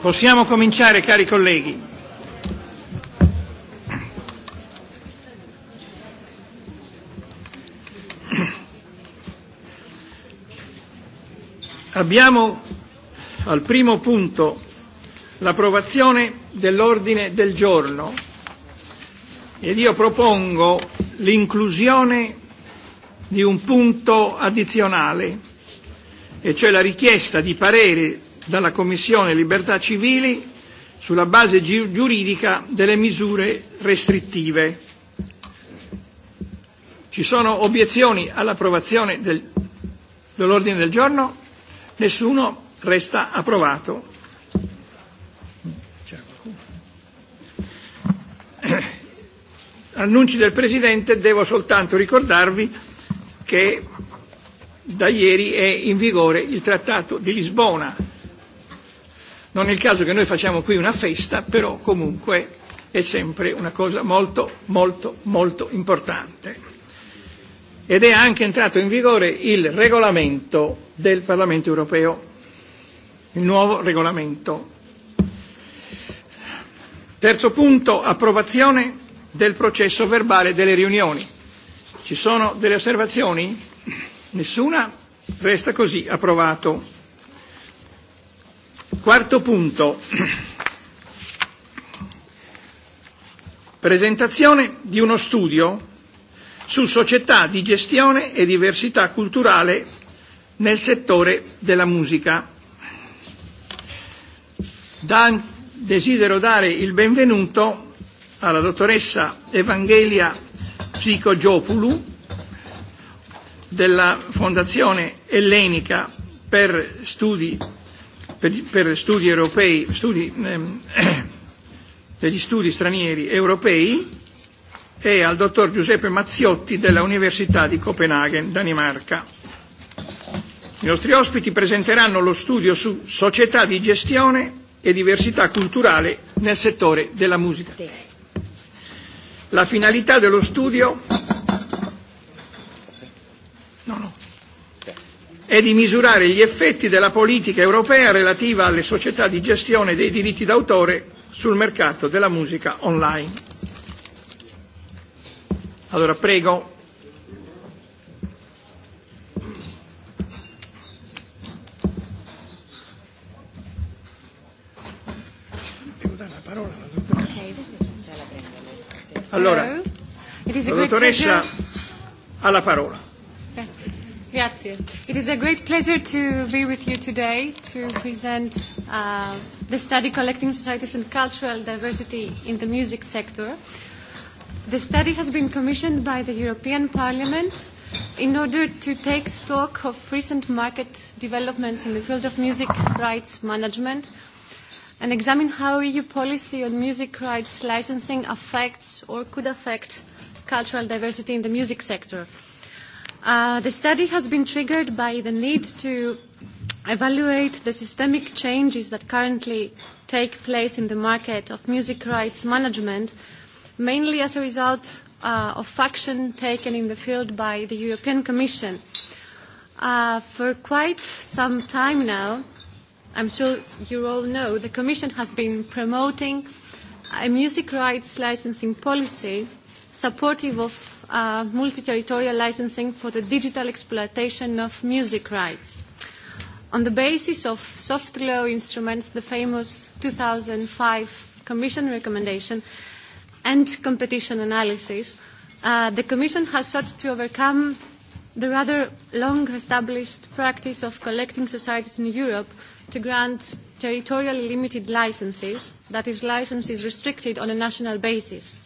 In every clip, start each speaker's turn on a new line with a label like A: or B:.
A: Possiamo cominciare, cari colleghi. Abbiamo al primo punto l'approvazione dell'ordine del giorno ed io propongo l'inclusione di un punto addizionale, e cioè la richiesta di parere dalla Commissione Libertà Civili sulla base gi- giuridica delle misure restrittive. Ci sono obiezioni all'approvazione del, dell'ordine del giorno? Nessuno resta approvato. Annunci del Presidente, devo soltanto ricordarvi che da ieri è in vigore il Trattato di Lisbona. Non è il caso che noi facciamo qui una festa, però comunque è sempre una cosa molto, molto, molto importante. Ed è anche entrato in vigore il regolamento del Parlamento europeo, il nuovo regolamento. Terzo punto, approvazione del processo verbale delle riunioni. Ci sono delle osservazioni? Nessuna? Resta così, approvato. Quarto punto. Presentazione di uno studio su società di gestione e diversità culturale nel settore della musica. Da, desidero dare il benvenuto alla dottoressa Evangelia Chico Giopulu della Fondazione Ellenica per studi, per, per studi europei, studi, ehm, degli studi stranieri europei e al dottor Giuseppe Mazziotti della Università di Copenaghen, Danimarca. I nostri ospiti presenteranno lo studio su società di gestione e diversità culturale nel settore della musica. La finalità dello studio no, no. è di misurare gli effetti della politica europea relativa alle società di gestione dei diritti d'autore sul mercato della musica online. Allora prego Allora, la dottoressa ha la parola.
B: Grazie.
C: Grazie. It is a great pleasure to be with you today to present uh, the study Collecting Societies and Cultural Diversity in the Music Sector. The study has been commissioned by the European Parliament in order to take stock of recent market developments in the field of music rights management and examine how EU policy on music rights licensing affects or could affect cultural diversity in the music sector. Uh, the study has been triggered by the need to evaluate the systemic changes that currently take place in the market of music rights management, mainly as a result uh, of action taken in the field by the European Commission. Uh, for quite some time now, I'm sure you all know, the Commission has been promoting a music rights licensing policy supportive of uh, multi-territorial licensing for the digital exploitation of music rights. On the basis of soft law instruments, the famous 2005 Commission recommendation and competition analysis, uh, the Commission has sought to overcome the rather long established practice of collecting societies in Europe to grant territorially limited licenses, that is, licenses restricted on a national basis.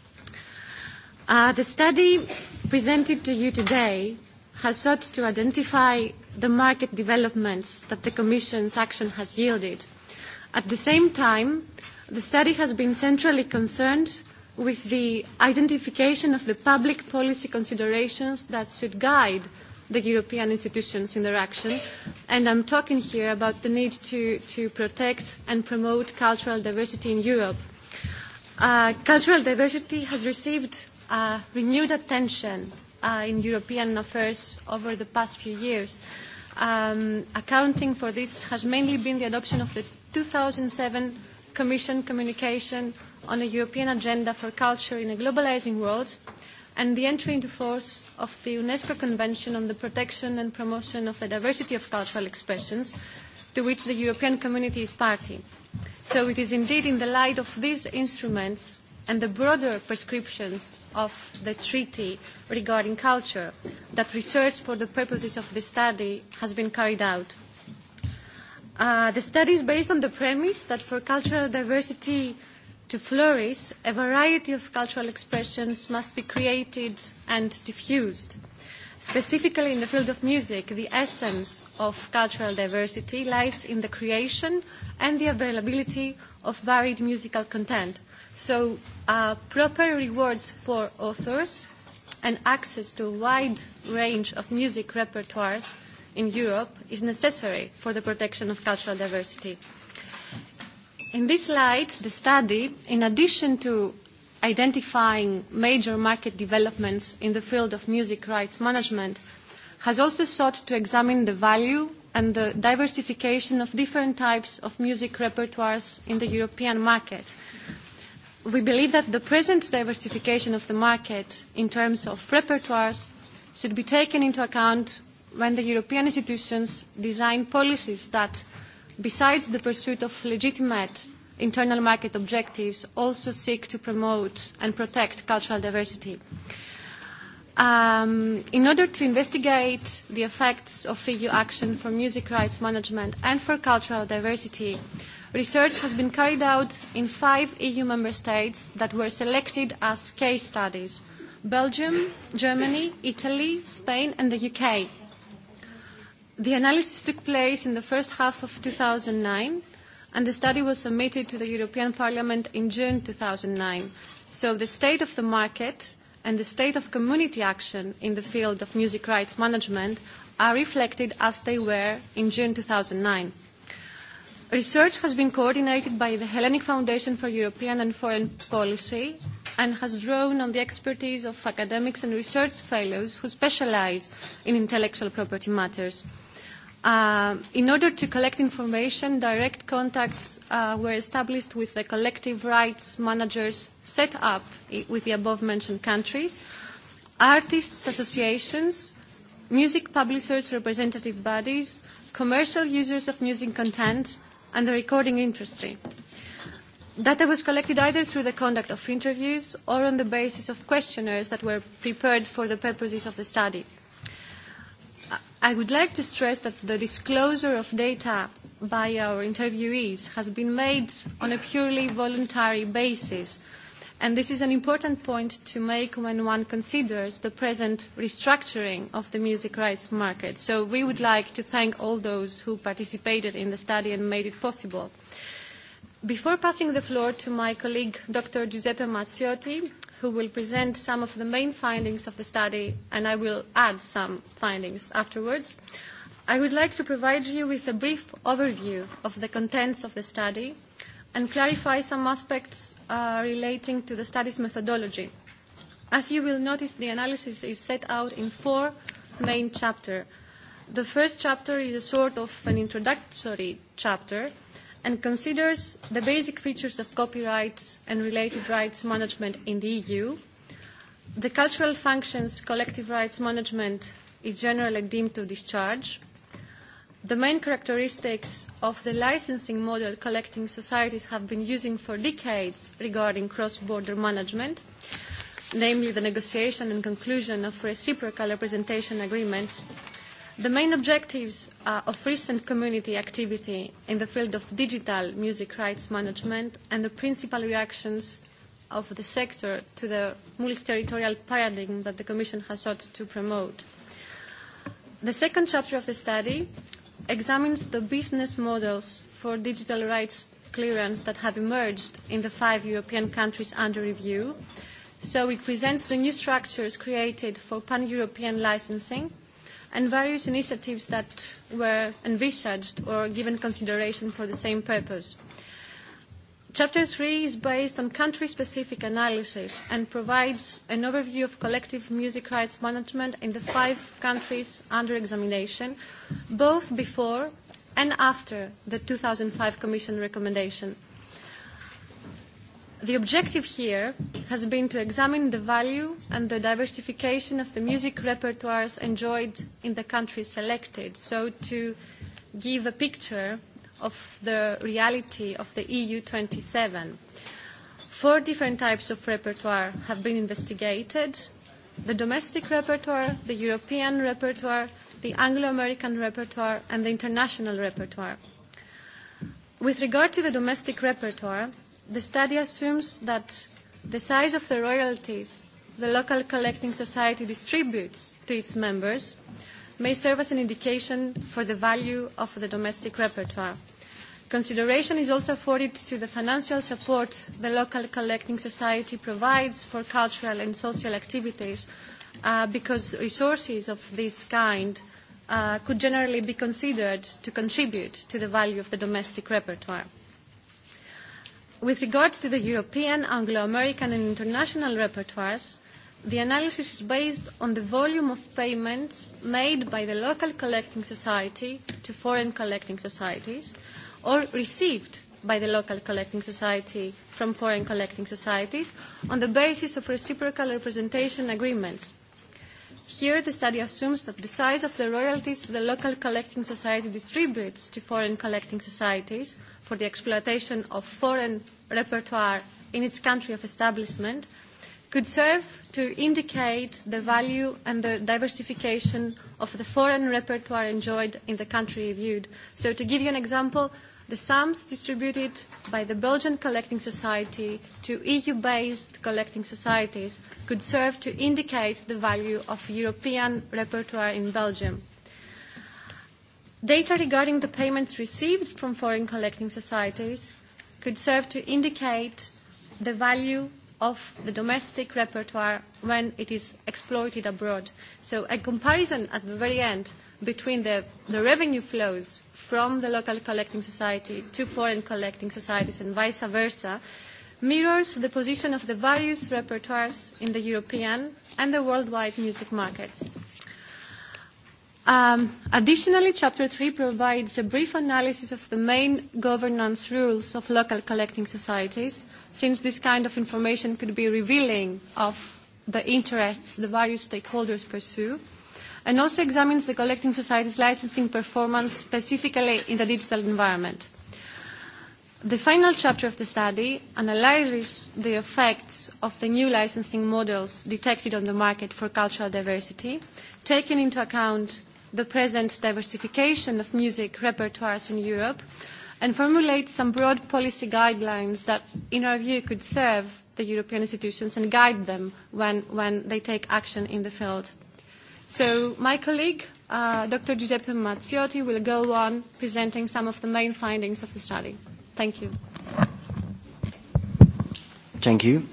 C: Uh, the study presented to you today has sought to identify the market developments that the Commission's action has yielded. At the same time, the study has been centrally concerned with the identification of the public policy considerations that should guide the European institutions' interaction. And I'm talking here about the need to, to protect and promote cultural diversity in Europe. Uh, cultural diversity has received uh, renewed attention uh, in European affairs over the past few years. Um, accounting for this has mainly been the adoption of the 2007 Commission communication on a European agenda for culture in a globalizing world, and the entry into force of the UNESCO Convention on the Protection and Promotion of the Diversity of Cultural Expressions, to which the European Community is party. So it is indeed in the light of these instruments and the broader prescriptions of the treaty regarding culture that research for the purposes of this study has been carried out. Uh, the study is based on the premise that for cultural diversity To flourish, a variety of cultural expressions must be created and diffused. Specifically in the field of music, the essence of cultural diversity lies in the creation and the availability of varied musical content. So uh, proper rewards for authors and access to a wide range of music repertoires in Europe is necessary for the protection of cultural diversity. In this light, the study, in addition to identifying major market developments in the field of music rights management, has also sought to examine the value and the diversification of different types of music repertoires in the European market. We believe that the present diversification of the market in terms of repertoires should be taken into account when the European institutions design policies that besides the pursuit of legitimate internal market objectives, also seek to promote and protect cultural diversity. Um, in order to investigate the effects of EU action for music rights management and for cultural diversity, research has been carried out in five EU member states that were selected as case studies Belgium, Germany, Italy, Spain, and the UK. The analysis took place in the first half of 2009, and the study was submitted to the European Parliament in June 2009. So the state of the market and the state of community action in the field of music rights management are reflected as they were in June 2009. Research has been coordinated by the Hellenic Foundation for European and Foreign Policy and has drawn on the expertise of academics and research fellows who specialize in intellectual property matters. Uh, in order to collect information, direct contacts uh, were established with the collective rights managers set up with the above-mentioned countries, artists' associations, music publishers' representative bodies, commercial users of music content, and the recording industry. Data was collected either through the conduct of interviews or on the basis of questionnaires that were prepared for the purposes of the study. I would like to stress that the disclosure of data by our interviewees has been made on a purely voluntary basis, and this is an important point to make when one considers the present restructuring of the music rights market. So we would like to thank all those who participated in the study and made it possible. Before passing the floor to my colleague, Dr. Giuseppe Mazziotti, who will present some of the main findings of the study, and I will add some findings afterwards. I would like to provide you with a brief overview of the contents of the study and clarify some aspects uh, relating to the study's methodology. As you will notice, the analysis is set out in four main chapters. The first chapter is a sort of an introductory chapter and considers the basic features of copyright and related rights management in the EU. The cultural functions collective rights management is generally deemed to discharge. The main characteristics of the licensing model collecting societies have been using for decades regarding cross-border management, namely the negotiation and conclusion of reciprocal representation agreements The main objectives uh, of recent community activity in the field of digital music rights management and the principal reactions of the sector to the multi-territorial paradigm that the Commission has sought to promote. The second chapter of the study examines the business models for digital rights clearance that have emerged in the five European countries under review. So it presents the new structures created for pan-European licensing and various initiatives that were envisaged or given consideration for the same purpose. Chapter 3 is based on country-specific analysis and provides an overview of collective music rights management in the five countries under examination, both before and after the 2005 Commission recommendation. The objective here has been to examine the value and the diversification of the music repertoires enjoyed in the countries selected, so to give a picture of the reality of the EU 27. Four different types of repertoire have been investigated, the domestic repertoire, the European repertoire, the Anglo-American repertoire, and the international repertoire. With regard to the domestic repertoire, the study assumes that the size of the royalties the local collecting society distributes to its members may serve as an indication for the value of the domestic repertoire. Consideration is also afforded to the financial support the local collecting society provides for cultural and social activities uh, because resources of this kind uh, could generally be considered to contribute to the value of the domestic repertoire. With regards to the European, Anglo-American and international repertoires, the analysis is based on the volume of payments made by the local collecting society to foreign collecting societies or received by the local collecting society from foreign collecting societies on the basis of reciprocal representation agreements. Here, the study assumes that the size of the royalties the local collecting society distributes to foreign collecting societies – for the exploitation of foreign repertoire in its country of establishment could serve to indicate the value and the diversification of the foreign repertoire enjoyed in the country reviewed. So to give you an example, the sums distributed by the Belgian Collecting Society to EU-based collecting societies could serve to indicate the value of European repertoire in Belgium. Data regarding the payments received from foreign collecting societies could serve to indicate the value of the domestic repertoire when it is exploited abroad. So a comparison at the very end between the, the revenue flows from the local collecting society to foreign collecting societies and vice versa mirrors the position of the various repertoires in the European and the worldwide music markets. Um, additionally, Chapter 3 provides a brief analysis of the main governance rules of local collecting societies, since this kind of information could be revealing of the interests the various stakeholders pursue, and also examines the collecting society's licensing performance specifically in the digital environment. The final chapter of the study analyses the effects of the new licensing models detected on the market for cultural diversity, taking into account the present diversification of music repertoires in Europe and formulate some broad policy guidelines that, in our view, could serve the European institutions and guide them when, when they take action in the field. So my colleague, uh, Dr. Giuseppe Mazziotti, will go on presenting some of the main findings of the study. Thank you.
D: Thank you.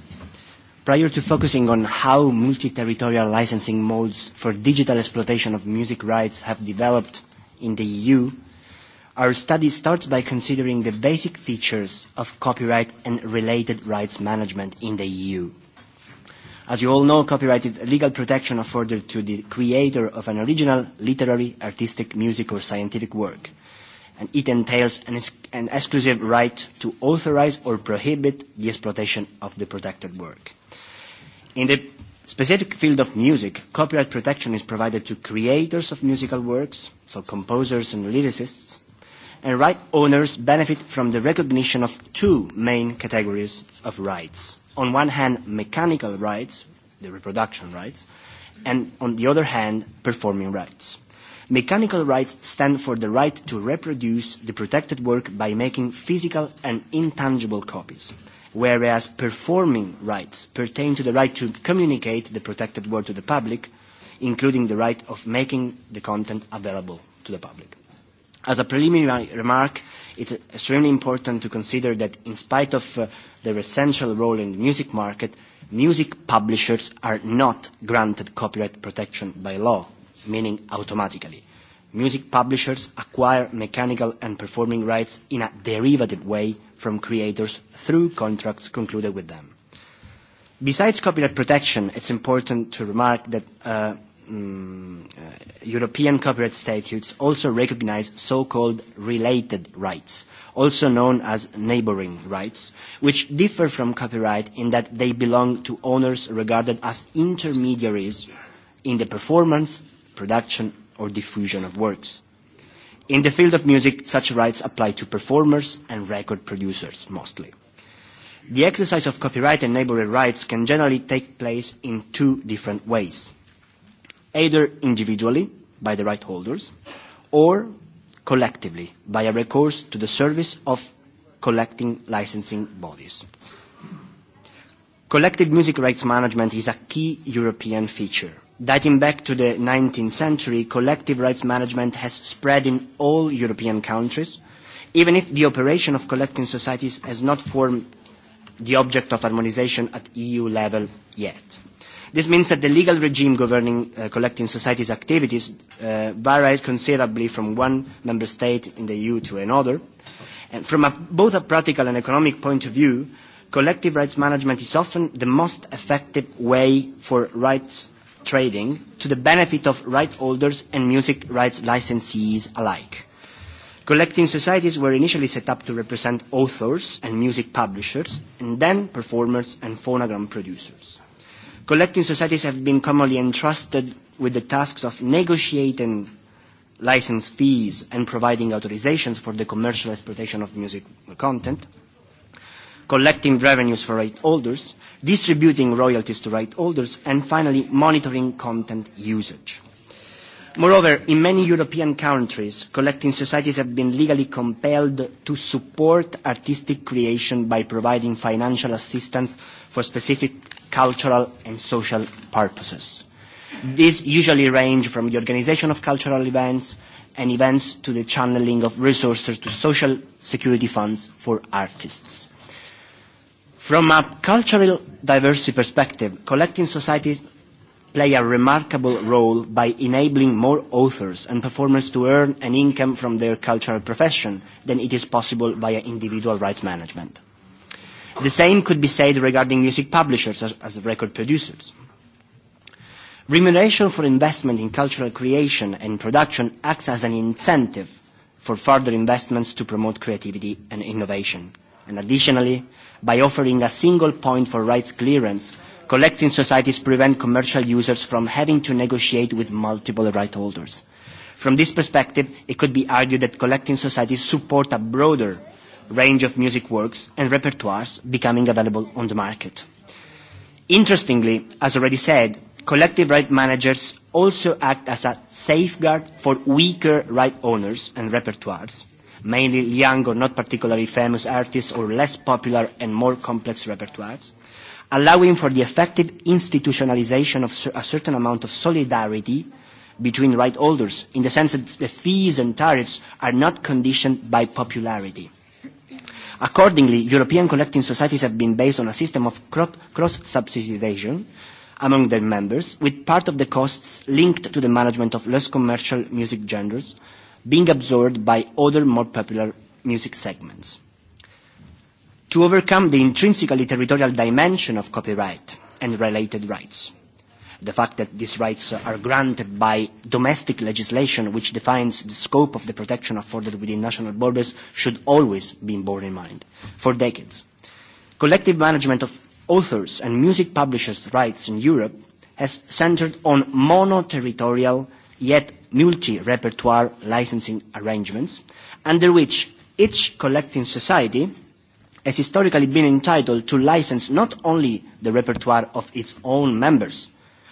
D: Prior to focusing on how multi-territorial licensing modes for digital exploitation of music rights have developed in the EU, our study starts by considering the basic features of copyright and related rights management in the EU. As you all know, copyright is legal protection afforded to the creator of an original literary, artistic, music or scientific work and it entails an, an exclusive right to authorize or prohibit the exploitation of the protected work. In the specific field of music, copyright protection is provided to creators of musical works, so composers and lyricists, and right owners benefit from the recognition of two main categories of rights. On one hand, mechanical rights, the reproduction rights, and on the other hand, performing rights. Mechanical rights stand for the right to reproduce the protected work by making physical and intangible copies, whereas performing rights pertain to the right to communicate the protected work to the public, including the right of making the content available to the public. As a preliminary remark, it's extremely important to consider that in spite of uh, their essential role in the music market, music publishers are not granted copyright protection by law meaning automatically. Music publishers acquire mechanical and performing rights in a derivative way from creators through contracts concluded with them. Besides copyright protection, it's important to remark that uh, um, uh, European copyright statutes also recognize so-called related rights, also known as neighboring rights, which differ from copyright in that they belong to owners regarded as intermediaries in the performance, production, or diffusion of works. In the field of music, such rights apply to performers and record producers mostly. The exercise of copyright and neighborhood rights can generally take place in two different ways. Either individually, by the right holders, or collectively, by a recourse to the service of collecting licensing bodies. Collective music rights management is a key European feature Dating back to the 19th century, collective rights management has spread in all European countries, even if the operation of collecting societies has not formed the object of harmonization at EU level yet. This means that the legal regime governing uh, collecting societies' activities uh, varies considerably from one member state in the EU to another. And from a, both a practical and economic point of view, collective rights management is often the most effective way for rights trading to the benefit of right holders and music rights licensees alike. Collecting societies were initially set up to represent authors and music publishers, and then performers and phonogram producers. Collecting societies have been commonly entrusted with the tasks of negotiating license fees and providing authorizations for the commercial exploitation of music content, collecting revenues for right holders, distributing royalties to right holders, and finally, monitoring content usage. Moreover, in many European countries, collecting societies have been legally compelled to support artistic creation by providing financial assistance for specific cultural and social purposes. These usually range from the organisation of cultural events and events to the channeling of resources to social security funds for artists. From a cultural diversity perspective, collecting societies play a remarkable role by enabling more authors and performers to earn an income from their cultural profession than it is possible via individual rights management. The same could be said regarding music publishers as, as record producers. Remuneration for investment in cultural creation and production acts as an incentive for further investments to promote creativity and innovation and additionally, by offering a single point for rights clearance, collecting societies prevent commercial users from having to negotiate with multiple right holders. From this perspective, it could be argued that collecting societies support a broader range of music works and repertoires becoming available on the market. Interestingly, as already said, collective right managers also act as a safeguard for weaker right owners and repertoires mainly young or not particularly famous artists or less popular and more complex repertoires, allowing for the effective institutionalization of a certain amount of solidarity between right holders, in the sense that the fees and tariffs are not conditioned by popularity. Accordingly, European collecting societies have been based on a system of cross-subsidization among their members, with part of the costs linked to the management of less commercial music genres, being absorbed by other more popular music segments. To overcome the intrinsically territorial dimension of copyright and related rights, the fact that these rights are granted by domestic legislation which defines the scope of the protection afforded within national borders should always be borne in mind for decades. Collective management of authors and music publishers' rights in Europe has centred on mono-territorial yet multi-repertoire licensing arrangements, under which each collecting society has historically been entitled to license not only the repertoire of its own members,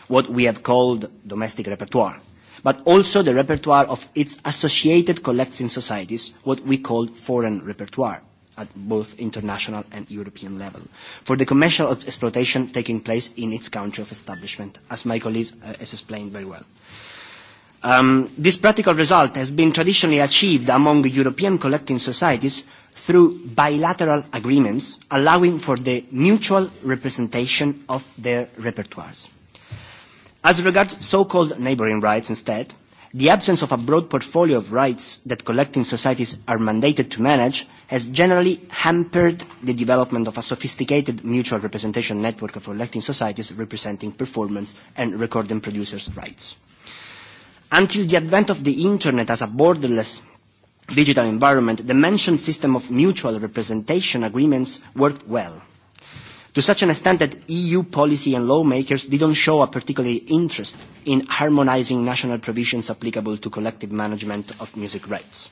D: what we have called domestic repertoire, but also the repertoire of its associated collecting societies, what we call foreign repertoire at both international and European level, for the commercial exploitation taking place in its country of establishment, as my colleague uh, has explained very well. Um, this practical result has been traditionally achieved among European collecting societies through bilateral agreements allowing for the mutual representation of their repertoires. As regards so-called neighboring rights instead, the absence of a broad portfolio of rights that collecting societies are mandated to manage has generally hampered the development of a sophisticated mutual representation network of collecting societies representing performance and recording producers' rights. Until the advent of the Internet as a borderless digital environment, the mentioned system of mutual representation agreements worked well, to such an extent that EU policy and lawmakers didn't show a particular interest in harmonizing national provisions applicable to collective management of music rights.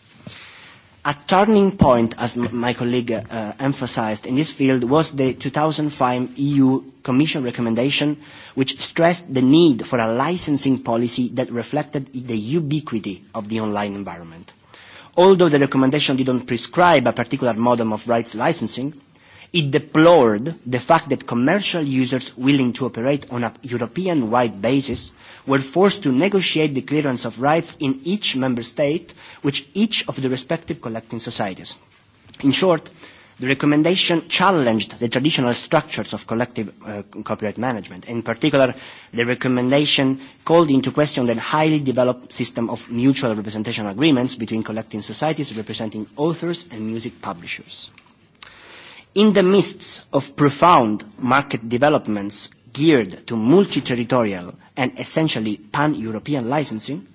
D: A turning point, as my colleague uh, emphasized in this field, was the 2005 EU Commission recommendation, which stressed the need for a licensing policy that reflected the ubiquity of the online environment. Although the recommendation didn't prescribe a particular model of rights licensing, It deplored the fact that commercial users willing to operate on a European-wide basis were forced to negotiate the clearance of rights in each member state with each of the respective collecting societies. In short, the recommendation challenged the traditional structures of collective uh, copyright management. In particular, the recommendation called into question the highly developed system of mutual representation agreements between collecting societies representing authors and music publishers. In the midst of profound market developments geared to multi-territorial and essentially pan-European licensing,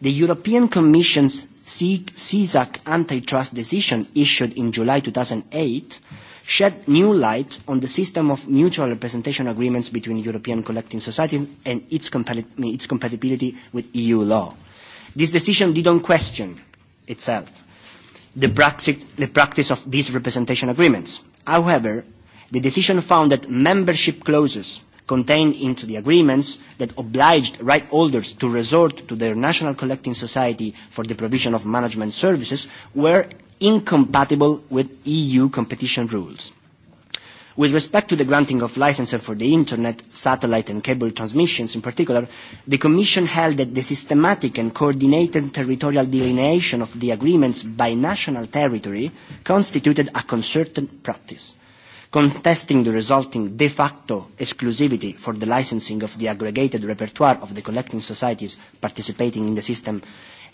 D: the European Commission's CSAC antitrust decision issued in July 2008 shed new light on the system of mutual representation agreements between European collecting societies and its, compa its compatibility with EU law. This decision didn't question itself the, the practice of these representation agreements. However, the decision found that membership clauses contained into the agreements that obliged right holders to resort to their national collecting society for the provision of management services were incompatible with EU competition rules. With respect to the granting of licenses for the Internet, satellite and cable transmissions in particular, the Commission held that the systematic and coordinated territorial delineation of the agreements by national territory constituted a concerted practice, contesting the resulting de facto exclusivity for the licensing of the aggregated repertoire of the collecting societies participating in the system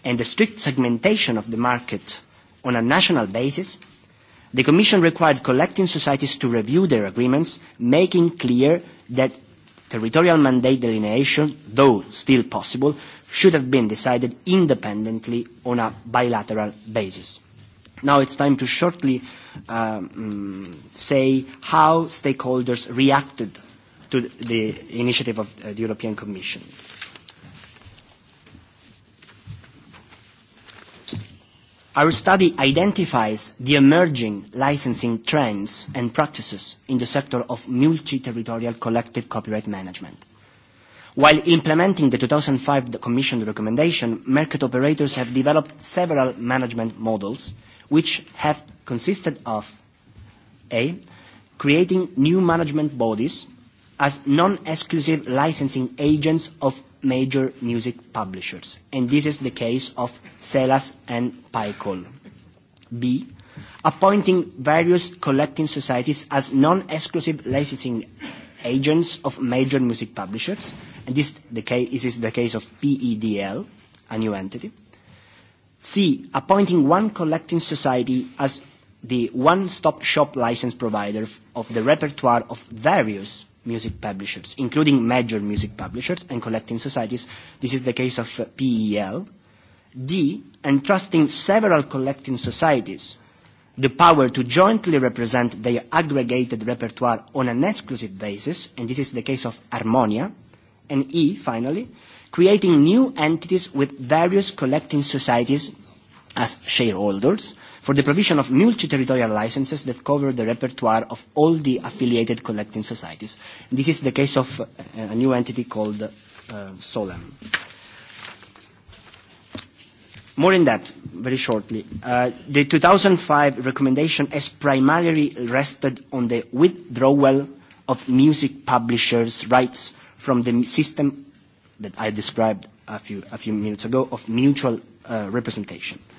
D: and the strict segmentation of the market on a national basis The Commission required collecting societies to review their agreements, making clear that territorial mandate delineation, though still possible, should have been decided independently on a bilateral basis. Now it's time to shortly um, say how stakeholders reacted to the initiative of uh, the European Commission. Our study identifies the emerging licensing trends and practices in the sector of multi-territorial collective copyright management. While implementing the 2005 Commission recommendation, market operators have developed several management models which have consisted of A. Creating new management bodies as non-exclusive licensing agents of major music publishers. And this is the case of Celas and Picol. B. Appointing various collecting societies as non-exclusive licensing agents of major music publishers. And this, the case, this is the case of PEDL, a new entity. C. Appointing one collecting society as the one-stop shop license provider of the repertoire of various music publishers, including major music publishers and collecting societies. This is the case of uh, PEL. D, entrusting several collecting societies the power to jointly represent their aggregated repertoire on an exclusive basis, and this is the case of Harmonia. And E, finally, creating new entities with various collecting societies as shareholders, for the provision of multi-territorial licenses that cover the repertoire of all the affiliated collecting societies. This is the case of uh, a new entity called uh, Solem. More in depth, very shortly. Uh, the 2005 recommendation has primarily rested on the withdrawal of music publishers' rights from the system that I described a few, a few minutes ago of mutual uh, representation. Uh,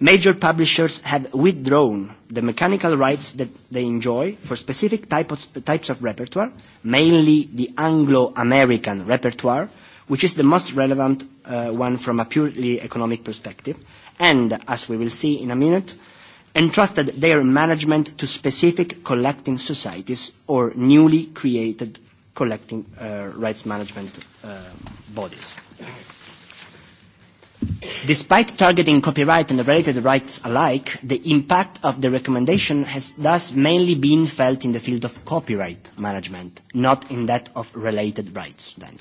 D: Major publishers have withdrawn the mechanical rights that they enjoy for specific type of, types of repertoire, mainly the Anglo-American repertoire, which is the most relevant uh, one from a purely economic perspective, and, as we will see in a minute, entrusted their management to specific collecting societies or newly created collecting uh, rights management uh, bodies. Despite targeting copyright and related rights alike, the impact of the recommendation has thus mainly been felt in the field of copyright management, not in that of related rights. Then.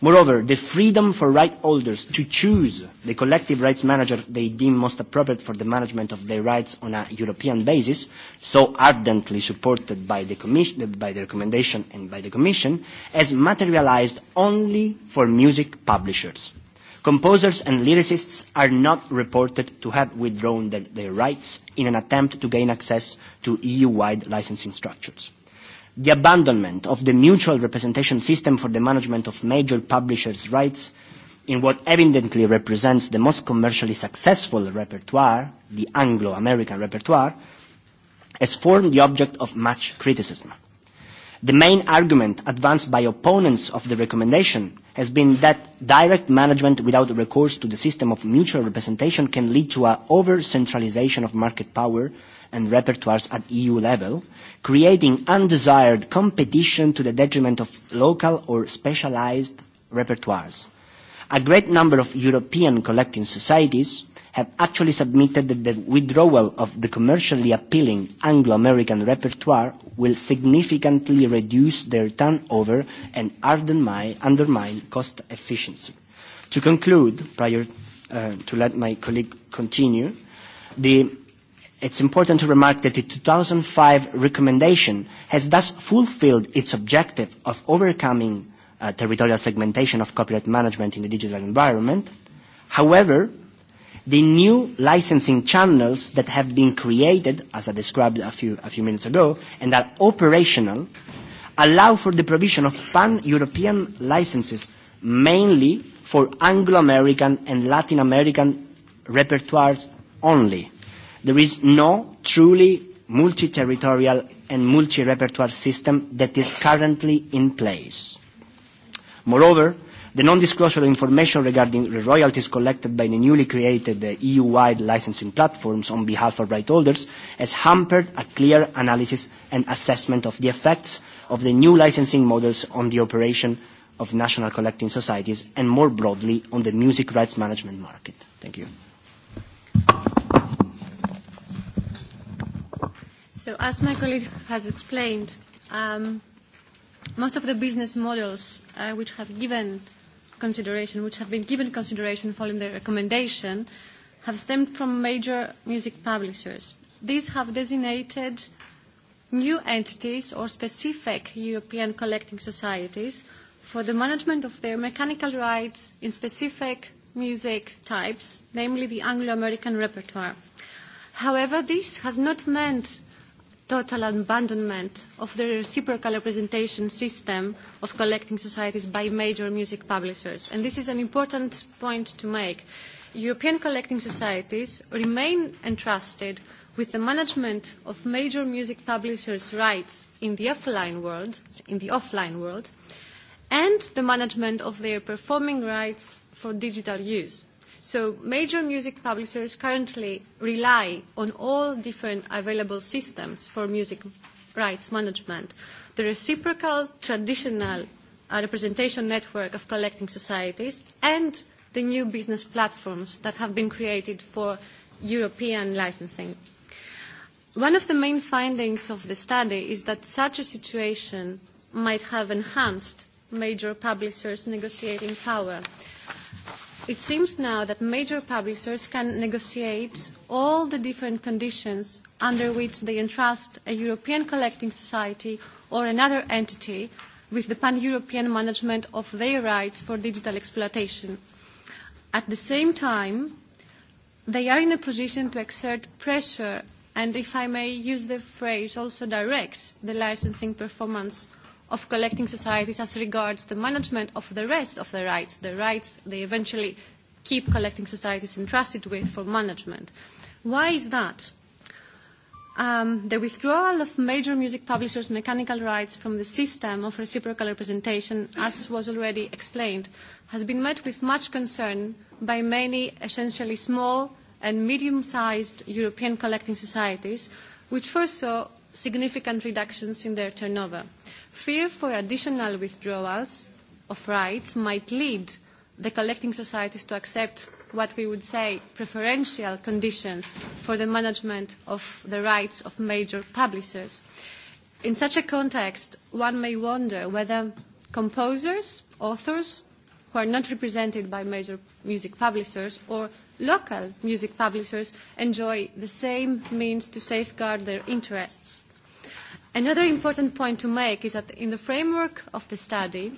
D: Moreover, the freedom for right holders to choose the collective rights manager they deem most appropriate for the management of their rights on a European basis, so ardently supported by the, by the recommendation and by the Commission, has materialized only for music publishers. Composers and lyricists are not reported to have withdrawn the, their rights in an attempt to gain access to EU-wide licensing structures. The abandonment of the mutual representation system for the management of major publishers' rights in what evidently represents the most commercially successful repertoire, the Anglo-American repertoire, has formed the object of much criticism. The main argument advanced by opponents of the recommendation has been that direct management without recourse to the system of mutual representation can lead to an over-centralization of market power and repertoires at EU level, creating undesired competition to the detriment of local or specialized repertoires. A great number of European collecting societies have actually submitted the withdrawal of the commercially appealing Anglo-American repertoire will significantly reduce their turnover and undermine, undermine cost efficiency. To conclude, prior uh, to let my colleague continue, the, it's important to remark that the 2005 recommendation has thus fulfilled its objective of overcoming uh, territorial segmentation of copyright management in the digital environment. However, the new licensing channels that have been created, as I described a few, a few minutes ago, and are operational, allow for the provision of pan-European licenses, mainly for Anglo-American and Latin American repertoires only. There is no truly multi-territorial and multi-repertoire system that is currently in place. Moreover, The non-disclosure of information regarding the royalties collected by the newly created uh, EU-wide licensing platforms on behalf of right holders has hampered a clear analysis and assessment of the effects of the new licensing models on the operation of national collecting societies and more broadly on the music rights management market.
B: Thank you.
C: So as my colleague has explained, um, most of the business models uh, which have given consideration, which have been given consideration following the recommendation, have stemmed from major music publishers. These have designated new entities or specific European collecting societies for the management of their mechanical rights in specific music types, namely the Anglo-American repertoire. However, this has not meant total abandonment of the reciprocal representation system of collecting societies by major music publishers. And this is an important point to make. European collecting societies remain entrusted with the management of major music publishers' rights in the offline world, in the offline world, and the management of their performing rights for digital use. So major music publishers currently rely on all different available systems for music rights management. The reciprocal traditional uh, representation network of collecting societies and the new business platforms that have been created for European licensing. One of the main findings of the study is that such a situation might have enhanced major publishers' negotiating power. It seems now that major publishers can negotiate all the different conditions under which they entrust a European collecting society or another entity with the pan-European management of their rights for digital exploitation. At the same time, they are in a position to exert pressure and, if I may use the phrase, also direct the licensing performance of collecting societies as regards the management of the rest of the rights, the rights they eventually keep collecting societies entrusted with for management. Why is that? Um, the withdrawal of major music publishers' mechanical rights from the system of reciprocal representation, as was already explained, has been met with much concern by many essentially small and medium-sized European collecting societies, which first saw significant reductions in their turnover. Fear for additional withdrawals of rights might lead the collecting societies to accept what we would say preferential conditions for the management of the rights of major publishers. In such a context, one may wonder whether composers, authors, who are not represented by major music publishers or local music publishers enjoy the same means to safeguard their interests. Another important point to make is that in the framework of the study,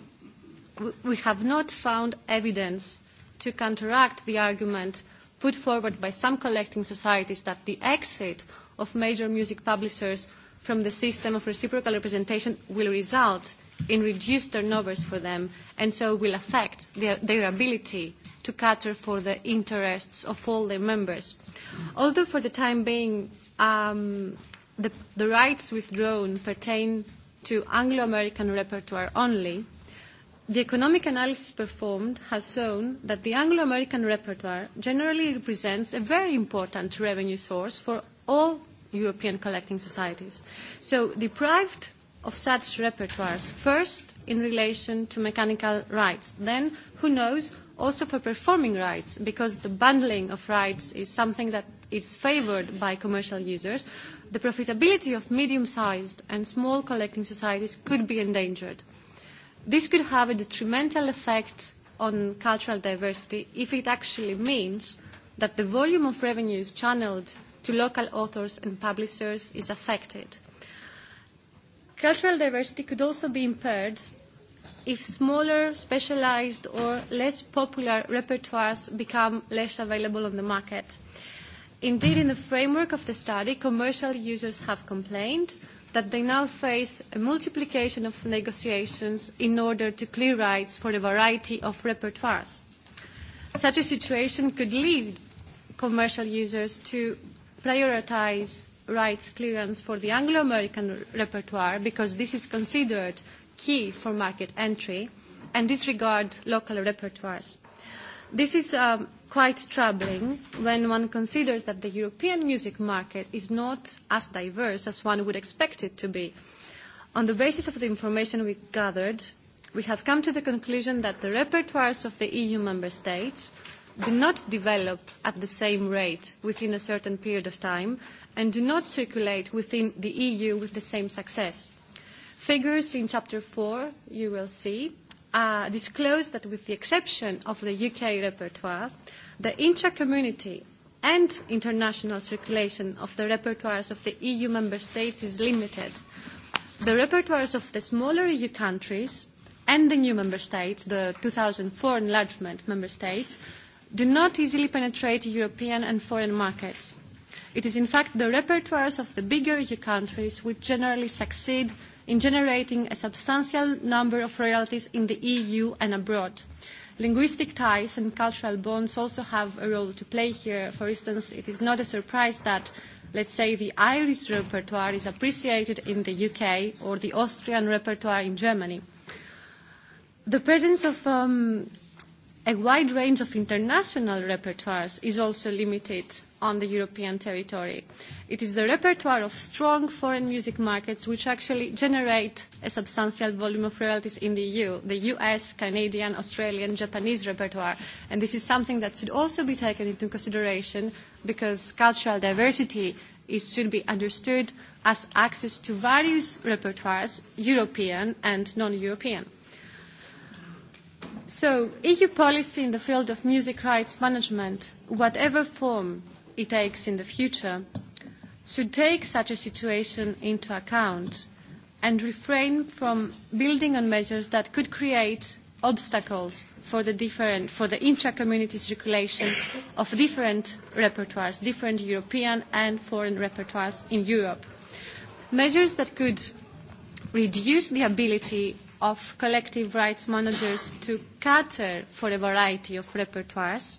C: we have not found evidence to counteract the argument put forward by some collecting societies that the exit of major music publishers from the system of reciprocal representation will result in reduced turnovers for them and so will affect their, their ability to cater for the interests of all their members. Although for the time being, um, the, the rights withdrawn pertain to Anglo-American repertoire only, the economic analysis performed has shown that the Anglo-American repertoire generally represents a very important revenue source for all European collecting societies. So deprived of such repertoires, first in relation to mechanical rights, then who knows also for performing rights, because the bundling of rights is something that is favored by commercial users, the profitability of medium-sized and small collecting societies could be endangered. This could have a detrimental effect on cultural diversity if it actually means that the volume of revenues channeled to local authors and publishers is affected. Cultural diversity could also be impaired if smaller, specialized, or less popular repertoires become less available on the market. Indeed, in the framework of the study, commercial users have complained that they now face a multiplication of negotiations in order to clear rights for a variety of repertoires. Such a situation could lead commercial users to prioritize rights clearance for the Anglo-American repertoire because this is considered key for market entry and disregard local repertoires. This is um, quite troubling when one considers that the European music market is not as diverse as one would expect it to be. On the basis of the information we gathered, we have come to the conclusion that the repertoires of the EU member states do not develop at the same rate within a certain period of time and do not circulate within the EU with the same success. Figures in Chapter 4, you will see, uh, disclose that with the exception of the UK repertoire, the intra-community and international circulation of the repertoires of the EU member states is limited. The repertoires of the smaller EU countries and the new member states, the 2004 enlargement member states, do not easily penetrate European and foreign markets. It is in fact the repertoires of the bigger EU countries which generally succeed in generating a substantial number of royalties in the EU and abroad. Linguistic ties and cultural bonds also have a role to play here. For instance, it is not a surprise that, let's say, the Irish repertoire is appreciated in the UK or the Austrian repertoire in Germany. The presence of um, a wide range of international repertoires is also limited on the European territory. It is the repertoire of strong foreign music markets which actually generate a substantial volume of royalties in the EU, the US, Canadian, Australian, Japanese repertoire. And this is something that should also be taken into consideration because cultural diversity is, should be understood as access to various repertoires, European and non-European. So, EU policy in the field of music rights management, whatever form it takes in the future should take such a situation into account and refrain from building on measures that could create obstacles for the different for the intra-community circulation of different repertoires, different European and foreign repertoires in Europe. Measures that could reduce the ability of collective rights managers to cater for a variety of repertoires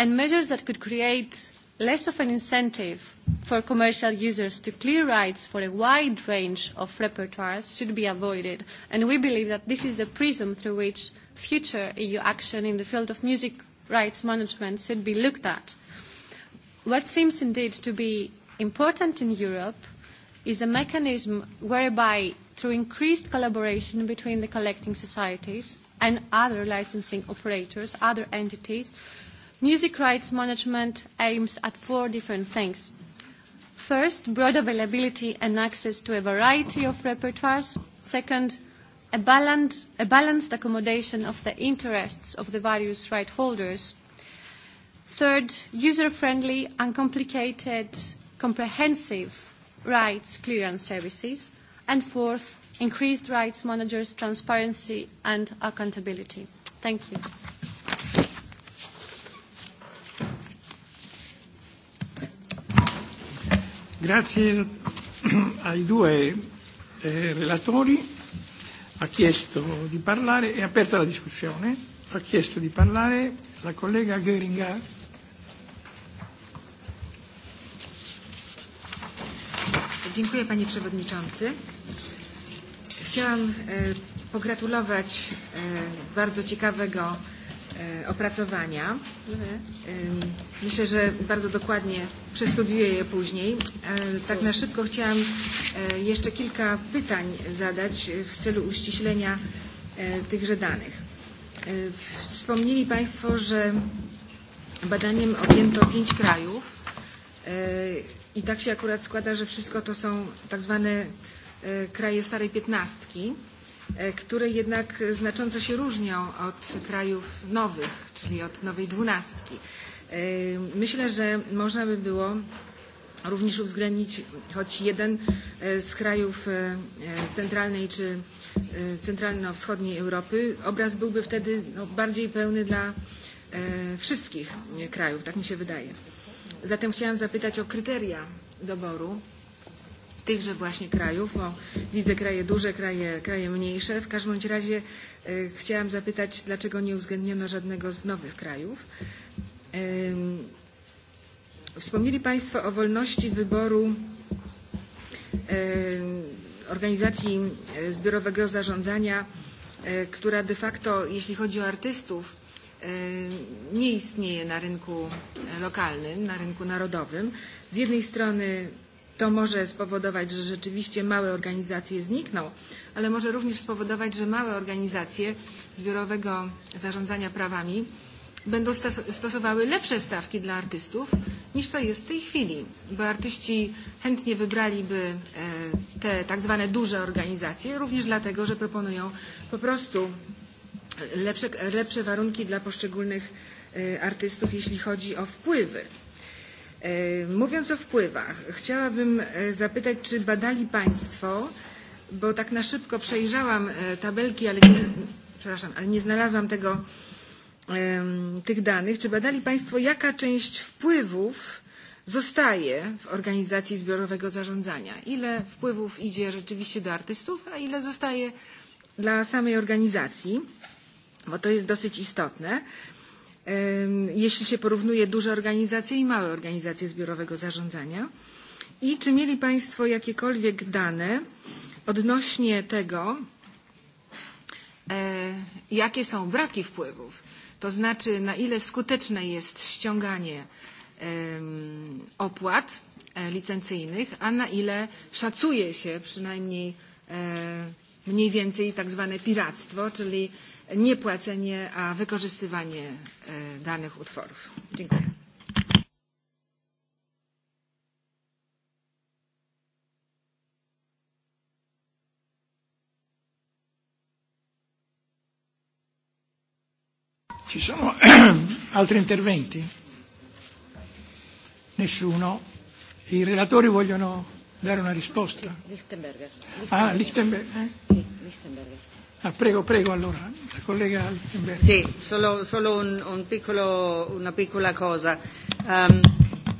C: and measures that could create less of an incentive for commercial users to clear rights for a wide range of repertoires should be avoided. And we believe that this is the prism through which future EU action in the field of music rights management should be looked at. What seems indeed to be important in Europe is a mechanism whereby, through increased collaboration between the collecting societies and other licensing operators, other entities, Music rights management aims at four different things. First, broad availability and access to a variety of repertoires. Second, a, balance, a balanced accommodation of the interests of the various right holders. Third, user-friendly, uncomplicated, comprehensive rights clearance services. And fourth, increased rights managers' transparency and accountability. Thank you.
A: Grazie ai due eh, relatori. Ha chiesto di parlare, è aperta la discussione, ha chiesto di parlare la collega Göringa.
E: Dziękuję Panie Przewodniczący. Chciałam e, pogratulować e, bardzo ciekawego E, opracowania. Mhm. Myślę, że bardzo dokładnie przestudiuję je później. E, tak na szybko chciałam e, jeszcze kilka pytań zadać w celu uściślenia tychże danych. Wspomnieli Państwo, że badaniem objęto pięć krajów i tak się akurat składa, że wszystko to są tak zwane kraje starej piętnastki E, które jednak znacząco się różnią od krajów nowych, czyli od nowej dwunastki. E, myślę, że można by było również uwzględnić choć jeden e, z krajów centralnej czy centralno-wschodniej Europy. Obraz byłby wtedy no, bardziej pełny dla wszystkich krajów, tak mi się wydaje. Zatem chciałam zapytać o kryteria doboru tychże właśnie krajów, bo widzę kraje duże, kraje, kraje mniejsze. W każdym bądź razie y, e, chciałam zapytać, dlaczego nie uwzględniono żadnego z nowych krajów. Y, wspomnieli Państwo o wolności wyboru y, organizacji e, zbiorowego zarządzania, y, e, która de facto, jeśli chodzi o artystów, nie istnieje na rynku lokalnym, na rynku narodowym. Z jednej strony to może spowodować, że rzeczywiście małe organizacje znikną, ale może również spowodować, że małe organizacje zbiorowego zarządzania prawami będą stosowały lepsze stawki dla artystów niż to jest w tej chwili, bo artyści chętnie wybraliby e, te tak zwane duże organizacje, również dlatego, że proponują po prostu lepsze, lepsze warunki dla poszczególnych e, artystów, jeśli chodzi o wpływy. E, mówiąc o wpływach, chciałabym e, zapytać, czy badali Państwo, bo tak na szybko przejrzałam e, tabelki, ale nie, przepraszam, ale nie znalazłam tego, tych danych. Czy badali Państwo, jaka część wpływów zostaje w organizacji zbiorowego zarządzania? Ile wpływów idzie rzeczywiście do artystów, a ile zostaje dla samej organizacji? Bo to jest dosyć istotne jeśli się porównuje duże organizacje i małe organizacje zbiorowego zarządzania. I czy mieli Państwo jakiekolwiek dane odnośnie tego, e, jakie są braki wpływów, to znaczy na ile skuteczne jest ściąganie opłat e, licencyjnych, a na ile szacuje się przynajmniej e, mniej więcej tak zwane piractwo, czyli niepłacenie, a wykorzystywanie e, danych utworów. Dziękuję.
A: Ci sono altri interventi? Nessuno? I relatori vogliono dare una risposta?
B: Lichtenberger.
E: Lichtenberger. Ah, Lichtenberger. Eh? Sì, Lichtenberger.
A: Ah, prego, prego allora, la collega
F: Altenberg. Sì, solo, solo un, un piccolo, una piccola cosa. Ähm,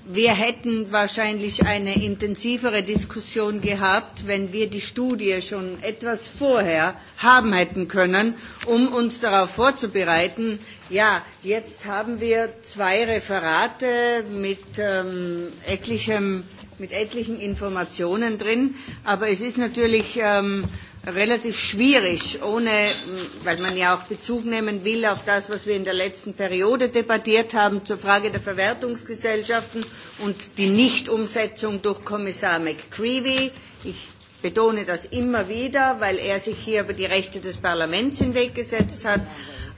F: wir hätten wahrscheinlich eine intensivere Diskussion gehabt, wenn wir die Studie schon etwas vorher haben hätten können, um uns darauf vorzubereiten. Ja, jetzt haben wir zwei Referate mit ähm, etlichem mit etlichen Informationen drin, aber es ist natürlich ähm, relativ schwierig, ohne, mm, weil man ja auch Bezug nehmen will auf das, was wir in der letzten Periode debattiert haben zur Frage der Verwertungsgesellschaften und die Nichtumsetzung durch Kommissar McCreevy. Ich betone das immer wieder, weil er sich hier über die Rechte des Parlaments hinweggesetzt hat.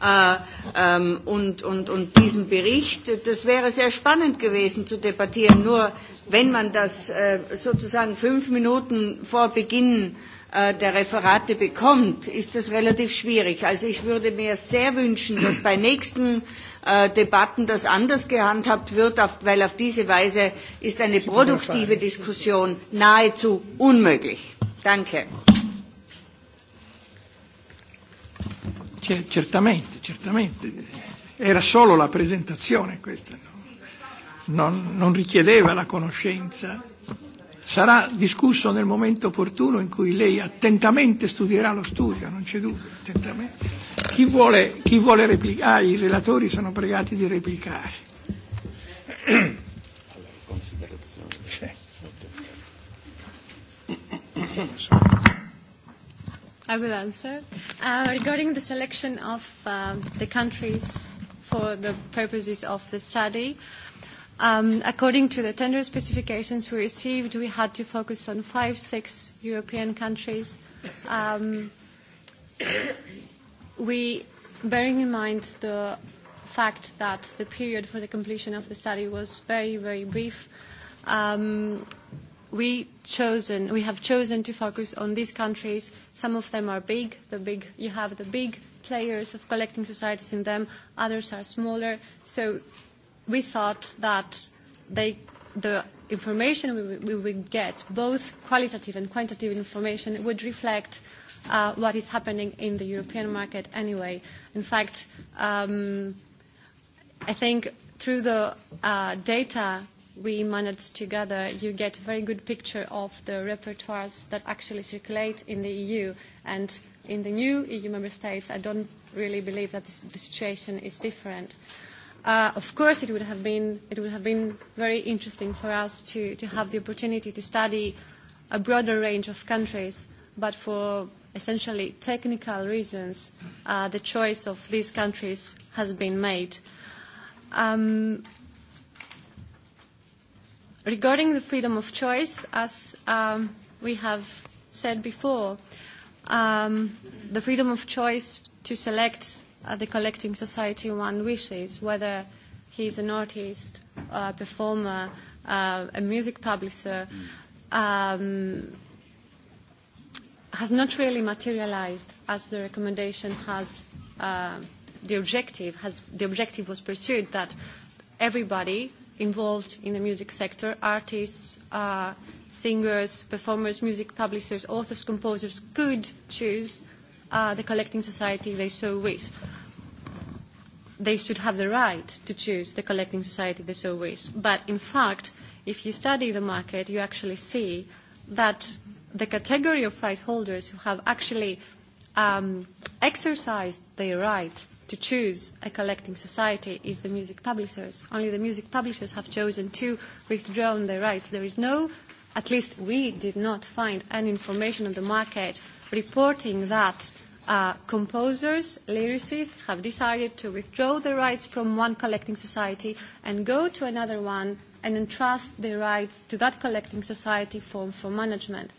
F: Äh, ähm, und, und, und diesem Bericht. Das wäre sehr spannend gewesen zu debattieren. Nur wenn man das äh, sozusagen fünf Minuten vor Beginn Äh, der Referate bekommt, ist das relativ schwierig. Also ich würde mir sehr wünschen, dass bei nächsten äh, Debatten das anders gehandhabt wird, auf, weil auf diese Weise ist eine produktive Diskussion nahezu unmöglich. Danke.
A: Certamente, certamente. Era solo la presentazione questa, non, non richiedeva la conoscenza sarà discusso nel momento opportuno in cui lei attentamente studierà lo studio, non c'è dubbio, attentamente. Chi vuole, chi vuole replicare? Ah, I relatori sono pregati di replicare. Allora, considerazioni. C'è.
C: I will answer. Uh, regarding the selection of uh, the countries for the purposes of the study, uh, Um, according to the tender specifications we received, we had to focus on five, six European countries. Um, we, bearing in mind the fact that the period for the completion of the study was very, very brief, um, we have chosen to focus on these countries. Some of them are big you have the big players of collecting societies in them. Others are smaller. So we thought that they, the information we, we would get, both qualitative and quantitative information, would reflect uh, what is happening in the European market anyway. In fact, um, I think through the uh, data we managed together, you get a very good picture of the repertoires that actually circulate in the EU. And in the new EU member states, I don't really believe that this, the situation is different. Uh, of course, it would have been it would have been very interesting for us to, to have the opportunity to study a broader range of countries, but for essentially technical reasons, uh, the choice of these countries has been made. Um, regarding the freedom of choice, as um, we have said before, um, the freedom of choice to select at the collecting society one wishes, whether he's an artist, a performer, uh, a music publisher, mm. um, has not really materialized as the recommendation has uh, the objective has the objective was pursued that everybody involved in the music sector artists uh, singers performers music publishers authors composers could choose uh, the collecting society they so wish. They should have the right to choose the collecting society they so wish. But in fact, if you study the market, you actually see that the category of right holders who have actually um, exercised their right to choose a collecting society is the music publishers. Only the music publishers have chosen to withdraw their rights. There is no, at least we did not find any information on the market reporting that uh, composers, lyricists have decided to withdraw the rights from one collecting society and go to another one and entrust the rights to that collecting society for, for management.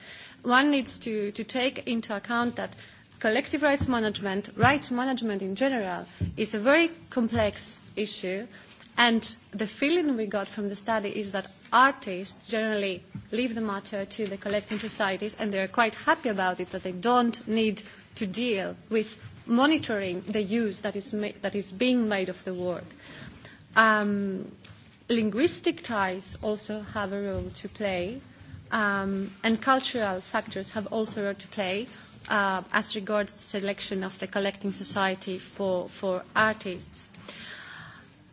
C: One needs to, to take into account that collective rights management, rights management in general, is a very complex issue And the feeling we got from the study is that artists generally leave the matter to the collecting societies, and they're quite happy about it, that they don't need to deal with monitoring the use that is, ma- that is being made of the work. Um, linguistic ties also have a role to play, um, and cultural factors have also a role to play uh, as regards the selection of the collecting society for, for artists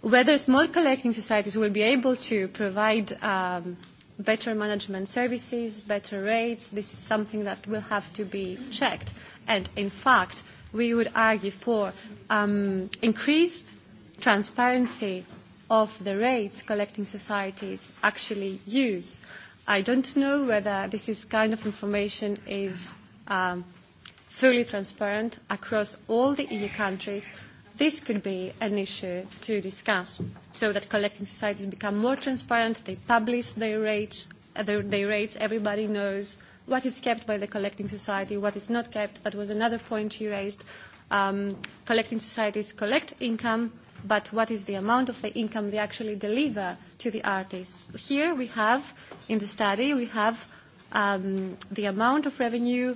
C: whether small collecting societies will be able to provide um, better management services, better rates, this is something that will have to be checked. And in fact, we would argue for um, increased transparency of the rates collecting societies actually use. I don't know whether this is kind of information is um, fully transparent across all the EU countries, this could be an issue to discuss so that collecting societies become more transparent, they publish their rates, uh, their, rates, everybody knows what is kept by the collecting society, what is not kept. That was another point you raised. Um, collecting societies collect income, but what is the amount of the income they actually deliver to the artists? Here we have, in the study, we have um, the amount of revenue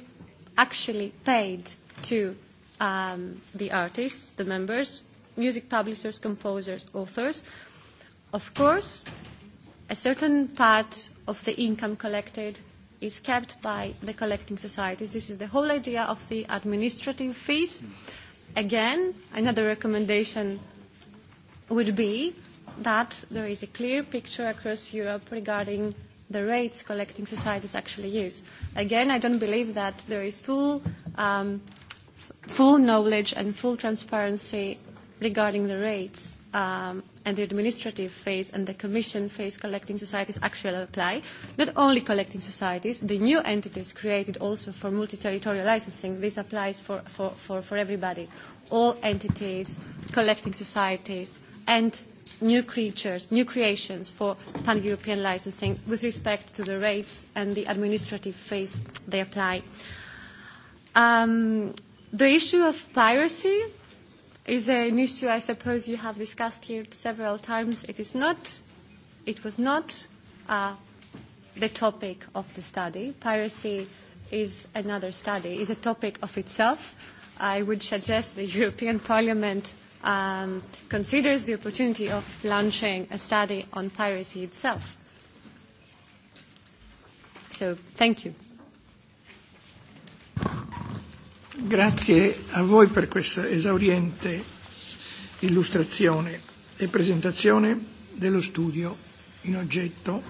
C: actually paid to um, the artists, the members, music publishers, composers, authors. Of course, a certain part of the income collected is kept by the collecting societies. This is the whole idea of the administrative fees. Again, another recommendation would be that there is a clear picture across Europe regarding the rates collecting societies actually use. Again, I don't believe that there is full um, full knowledge and full transparency regarding the rates um, and the administrative phase and the commission phase collecting societies actually apply. Not only collecting societies, the new entities created also for multi-territorial licensing, this applies for, for, for, for everybody. All entities, collecting societies, and new creatures, new creations for pan-European licensing with respect to the rates and the administrative phase they apply. Um, The issue of piracy is an issue I suppose you have discussed here several times. It is not, it was not uh, the topic of the study. Piracy is another study, is a topic of itself. I would suggest the European Parliament um, considers the opportunity of launching a study on piracy itself. So thank you.
A: Grazie a voi per questa esauriente illustrazione e presentazione dello studio in oggetto.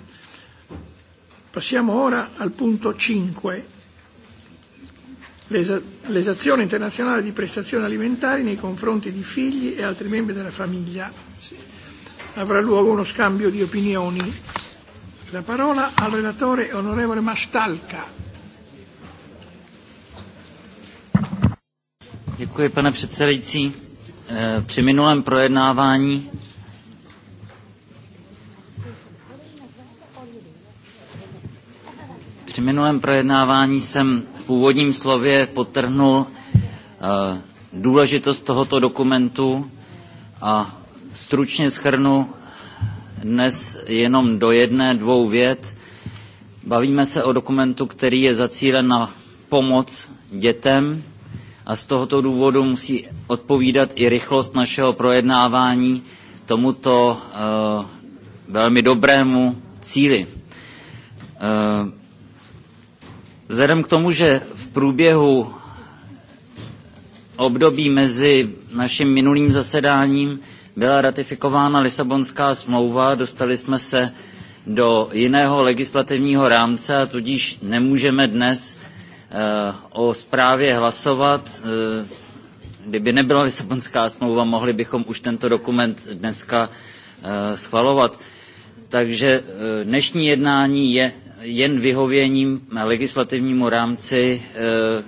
A: Passiamo ora al punto 5, l'esazione internazionale di prestazioni alimentari nei confronti di figli e altri membri della famiglia. Avrà luogo uno scambio di opinioni. La parola al relatore onorevole Mastalca.
G: Děkuji, pane předsedající. Eh, při minulém projednávání Při minulém projednávání jsem v původním slově potrhnul eh, důležitost tohoto dokumentu a stručně schrnu dnes jenom do jedné, dvou vět. Bavíme se o dokumentu, který je zacílen na pomoc dětem, a z tohoto důvodu musí odpovídat i rychlost našeho projednávání tomuto eh, velmi dobrému cíli. Eh, vzhledem k tomu, že v průběhu období mezi naším minulým zasedáním byla ratifikována Lisabonská smlouva, dostali jsme se do jiného legislativního rámce a tudíž nemůžeme dnes Eh, o zprávě hlasovat. Eh, kdyby nebyla Lisabonská smlouva, mohli bychom už tento dokument dneska eh, schvalovat. Takže dnešní jednání je jen vyhověním legislativnímu rámci,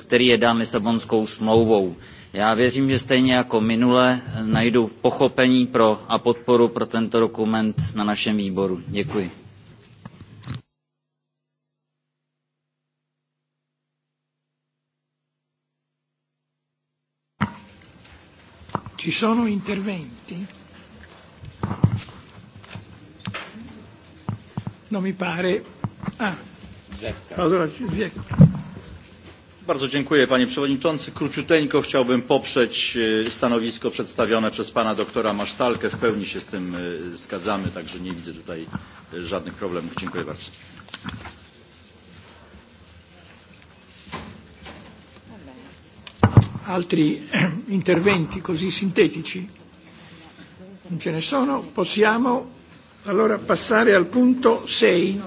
G: který je dán Lisabonskou smlouvou. Já věřím, že stejně jako minule najdu pochopení pro a podporu pro tento dokument na našem výboru. Děkuji.
A: Ci sono interventi? No, mi pare. Ah. A. Allora,
H: Bardzo dziękuję panie przewodniczący. Króciuteńko chciałbym poprzeć e, stanowisko przedstawione przez pana doktora Masztalkę. W pełni się z tym e, zgadzamy, także nie widzę tutaj e, żadnych problemów. Dziękuję bardzo.
A: altri interventi così sintetici? Non ce ne sono? Possiamo allora passare al punto 6.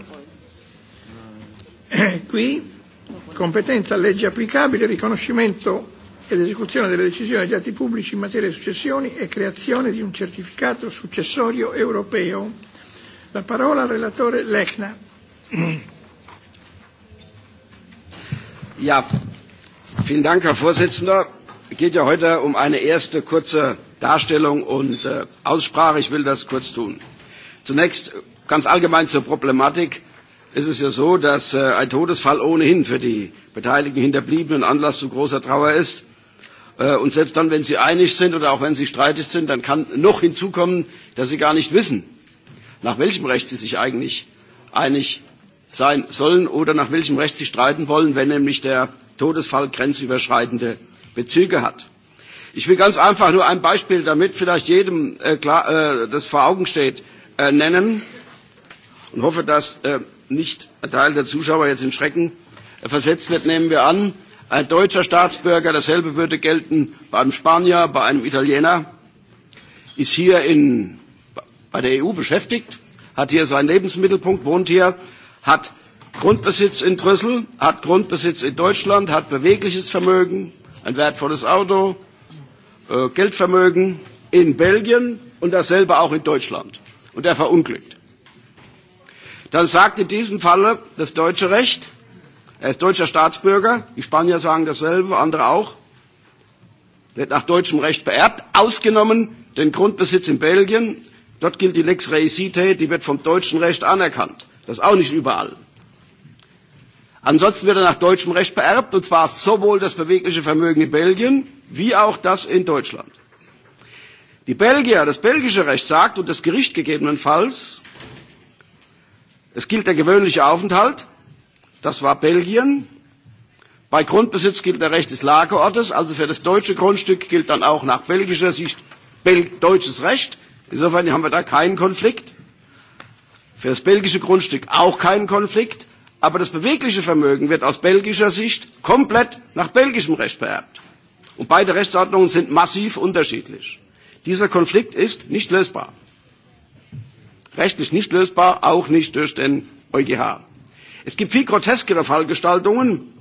A: Eh, qui competenza, legge applicabile, riconoscimento ed esecuzione delle decisioni di atti pubblici in materia di successioni e creazione di un certificato successorio europeo. La parola al relatore Lechner.
I: Ja, Vielen Dank, Herr Vorsitzender. Es geht ja heute um eine erste kurze Darstellung und äh, Aussprache. Ich will das kurz tun. Zunächst ganz allgemein zur Problematik ist es ja so, dass äh, ein Todesfall ohnehin für die beteiligten Hinterbliebenen Anlass zu großer Trauer ist. Äh, und selbst dann, wenn sie einig sind oder auch wenn sie streitig sind, dann kann noch hinzukommen, dass sie gar nicht wissen, nach welchem Recht sie sich eigentlich einig sein sollen oder nach welchem Recht sie streiten wollen, wenn nämlich der Todesfall grenzüberschreitende Bezüge hat. Ich will ganz einfach nur ein Beispiel, damit vielleicht jedem äh, klar, äh, das vor Augen steht, äh, nennen und hoffe, dass äh, nicht ein Teil der Zuschauer jetzt in Schrecken äh, versetzt wird, nehmen wir an, ein deutscher Staatsbürger, dasselbe würde gelten bei einem Spanier, bei einem Italiener, ist hier in, bei der EU beschäftigt, hat hier seinen Lebensmittelpunkt, wohnt hier, hat Grundbesitz in Brüssel, hat Grundbesitz in Deutschland, hat bewegliches Vermögen, ein wertvolles Auto, äh, Geldvermögen in Belgien und dasselbe auch in Deutschland. Und er verunglückt. Dann sagt in diesem Falle das deutsche Recht, er ist deutscher Staatsbürger, die Spanier sagen dasselbe, andere auch, er wird nach deutschem Recht beerbt, ausgenommen den Grundbesitz in Belgien. Dort gilt die Lex Reicite, die wird vom deutschen Recht anerkannt. Das ist auch nicht überall. Ansonsten wird er nach deutschem Recht beerbt, und zwar sowohl das bewegliche Vermögen in Belgien wie auch das in Deutschland. Die Belgier, das belgische Recht sagt und das Gericht gegebenenfalls, es gilt der gewöhnliche Aufenthalt, das war Belgien. Bei Grundbesitz gilt der Recht des Lagerortes, also für das deutsche Grundstück gilt dann auch nach belgischer Sicht deutsches Recht. Insofern haben wir da keinen Konflikt. Für das belgische Grundstück auch kein Konflikt, aber das bewegliche Vermögen wird aus belgischer Sicht komplett nach belgischem Recht vererbt. Und beide Rechtsordnungen sind massiv unterschiedlich. Dieser Konflikt ist nicht lösbar. Rechtlich nicht lösbar, auch nicht durch den EuGH. Es gibt viel groteskere Fallgestaltungen,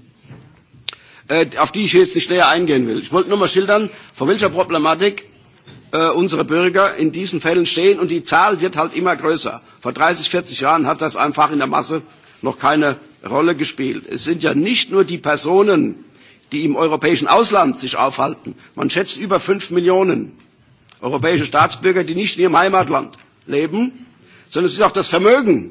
I: äh, auf die ich jetzt nicht näher eingehen will. Ich wollte nur mal schildern, vor welcher Problematik Äh, unsere Bürger in diesen Fällen stehen und die Zahl wird halt immer größer. Vor 30, 40 Jahren hat das einfach in der Masse noch keine Rolle gespielt. Es sind ja nicht nur die Personen, die im europäischen Ausland sich aufhalten. Man schätzt über fünf Millionen europäische Staatsbürger, die nicht in ihrem Heimatland leben, sondern es ist auch das Vermögen,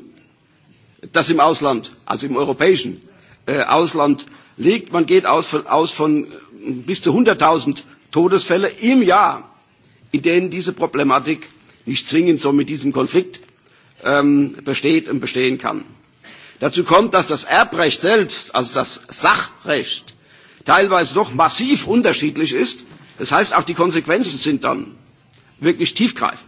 I: das im Ausland, also im europäischen äh, Ausland liegt. Man geht aus von, aus von äh, bis zu 100.000 Todesfällen im Jahr in denen diese Problematik nicht zwingend so mit diesem Konflikt ähm, besteht und bestehen kann. Dazu kommt, dass das Erbrecht selbst, also das Sachrecht, teilweise doch massiv unterschiedlich ist. Das heißt, auch die Konsequenzen sind dann wirklich tiefgreifend.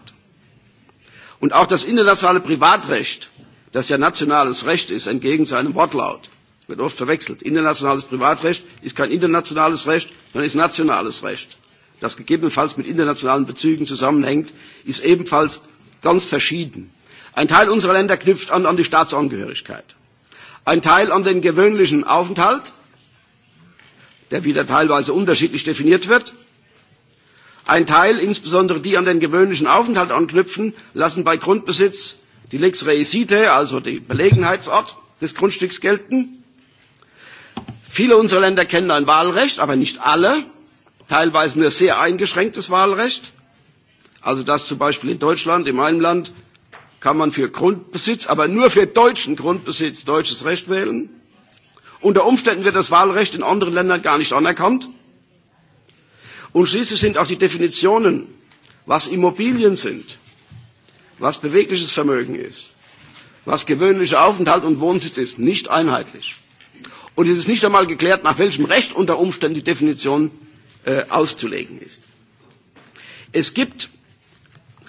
I: Und auch das internationale Privatrecht, das ja nationales Recht ist, entgegen seinem Wortlaut, wird oft verwechselt. Internationales Privatrecht ist kein internationales Recht, sondern ist nationales Recht das gegebenenfalls mit internationalen Bezügen zusammenhängt, ist ebenfalls ganz verschieden. Ein Teil unserer Länder knüpft an, an die Staatsangehörigkeit, ein Teil an den gewöhnlichen Aufenthalt, der wieder teilweise unterschiedlich definiert wird, Ein Teil, insbesondere die an den gewöhnlichen Aufenthalt anknüpfen, lassen bei Grundbesitz die Lex Reisite, also den Belegenheitsort des Grundstücks gelten. Viele unserer Länder kennen ein Wahlrecht, aber nicht alle teilweise nur sehr eingeschränktes Wahlrecht. Also dass zum Beispiel in Deutschland, in meinem Land, kann man für Grundbesitz, aber nur für deutschen Grundbesitz deutsches Recht wählen. Unter Umständen wird das Wahlrecht in anderen Ländern gar nicht anerkannt. Und schließlich sind auch die Definitionen, was Immobilien sind, was bewegliches Vermögen ist, was gewöhnlicher Aufenthalt und Wohnsitz ist, nicht einheitlich. Und es ist nicht einmal geklärt, nach welchem Recht unter Umständen die Definition. Äh, auszulegen ist. Es gibt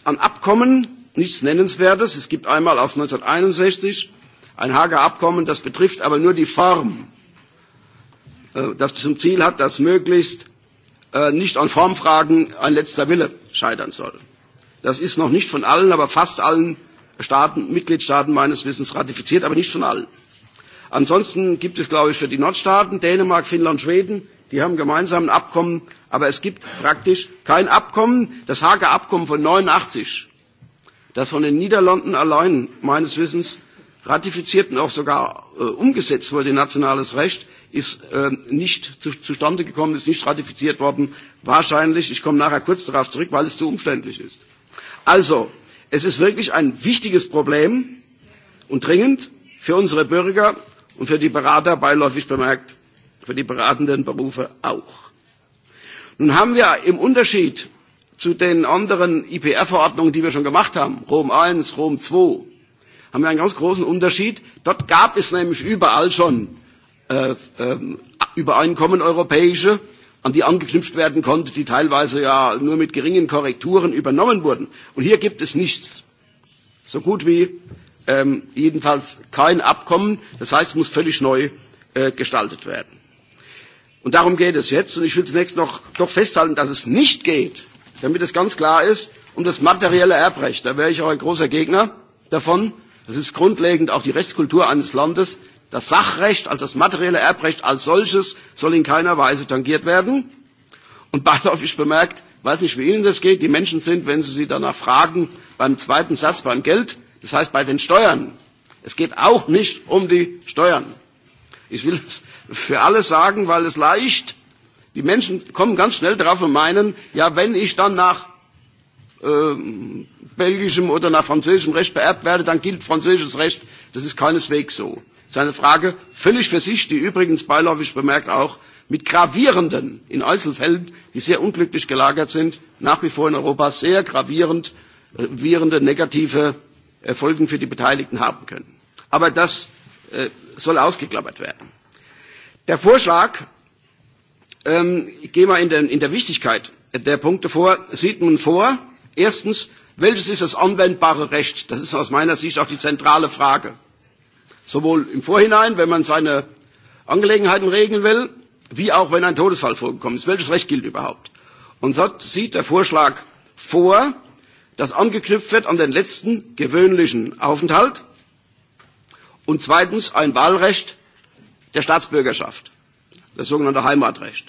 I: an Abkommen nichts Nennenswertes. Es gibt einmal aus 1961 ein Hager Abkommen, das betrifft aber nur die Form, äh, das zum Ziel hat, dass möglichst äh, nicht an Formfragen ein letzter Wille scheitern soll. Das ist noch nicht von allen, aber fast allen Staaten, Mitgliedstaaten meines Wissens ratifiziert, aber nicht von allen. Ansonsten gibt es, glaube ich, für die Nordstaaten, Dänemark, Finnland, Schweden, die haben gemeinsam ein Abkommen, aber es gibt praktisch kein Abkommen. Das Haager Abkommen von 89, das von den Niederlanden allein meines Wissens ratifiziert und auch sogar äh, umgesetzt wurde in nationales Recht, ist äh, nicht zu, zustande gekommen, ist nicht ratifiziert worden. Wahrscheinlich, ich komme nachher kurz darauf zurück, weil es zu umständlich ist. Also, es ist wirklich ein wichtiges Problem und dringend für unsere Bürger und für die Berater beiläufig bemerkt für die beratenden Berufe auch. Nun haben wir im Unterschied zu den anderen IPR-Verordnungen, die wir schon gemacht haben, Rom I, Rom II, haben wir einen ganz großen Unterschied. Dort gab es nämlich überall schon äh, äh, Übereinkommen europäische, an die angeknüpft werden konnte, die teilweise ja nur mit geringen Korrekturen übernommen wurden. Und hier gibt es nichts. So gut wie ähm, jedenfalls kein Abkommen. Das heißt, es muss völlig neu äh, gestaltet werden. Und darum geht es jetzt. Und ich will zunächst noch doch festhalten, dass es nicht geht, damit es ganz klar ist, um das materielle Erbrecht. Da wäre ich auch ein großer Gegner davon. Das ist grundlegend auch die Rechtskultur eines Landes. Das Sachrecht, also das materielle Erbrecht als solches, soll in keiner Weise tangiert werden. Und beiläufig bemerkt, weiß nicht, wie Ihnen das geht, die Menschen sind, wenn Sie sie danach fragen, beim zweiten Satz beim Geld, das heißt bei den Steuern. Es geht auch nicht um die Steuern. Ich will es für alle sagen, weil es leicht, die Menschen kommen ganz schnell darauf und meinen, ja, wenn ich dann nach äh, belgischem oder nach französischem Recht beerbt werde, dann gilt französisches Recht. Das ist keineswegs so. Das ist eine Frage völlig für sich, die übrigens beiläufig bemerkt auch mit gravierenden, in Einzelfällen, die sehr unglücklich gelagert sind, nach wie vor in Europa sehr gravierend, gravierende äh, negative Folgen für die Beteiligten haben können. Aber das äh, soll ausgeklammert werden. Der Vorschlag, ähm, ich gehe mal in, den, in der Wichtigkeit der Punkte vor, sieht nun vor, erstens, welches ist das anwendbare Recht? Das ist aus meiner Sicht auch die zentrale Frage. Sowohl im Vorhinein, wenn man seine Angelegenheiten regeln will, wie auch wenn ein Todesfall vorgekommen ist. Welches Recht gilt überhaupt? Und so sieht der Vorschlag vor, dass angeknüpft wird an den letzten gewöhnlichen Aufenthalt und zweitens ein Wahlrecht der Staatsbürgerschaft, das sogenannte Heimatrecht.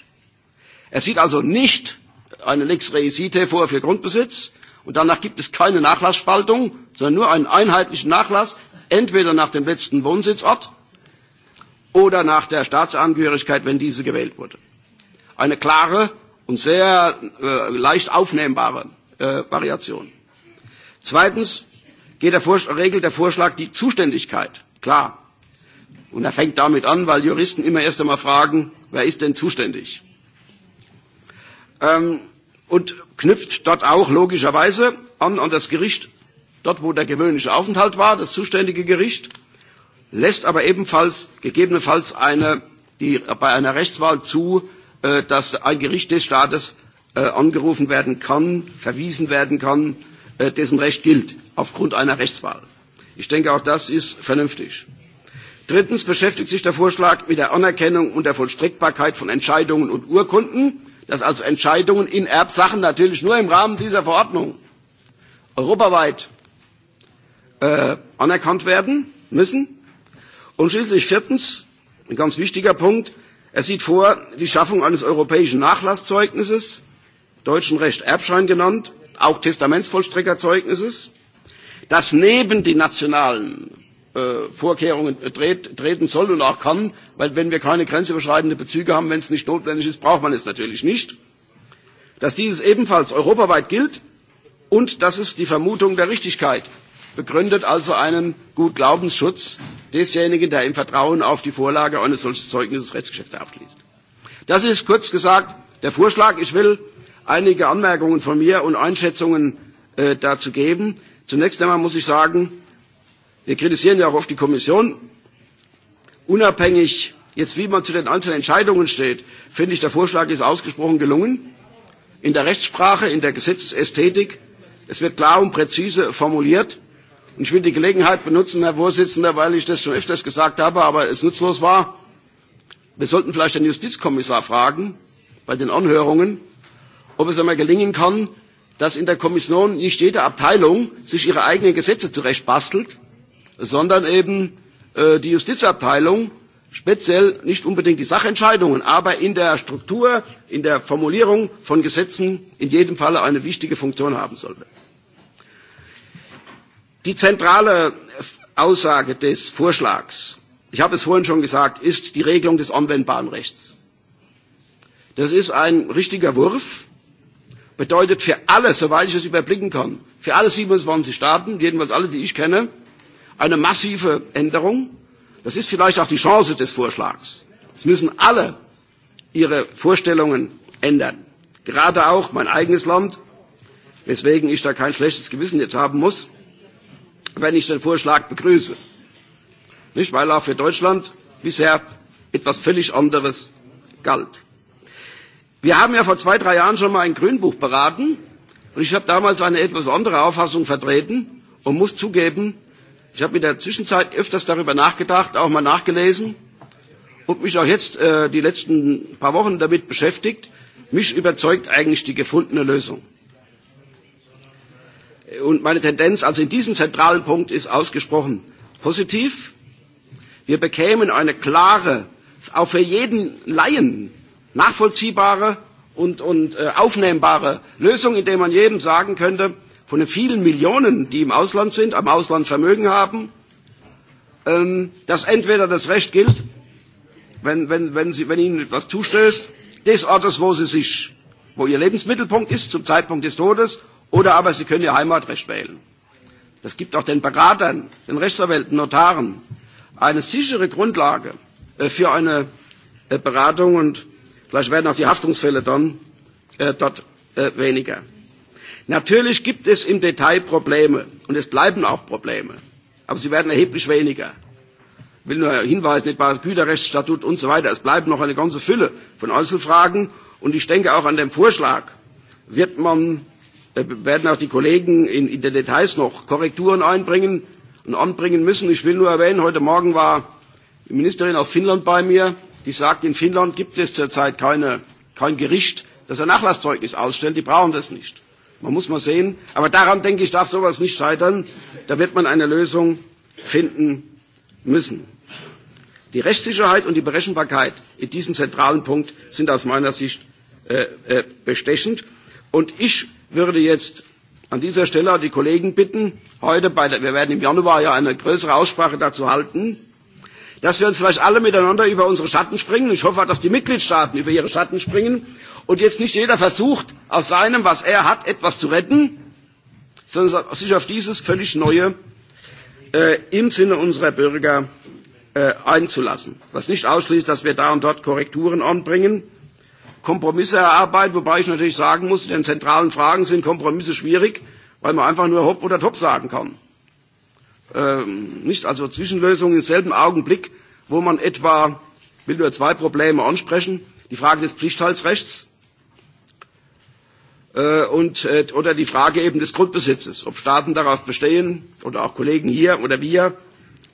I: Es sieht also nicht eine Lex Reisite vor für Grundbesitz und danach gibt es keine Nachlassspaltung, sondern nur einen einheitlichen Nachlass, entweder nach dem letzten Wohnsitzort oder nach der Staatsangehörigkeit, wenn diese gewählt wurde. Eine klare und sehr äh, leicht aufnehmbare äh, Variation. Zweitens geht der regelt der Vorschlag die Zuständigkeit. Klar, Und er fängt damit an, weil Juristen immer erst einmal fragen, wer ist denn zuständig? Ähm, und knüpft dort auch logischerweise an, an das Gericht, dort wo der gewöhnliche Aufenthalt war, das zuständige Gericht, lässt aber ebenfalls gegebenenfalls eine, die, bei einer Rechtswahl zu, äh, dass ein Gericht des Staates äh, angerufen werden kann, verwiesen werden kann, äh, dessen Recht gilt, aufgrund einer Rechtswahl. Ich denke, auch das ist vernünftig. Drittens beschäftigt sich der Vorschlag mit der Anerkennung und der Vollstreckbarkeit von Entscheidungen und Urkunden, dass also Entscheidungen in Erbsachen natürlich nur im Rahmen dieser Verordnung europaweit äh, anerkannt werden müssen. Und schließlich viertens, ein ganz wichtiger Punkt, er sieht vor, die Schaffung eines europäischen Nachlasszeugnisses, deutschen Recht Erbschein genannt, auch Testamentsvollstreckerzeugnisses, das neben den nationalen Äh, Vorkehrungen treten soll und auch kann, weil wenn wir keine grenzüberschreitenden Bezüge haben, wenn es nicht notwendig ist, braucht man es natürlich nicht, dass dieses ebenfalls europaweit gilt und dass es die Vermutung der Richtigkeit, begründet also einen Gutglaubensschutz desjenigen, der im Vertrauen auf die Vorlage eines solchen Zeugnisses Rechtsgeschäfte abschließt. Das ist kurz gesagt der Vorschlag. Ich will einige Anmerkungen von mir und Einschätzungen äh, dazu geben. Zunächst einmal muss ich sagen, Wir kritisieren ja auch oft die Kommission. Unabhängig jetzt, wie man zu den einzelnen Entscheidungen steht, finde ich, der Vorschlag ist ausgesprochen gelungen. In der Rechtssprache, in der Gesetzesästhetik. Es wird klar und präzise formuliert. Und ich will die Gelegenheit benutzen, Herr Vorsitzender, weil ich das schon öfters gesagt habe, aber es nutzlos war. Wir sollten vielleicht den Justizkommissar fragen, bei den Anhörungen, ob es einmal gelingen kann, dass in der Kommission nicht jede Abteilung sich ihre eigenen Gesetze zurechtbastelt, sondern eben äh, die Justizabteilung speziell nicht unbedingt die Sachentscheidungen, aber in der Struktur, in der Formulierung von Gesetzen in jedem Falle eine wichtige Funktion haben sollte. Die zentrale Aussage des Vorschlags, ich habe es vorhin schon gesagt, ist die Regelung des anwendbaren Rechts. Das ist ein richtiger Wurf, bedeutet für alle, soweit ich es überblicken kann, für alle 27 Staaten, jedenfalls alle, die ich kenne, eine massive Änderung. Das ist vielleicht auch die Chance des Vorschlags. Es müssen alle ihre Vorstellungen ändern. Gerade auch mein eigenes Land, weswegen ich da kein schlechtes Gewissen jetzt haben muss, wenn ich den Vorschlag begrüße. Nicht, weil auch für Deutschland bisher etwas völlig anderes galt. Wir haben ja vor zwei, drei Jahren schon mal ein Grünbuch beraten und ich habe damals eine etwas andere Auffassung vertreten und muss zugeben, Ich habe in der Zwischenzeit öfters darüber nachgedacht, auch mal nachgelesen und mich auch jetzt äh, die letzten paar Wochen damit beschäftigt. Mich überzeugt eigentlich die gefundene Lösung. Und meine Tendenz, also in diesem zentralen Punkt, ist ausgesprochen positiv. Wir bekämen eine klare, auch für jeden Laien nachvollziehbare und, und äh, aufnehmbare Lösung, indem man jedem sagen könnte, von den vielen Millionen, die im Ausland sind, am Ausland Vermögen haben, ähm, dass entweder das Recht gilt, wenn, wenn, wenn, sie, wenn ihnen etwas zustößt, des Ortes, wo sie sich, wo ihr Lebensmittelpunkt ist, zum Zeitpunkt des Todes, oder aber sie können ihr Heimatrecht wählen. Das gibt auch den Beratern, den Rechtsanwälten, Notaren eine sichere Grundlage äh, für eine äh, Beratung und vielleicht werden auch die Haftungsfälle dann äh, dort weniger. Natürlich gibt es im Detail Probleme und es bleiben auch Probleme, aber sie werden erheblich weniger. Ich will nur hinweisen, etwa das Güterrechtsstatut und so weiter. Es bleiben noch eine ganze Fülle von Einzelfragen und ich denke auch an dem Vorschlag wird man, äh, werden auch die Kollegen in, in den Details noch Korrekturen einbringen und anbringen müssen. Ich will nur erwähnen, heute Morgen war die Ministerin aus Finnland bei mir, die sagt, in Finnland gibt es zurzeit keine, kein Gericht, das ein Nachlasszeugnis ausstellt, die brauchen das nicht. Man muss mal sehen. Aber daran, denke ich, darf sowas nicht scheitern. Da wird man eine Lösung finden müssen. Die Rechtssicherheit und die Berechenbarkeit in diesem zentralen Punkt sind aus meiner Sicht äh, äh, bestechend. Und ich würde jetzt an dieser Stelle die Kollegen bitten, heute, bei der, wir werden im Januar ja eine größere Aussprache dazu halten, dass wir uns vielleicht alle miteinander über unsere Schatten springen. Ich hoffe, dass die Mitgliedstaaten über ihre Schatten springen und jetzt nicht jeder versucht, aus seinem, was er hat, etwas zu retten, sondern sich auf dieses völlig Neue äh, im Sinne unserer Bürger äh, einzulassen. Was nicht ausschließt, dass wir da und dort Korrekturen anbringen, Kompromisse erarbeiten, wobei ich natürlich sagen muss, in den zentralen Fragen sind Kompromisse schwierig, weil man einfach nur hopp oder top sagen kann. Ähm, nicht also Zwischenlösungen im selben Augenblick, wo man etwa, will nur zwei Probleme ansprechen, die Frage des Pflichtteilsrechts Äh, und, äh, oder die Frage eben des Grundbesitzes, ob Staaten darauf bestehen oder auch Kollegen hier oder wir,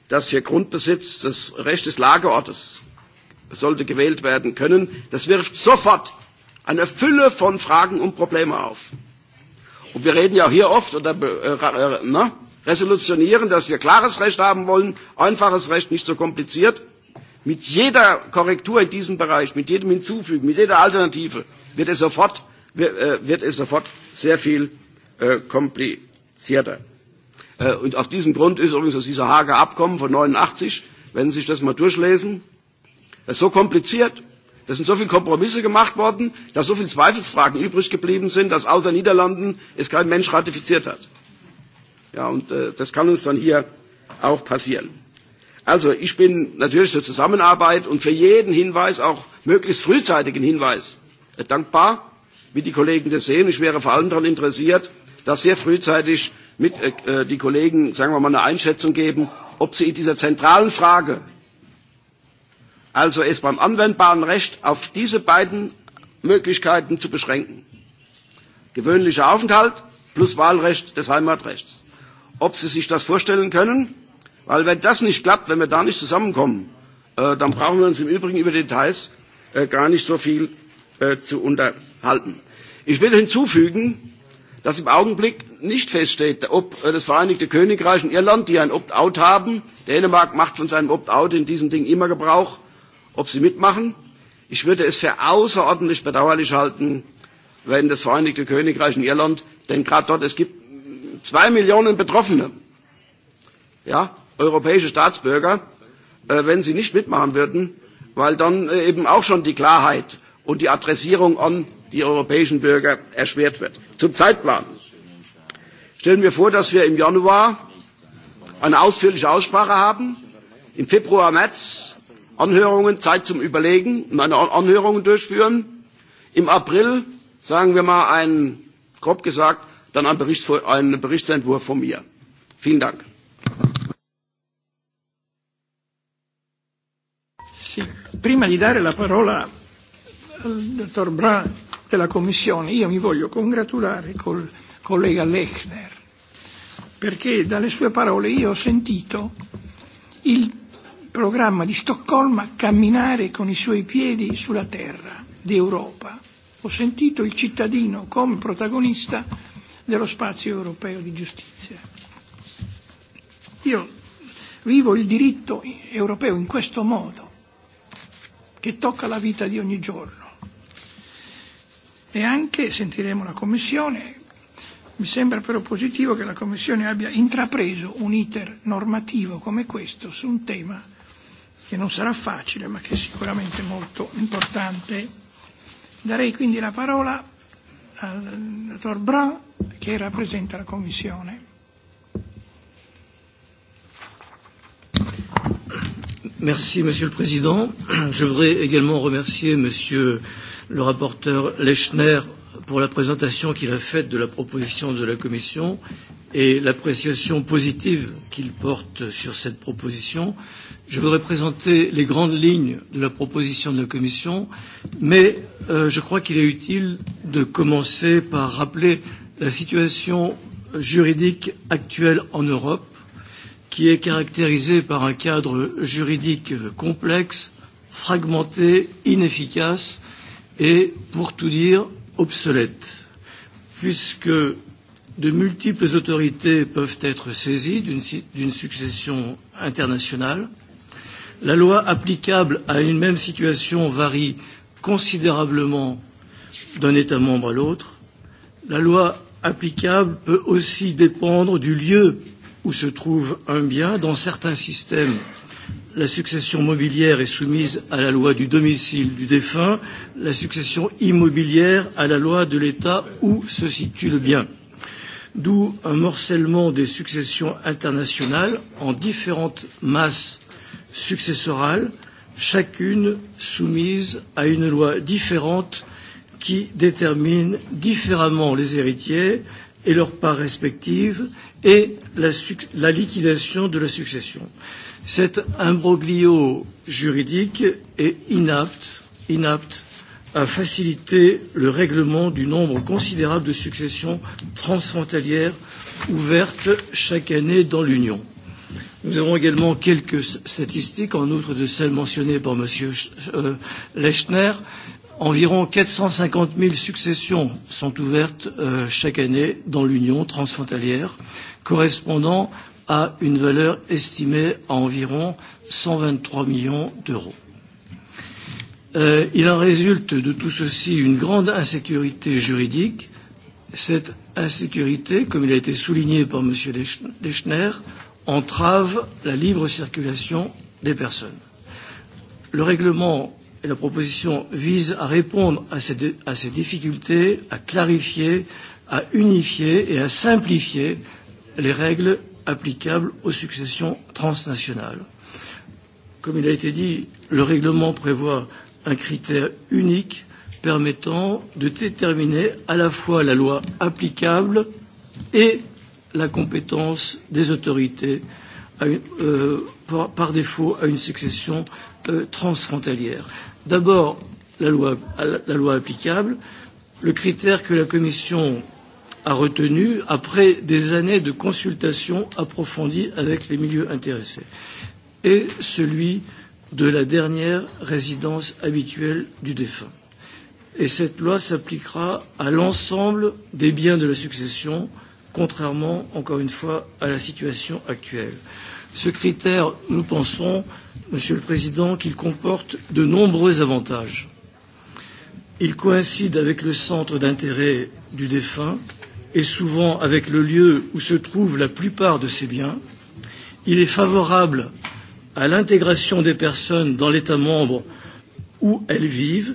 I: dass für Grundbesitz das Recht des Lagerortes sollte gewählt werden können. Das wirft sofort eine Fülle von Fragen und Problemen auf. Und wir reden ja hier oft oder äh, äh, ne, resolutionieren, dass wir klares Recht haben wollen, einfaches Recht, nicht so kompliziert. Mit jeder Korrektur in diesem Bereich, mit jedem Hinzufügen, mit jeder Alternative wird es sofort Äh, wird es sofort sehr viel äh, komplizierter. Äh, und aus diesem Grund ist übrigens dieses Hager Abkommen von 89, wenn Sie sich das mal durchlesen, das ist so kompliziert, da sind so viele Kompromisse gemacht worden, dass so viele Zweifelsfragen übrig geblieben sind, dass außer Niederlanden es kein Mensch ratifiziert hat. Ja, und äh, das kann uns dann hier auch passieren. Also ich bin natürlich für Zusammenarbeit und für jeden Hinweis, auch möglichst frühzeitigen Hinweis, äh, dankbar wie die Kollegen das sehen. Ich wäre vor allem daran interessiert, dass sehr frühzeitig mit, äh, die Kollegen, sagen wir mal, eine Einschätzung geben, ob sie in dieser zentralen Frage, also es beim anwendbaren Recht auf diese beiden Möglichkeiten zu beschränken, gewöhnlicher Aufenthalt plus Wahlrecht des Heimatrechts, ob sie sich das vorstellen können, weil wenn das nicht klappt, wenn wir da nicht zusammenkommen, äh, dann brauchen wir uns im Übrigen über Details äh, gar nicht so viel äh, zu unterhalten halten. Ich will hinzufügen, dass im Augenblick nicht feststeht, ob äh, das Vereinigte Königreich und Irland, die ein Opt-out haben, Dänemark macht von seinem Opt-out in diesen Dingen immer Gebrauch, ob sie mitmachen. Ich würde es für außerordentlich bedauerlich halten, wenn das Vereinigte Königreich und Irland, denn gerade dort, es gibt zwei Millionen Betroffene, ja, europäische Staatsbürger, äh, wenn sie nicht mitmachen würden, weil dann äh, eben auch schon die Klarheit und die Adressierung on die europäischen Bürger erschwert wird. Zum Zeitplan. Stellen wir vor, dass wir im Januar eine ausführliche Aussprache haben, im Februar, März Anhörungen, Zeit zum Überlegen, und eine Anhörung durchführen, im April, sagen wir mal, ein, grob gesagt, dann ein, Bericht, ein Berichtsentwurf von mir. Vielen Dank.
A: Prima di dare la parola al dottor Brun della Commissione. Io mi voglio congratulare col collega Lechner, perché dalle sue parole io ho sentito il programma di Stoccolma camminare con i suoi piedi sulla terra d'Europa. Ho sentito il cittadino come protagonista dello spazio europeo di giustizia. Io vivo il diritto europeo in questo modo, che tocca la vita di ogni giorno e anche sentiremo la Commissione. Mi sembra però positivo che la Commissione abbia intrapreso un iter normativo come questo su un tema che non sarà facile ma che è sicuramente molto importante. Darei quindi la parola al dottor Brun che rappresenta la Commissione.
J: Merci Monsieur le Président. Je voudrais également remercier Monsieur euh, le rapporteur Lechner pour la présentation qu'il a faite de la proposition de la Commission et l'appréciation positive qu'il porte sur cette proposition. Je voudrais présenter les grandes lignes de la proposition de la Commission, mais euh, je crois qu'il est utile de commencer par rappeler la situation juridique actuelle en Europe, qui est caractérisée par un cadre juridique complexe, fragmenté, inefficace, est, pour tout dire, obsolète, puisque de multiples autorités peuvent être saisies d'une succession internationale. La loi applicable à une même situation varie considérablement d'un État membre à l'autre. La loi applicable peut aussi dépendre du lieu où se trouve un bien. Dans certains systèmes la succession mobilière est soumise à la loi du domicile du défunt, la succession immobilière à la loi de l'État où se situe le bien. D'où un morcellement des successions internationales en différentes masses successorales, chacune soumise à une loi différente qui détermine différemment les héritiers et leurs parts respectives et la, la liquidation de la succession. Euh, Cet imbroglio juridique est inapte, inapte à faciliter le règlement du nombre considérable de successions transfrontalières ouvertes chaque année dans l'Union. Nous avons également quelques statistiques, en outre de celles mentionnées par M. Euh, Lechner. Environ 450 000 successions sont ouvertes euh, chaque année dans l'Union transfrontalière, correspondant à une valeur estimée à environ 123 millions d'euros. Euh, il en résulte de tout ceci une grande insécurité juridique. Cette insécurité, comme il a été souligné par M. Lechner, entrave la libre circulation des personnes. Le règlement et la proposition visent à répondre à ces, à ces difficultés, à clarifier, à unifier et à simplifier les règles applicable aux successions transnationales. Comme il a été dit, le règlement prévoit un critère unique permettant de déterminer à la fois la loi applicable et la compétence des autorités à une, euh, par, par défaut à une succession euh, transfrontalière. D'abord, la loi, la loi applicable, le critère que la Commission a retenu après des années de consultations approfondies avec les milieux intéressés et celui de la dernière résidence habituelle du défunt. Et cette loi s'appliquera à l'ensemble des biens de la succession, contrairement, encore une fois, à la situation actuelle. Ce critère, nous pensons, Monsieur le Président, qu'il comporte de nombreux avantages. Il coïncide avec le centre d'intérêt du défunt, et souvent avec le lieu où se trouvent la plupart de ces biens. Il est favorable à l'intégration des personnes dans l'État membre où elles vivent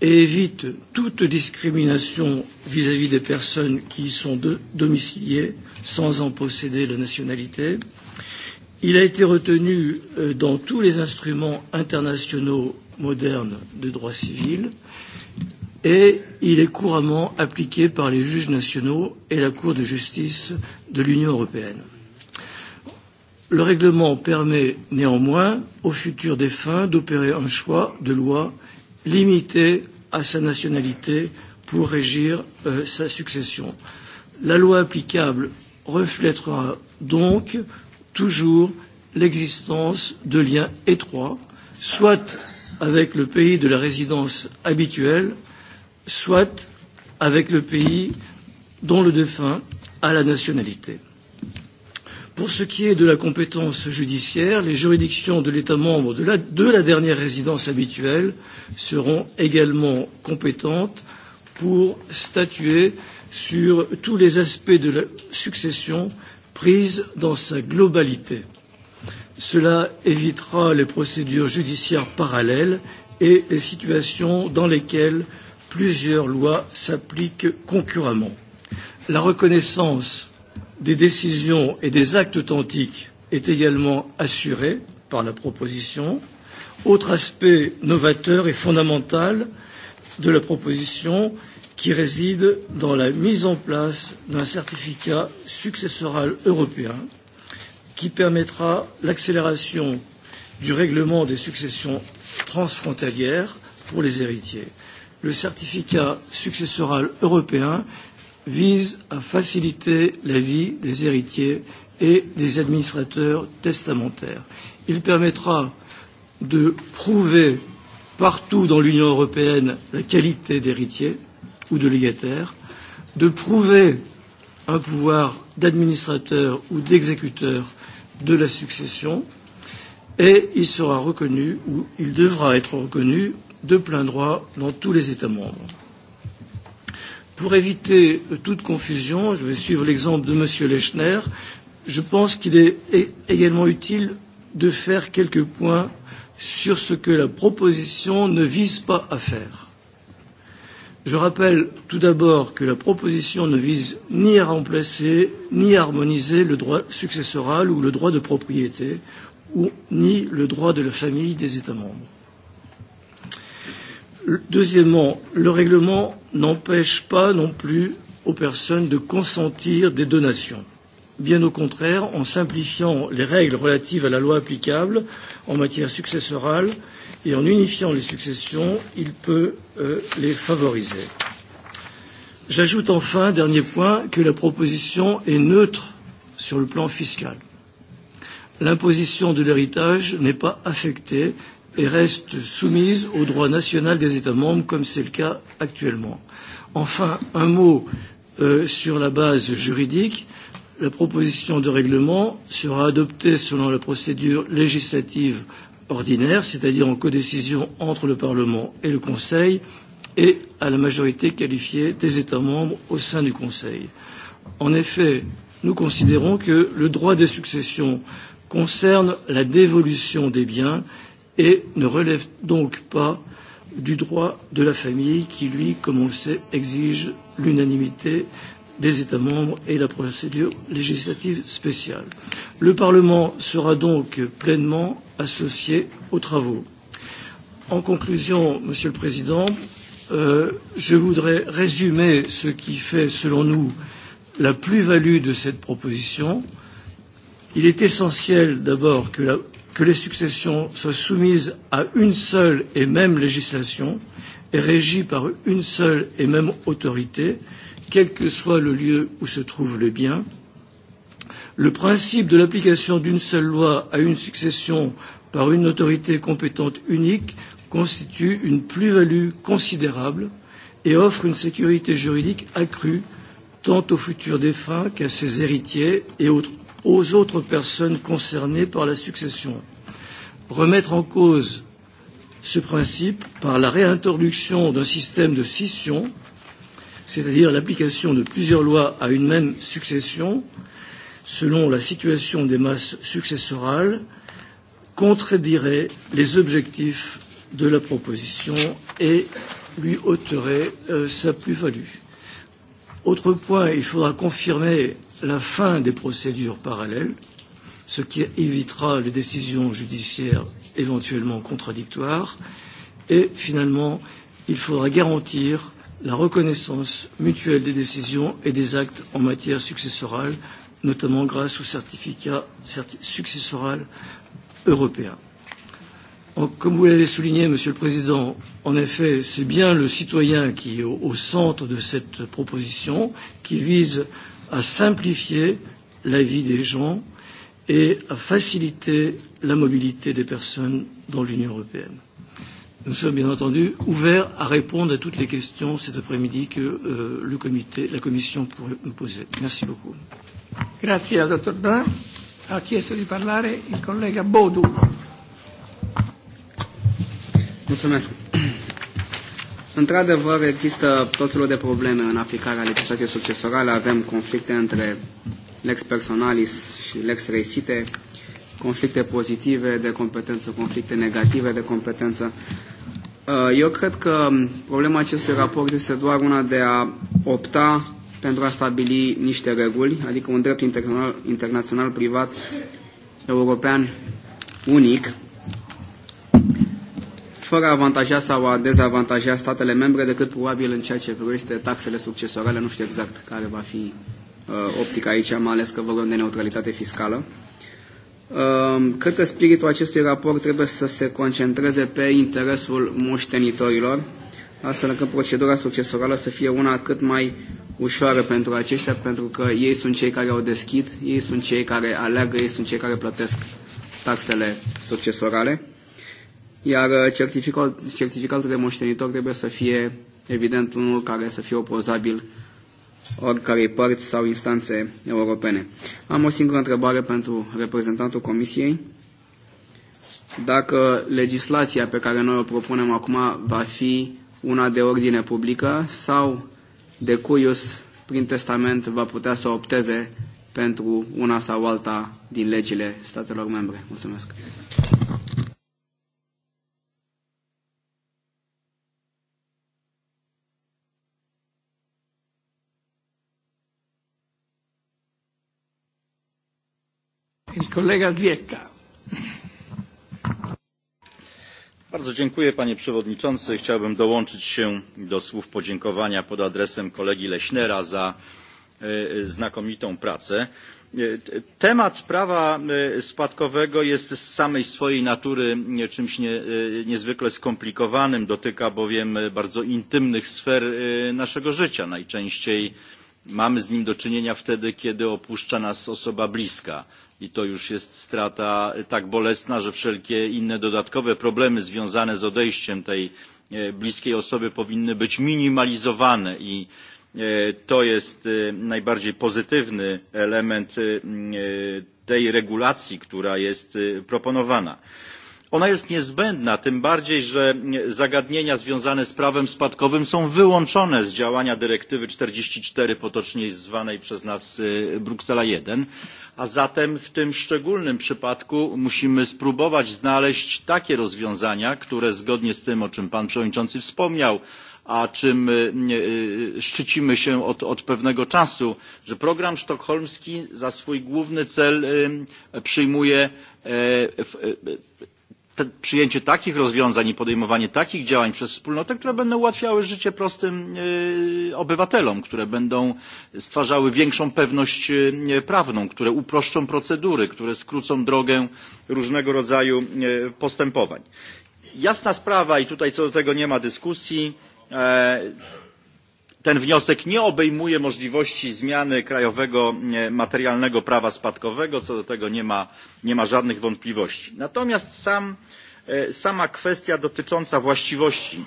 J: et évite toute discrimination vis-à-vis -vis des personnes qui y sont de, domiciliées sans en posséder la nationalité. Il a été retenu euh, dans tous les instruments internationaux modernes de droit civil et il est couramment appliqué par les juges nationaux et la Cour de justice de l'Union européenne. Le règlement permet néanmoins aux futurs défunts d'opérer un choix de loi limité à sa nationalité pour régir euh, sa succession. La loi applicable reflètera donc toujours l'existence de liens étroits, soit avec le pays de la résidence habituelle, soit avec le pays dont le défunt a la nationalité. Pour ce qui est de la compétence judiciaire, les juridictions de l'État membre de la, de la dernière résidence habituelle seront également compétentes pour statuer sur tous les aspects de la succession prise dans sa globalité. Cela évitera les procédures judiciaires parallèles et les situations dans lesquelles plusieurs lois s'appliquent concurremment. La reconnaissance des décisions et des actes authentiques est également assurée par la proposition. Autre aspect novateur et fondamental de la proposition qui réside dans la mise en place d'un certificat successoral européen qui permettra l'accélération du règlement des successions transfrontalières pour les héritiers le certificat successoral européen vise à faciliter la vie des héritiers et des administrateurs testamentaires. Il permettra de prouver partout dans l'Union européenne la qualité d'héritier ou de légataire, de prouver un pouvoir d'administrateur ou d'exécuteur de la succession, et il sera reconnu ou il devra être reconnu de plein droit dans tous les États membres. Pour éviter toute confusion, je vais suivre l'exemple de M. Lechner. Je pense qu'il est également utile de faire quelques points sur ce que la proposition ne vise pas à faire. Je rappelle tout d'abord que la proposition ne vise ni à remplacer ni à harmoniser le droit successoral ou le droit de propriété, ou, ni le droit de la famille des États membres. Deuxièmement, le règlement n'empêche pas non plus aux personnes de consentir des donations. Bien au contraire, en simplifiant les règles relatives à la loi applicable en matière successorale et en unifiant les successions, il peut euh, les favoriser. J'ajoute enfin, dernier point, que la proposition est neutre sur le plan fiscal. L'imposition de l'héritage n'est pas affectée et reste soumise au droit national des États membres, comme c'est le cas actuellement. Enfin, un mot euh, sur la base juridique. La proposition de règlement sera adoptée selon la procédure législative ordinaire, c'est-à-dire en codécision entre le Parlement et le Conseil, et à la majorité qualifiée des États membres au sein du Conseil. En effet, nous considérons que le droit des successions concerne la dévolution des biens et ne relève donc pas du droit de la famille qui, lui, comme on le sait, exige l'unanimité des États membres et la procédure législative spéciale. Le Parlement sera donc pleinement associé aux travaux. En conclusion, Monsieur le Président, euh, je voudrais résumer ce qui fait, selon nous, la plus-value de cette proposition. Il est essentiel d'abord que la que les successions soient soumises à une seule et même législation et régies par une seule et même autorité, quel que soit le lieu où se trouve le bien. Le principe de l'application d'une seule loi à une succession par une autorité compétente unique constitue une plus-value considérable et offre une sécurité juridique accrue tant aux futurs défunts qu'à ses héritiers et autres aux autres personnes concernées par la succession. Remettre en cause ce principe par la réintroduction d'un système de scission, c'est-à-dire l'application de plusieurs lois à une même succession, selon la situation des masses successorales, contredirait les objectifs de la proposition et lui ôterait euh, sa plus-value. Autre point, il faudra confirmer la fin des procédures parallèles, ce qui évitera les décisions judiciaires éventuellement contradictoires. Et finalement, il faudra garantir la reconnaissance mutuelle des décisions et des actes en matière successorale, notamment grâce au certificat successoral européen. comme vous l'avez souligné, Monsieur le Président, en effet, c'est bien le citoyen qui est au, centre de cette proposition, qui vise à simplifier la vie des gens et à faciliter la mobilité des personnes dans l'Union européenne. Nous sommes bien entendu ouverts à répondre à toutes les questions cet après-midi que euh, le comité, la Commission pourrait nous poser. Merci beaucoup.
A: Grazie al dottor Brun. Ha chiesto di parlare il collega Bodu.
K: Mulțumesc. Într-adevăr, există tot felul de probleme în aplicarea legislației succesorale. Avem conflicte între lex personalis și lex reisite, conflicte pozitive de competență, conflicte negative de competență. Uh, eu cred că problema acestui raport este doar una de a opta pentru a stabili niște reguli, adică un drept internațional, internațional privat european unic, fără a avantaja sau a dezavantaja statele membre decât probabil în ceea ce privește taxele succesorale, nu știu exact care va fi uh, optica aici, mai ales că vorbim de neutralitate fiscală. Uh, cred că spiritul acestui raport trebuie să se concentreze pe interesul moștenitorilor, astfel încât procedura succesorală să fie una cât mai ușoară pentru aceștia, pentru că ei sunt cei care au deschid, ei sunt cei care aleagă, ei sunt cei care plătesc taxele succesorale iar uh, certificat, certificatul de moștenitor trebuie să fie, evident, unul care să fie opozabil oricărei părți sau instanțe europene. Am o singură întrebare pentru reprezentantul Comisiei. Dacă legislația pe care noi o propunem acum va fi una de ordine publică sau de cuius prin testament va putea să opteze pentru una sau alta din legile statelor membre. Mulțumesc.
A: El colega Zwiecka.
H: Bardzo dziękuję panie przewodniczący. Chciałbym dołączyć się do słów podziękowania pod adresem kolegi Leśnera za e, znakomitą pracę. E, temat prawa e, spadkowego jest z samej swojej natury czymś nie, niezwykle skomplikowanym, dotyka bowiem bardzo intymnych sfer naszego życia. Najczęściej mamy z nim do czynienia wtedy, kiedy opuszcza nas osoba bliska i to już jest strata tak bolesna, że wszelkie inne dodatkowe problemy związane z odejściem tej e, bliskiej osoby powinny być minimalizowane i e, to jest e, najbardziej pozytywny element tej regulacji, która jest proponowana. Ona jest niezbędna, tym bardziej, że zagadnienia związane z prawem spadkowym są wyłączone z działania dyrektywy czterdzieści cztery potocznie zwanej przez nas Bruksela I, a zatem w tym szczególnym przypadku musimy spróbować znaleźć takie rozwiązania, które zgodnie z tym, o czym pan przewodniczący wspomniał, a czym szczycimy się od, od pewnego czasu, że program sztokholmski za swój główny cel przyjmuje e, e, te, przyjęcie takich rozwiązań i podejmowanie takich działań przez wspólnotę, które będą ułatwiały życie prostym y, e, obywatelom, które będą stwarzały większą pewność y, e, prawną, które uproszczą procedury, które skrócą drogę różnego rodzaju y, e, postępowań. Jasna sprawa i tutaj co do tego nie ma dyskusji ten wniosek nie obejmuje możliwości zmiany krajowego e, materialnego prawa spadkowego co do tego nie ma, nie ma żadnych wątpliwości. natomiast sam, e, sama kwestia dotycząca właściwości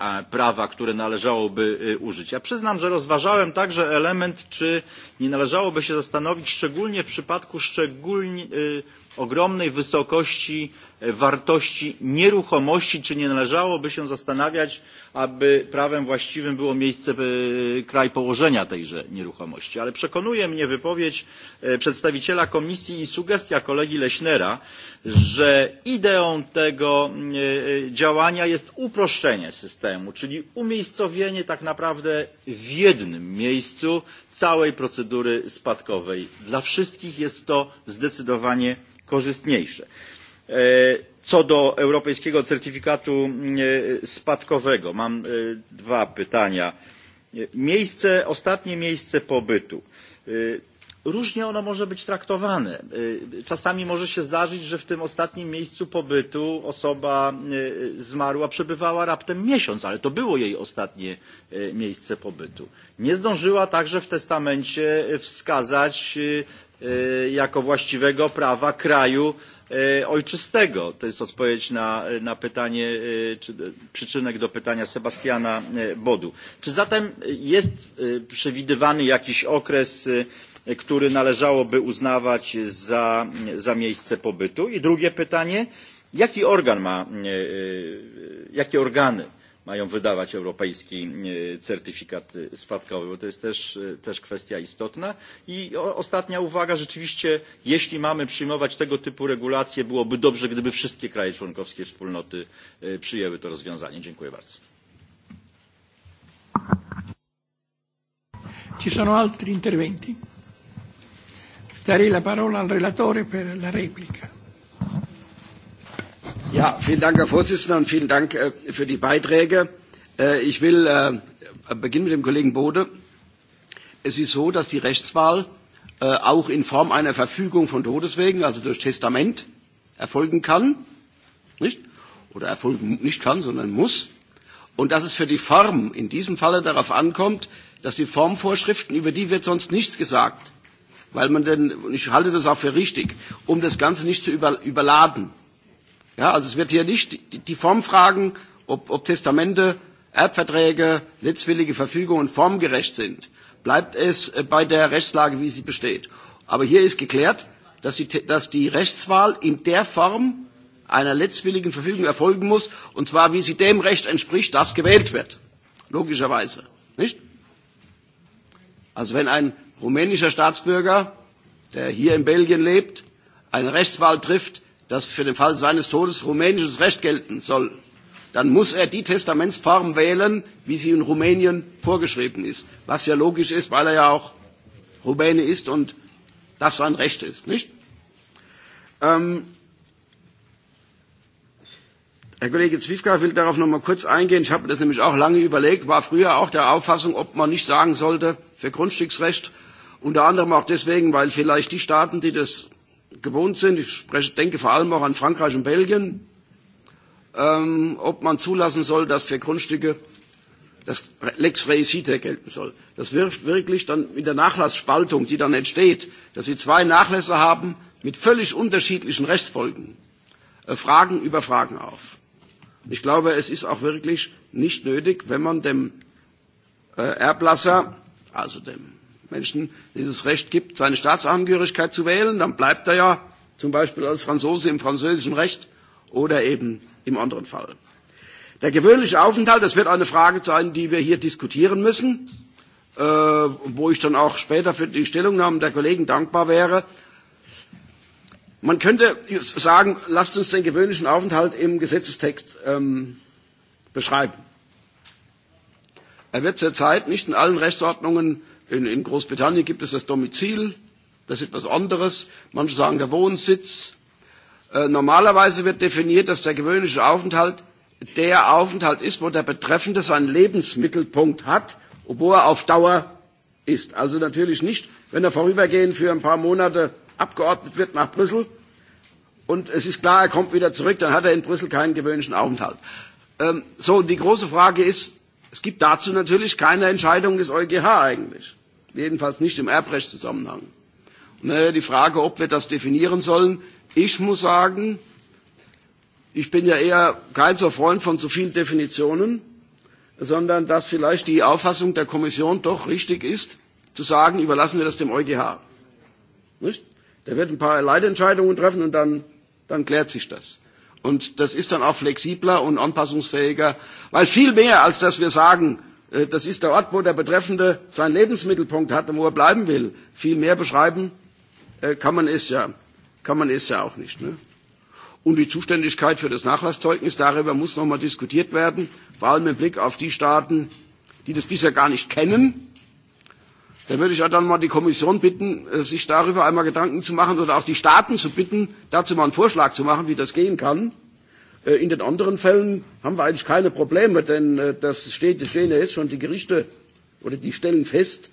H: e, prawa które należałoby użyć. ja przyznam że rozważałem także element czy nie należałoby się zastanowić szczególnie w przypadku szczególnie ogromnej wysokości e, wartości nieruchomości, czy nie należałoby się zastanawiać, aby prawem właściwym było miejsce, e, kraj położenia tejże nieruchomości. Ale przekonuje mnie wypowiedź e, przedstawiciela komisji i sugestia kolegi Leśnera, że ideą tego działania jest uproszczenie systemu, czyli umiejscowienie tak naprawdę w jednym miejscu całej procedury spadkowej. Dla wszystkich jest to zdecydowanie korzystniejsze. E, co do europejskiego certyfikatu e, spadkowego mam e, dwa pytania. Miejsce, ostatnie miejsce pobytu. Różnie ono może być traktowane. Czasami może się zdarzyć, że w tym ostatnim miejscu pobytu osoba zmarła, przebywała raptem miesiąc, ale to było jej ostatnie miejsce pobytu. Nie zdążyła także w testamencie wskazać E, jako właściwego prawa kraju e, ojczystego. To jest odpowiedź na, na pytanie, e, czy przyczynek do pytania Sebastiana Bodu. Czy zatem jest przewidywany jakiś okres, który należałoby uznawać za, za miejsce pobytu? I drugie pytanie, jaki organ ma, jakie organy mają wydawać europejski e, certyfikat spadkowy, bo to jest też, e, też kwestia istotna. I ostatnia uwaga, rzeczywiście jeśli mamy przyjmować tego typu regulacje, byłoby dobrze, gdyby wszystkie kraje członkowskie wspólnoty e, przyjęły to rozwiązanie. Dziękuję bardzo.
A: Ci sono altri interventi? Darei la parola al relatore per la replica.
I: Ja, vielen Dank, Herr Vorsitzender, und vielen Dank äh, für die Beiträge. Äh, ich will äh, beginnen mit dem Kollegen Bode. Es ist so, dass die Rechtswahl äh, auch in Form einer Verfügung von Todeswegen, also durch Testament, erfolgen kann, nicht? Oder erfolgen nicht kann, sondern muss. Und dass es für die Form in diesem Falle darauf ankommt, dass die Formvorschriften, über die wird sonst nichts gesagt, weil man denn, und ich halte das auch für richtig, um das Ganze nicht zu über, überladen. Ja, also es wird hier nicht die Formfragen, ob, ob Testamente, Erbverträge, letztwillige Verfügungen formgerecht sind, bleibt es äh, bei der Rechtslage, wie sie besteht. Aber hier ist geklärt, dass die, dass die Rechtswahl in der Form einer letztwilligen Verfügung erfolgen muss, und zwar wie sie dem Recht entspricht, das gewählt wird. Logischerweise. Nicht? Also wenn ein rumänischer Staatsbürger, der hier in Belgien lebt, eine Rechtswahl trifft, das für den Fall seines Todes rumänisches Recht gelten soll, dann muss er die Testamentsform wählen, wie sie in Rumänien vorgeschrieben ist. Was ja logisch ist, weil er ja auch Rumäne ist und das sein Recht ist, nicht? Ähm, Herr Kollege Zwiefka will darauf noch mal kurz eingehen. Ich habe das nämlich auch lange überlegt, war früher auch der Auffassung, ob man nicht sagen sollte, für Grundstücksrecht, unter anderem auch deswegen, weil vielleicht die Staaten, die das gewohnt sind, ich spreche, denke vor allem auch an Frankreich und Belgien, ähm, ob man zulassen soll, dass für Grundstücke das Lex Reisite gelten soll. Das wirft wirklich dann in der Nachlassspaltung, die dann entsteht, dass Sie zwei Nachlässe haben mit völlig unterschiedlichen Rechtsfolgen, äh, Fragen über Fragen auf. Ich glaube, es ist auch wirklich nicht nötig, wenn man dem äh, Erblasser, also dem Menschen dieses Recht gibt, seine Staatsangehörigkeit zu wählen, dann bleibt er ja zum Beispiel als Franzose im französischen Recht oder eben im anderen Fall. Der gewöhnliche Aufenthalt, das wird eine Frage sein, die wir hier diskutieren müssen, äh, wo ich dann auch später für die Stellungnahmen der Kollegen dankbar wäre. Man könnte sagen, lasst uns den gewöhnlichen Aufenthalt im Gesetzestext ähm, beschreiben. Er wird zurzeit nicht in allen Rechtsordnungen In, in Großbritannien gibt es das Domizil, das ist etwas anderes. Manche sagen der Wohnsitz. Äh, normalerweise wird definiert, dass der gewöhnliche Aufenthalt der Aufenthalt ist, wo der Betreffende seinen Lebensmittelpunkt hat, wo er auf Dauer ist. Also natürlich nicht, wenn er vorübergehend für ein paar Monate abgeordnet wird nach Brüssel und es ist klar, er kommt wieder zurück, dann hat er in Brüssel keinen gewöhnlichen Aufenthalt. Ähm, so, die große Frage ist, Es gibt dazu natürlich keine Entscheidung des EuGH eigentlich. Jedenfalls nicht im Erbrechtszusammenhang. Und äh, die Frage, ob wir das definieren sollen, ich muss sagen, ich bin ja eher kein so Freund von zu vielen Definitionen, sondern dass vielleicht die Auffassung der Kommission doch richtig ist, zu sagen, überlassen wir das dem EuGH. Nicht? Der wird ein paar Leitentscheidungen treffen und dann, dann klärt sich das. Und das ist dann auch flexibler und anpassungsfähiger, weil viel mehr, als dass wir sagen, äh, das ist der Ort, wo der Betreffende seinen Lebensmittelpunkt hat und wo er bleiben will. Viel mehr beschreiben äh, kann man es ja, kann man es ja auch nicht. Ne? Und die Zuständigkeit für das Nachlasszeugnis, darüber muss nochmal diskutiert werden, vor allem im Blick auf die Staaten, die das bisher gar nicht kennen Dann würde ich auch dann mal die Kommission bitten, äh, sich darüber einmal Gedanken zu machen oder auch die Staaten zu bitten, dazu mal einen Vorschlag zu machen, wie das gehen kann. Äh, in den anderen Fällen haben wir eigentlich keine Probleme, denn äh, das steht, das stehen ja jetzt schon die Gerichte oder die stellen fest,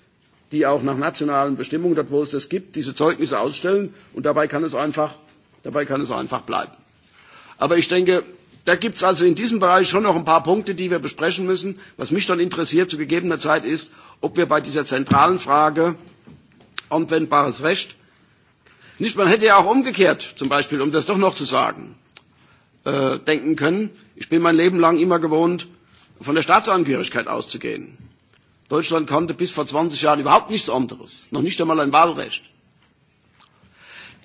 I: die auch nach nationalen Bestimmungen, dort wo es das gibt, diese Zeugnisse ausstellen und dabei kann es einfach, dabei kann es einfach bleiben. Aber ich denke, Da gibt es also in diesem Bereich schon noch ein paar Punkte, die wir besprechen müssen. Was mich dann interessiert zu gegebener Zeit ist, ob wir bei dieser zentralen Frage anwendbares Recht nicht, man hätte ja auch umgekehrt, zum Beispiel, um das doch noch zu sagen, äh, denken können. Ich bin mein Leben lang immer gewohnt, von der Staatsangehörigkeit auszugehen. Deutschland konnte bis vor 20 Jahren überhaupt nichts anderes, noch nicht einmal ein Wahlrecht.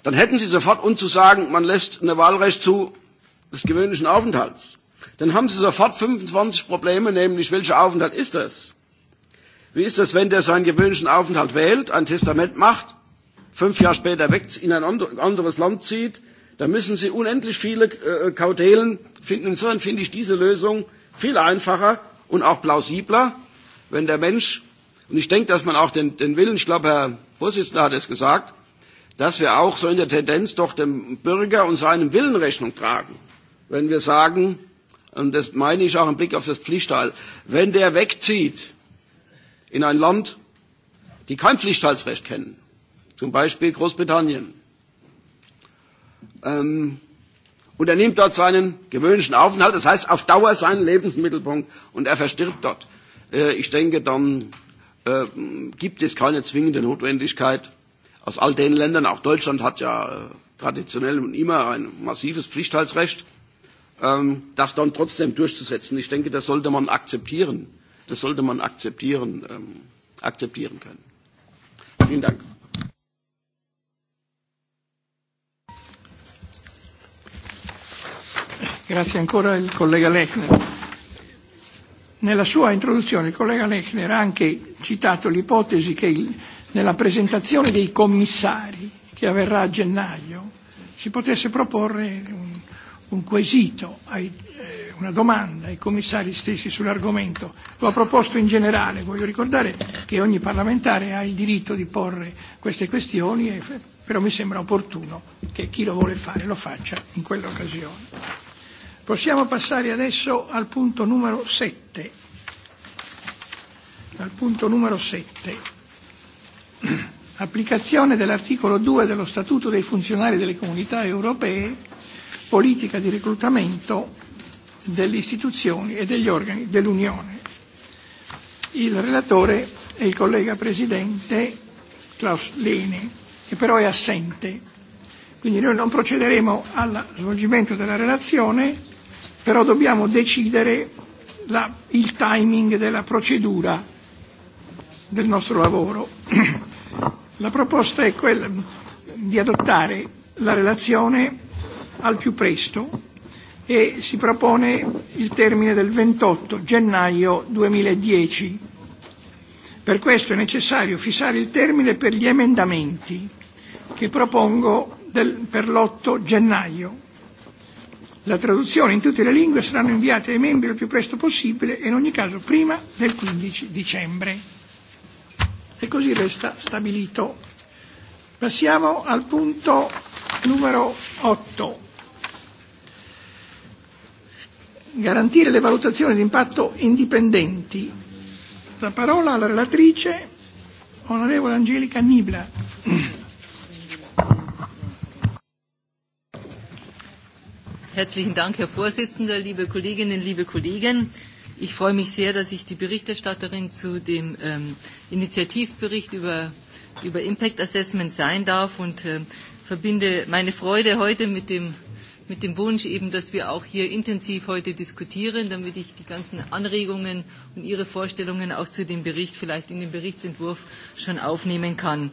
I: Dann hätten Sie sofort uns zu sagen, man lässt ein Wahlrecht zu, des gewöhnlichen Aufenthalts, dann haben Sie sofort 25 Probleme, nämlich welcher Aufenthalt ist das? Wie ist das, wenn der seinen gewöhnlichen Aufenthalt wählt, ein Testament macht, fünf Jahre später weg in ein anderes Land zieht? Da müssen Sie unendlich viele äh, Kautelen finden. Insofern finde ich diese Lösung viel einfacher und auch plausibler, wenn der Mensch, und ich denke, dass man auch den, den Willen, ich glaube, Herr Vorsitzender hat es gesagt, dass wir auch so in der Tendenz doch dem Bürger und seinem Willen Rechnung tragen wenn wir sagen, und das meine ich auch im Blick auf das Pflichtteil, wenn der wegzieht in ein Land, die kein Pflichtteilsrecht kennen, zum Beispiel Großbritannien, ähm, und er nimmt dort seinen gewöhnlichen Aufenthalt, das heißt auf Dauer seinen Lebensmittelpunkt und er verstirbt dort. Äh, ich denke, dann äh, gibt es keine zwingende Notwendigkeit aus all den Ländern, auch Deutschland hat ja äh, traditionell und immer ein massives Pflichtteilsrecht, Ähm, das dann trotzdem durchzusetzen. Ich denke, das sollte man akzeptieren. Das sollte man akzeptieren, ähm, akzeptieren können. Vielen Dank.
A: Grazie ancora il collega Lechner. Nella sua introduzione il collega Lechner ha anche citato l'ipotesi che il, nella presentazione dei commissari che avverrà a gennaio si potesse proporre un un quesito, ai, eh, una domanda ai commissari stessi sull'argomento, lo ha proposto in generale. Voglio ricordare che ogni parlamentare ha il diritto di porre queste questioni, e, però mi sembra opportuno che chi lo vuole fare lo faccia in quell'occasione. Possiamo passare adesso al punto numero 7. Al punto numero 7. Applicazione dell'articolo 2 dello Statuto dei funzionari delle comunità europee politica di reclutamento delle istituzioni e degli organi dell'Unione. Il relatore è il collega presidente Klaus Lene, che però è assente. Quindi noi non procederemo al svolgimento della relazione, però dobbiamo decidere la, il timing della procedura del nostro lavoro. La proposta è quella di adottare la relazione al più presto e si propone il termine del 28 gennaio 2010. Per questo è necessario fissare il termine per gli emendamenti che propongo del, per l'8 gennaio. La traduzione in tutte le lingue saranno inviate ai membri il più presto possibile e in ogni caso prima del 15 dicembre. E così resta stabilito. Passiamo al punto numero 8 garantire le valutazioni di impatto indipendenti. La parola alla relatrice, onorevole Angelica Nibla.
L: Herzlichen Dank, Herr Vorsitzender, liebe Kolleginnen, liebe Kollegen. Ich freue mich sehr, dass ich die Berichterstatterin zu dem ähm, Initiativbericht über, über Impact Assessment sein darf und äh, verbinde meine Freude heute mit dem mit dem Wunsch eben, dass wir auch hier intensiv heute diskutieren, damit ich die ganzen Anregungen und Ihre Vorstellungen auch zu dem Bericht vielleicht in den Berichtsentwurf schon aufnehmen kann.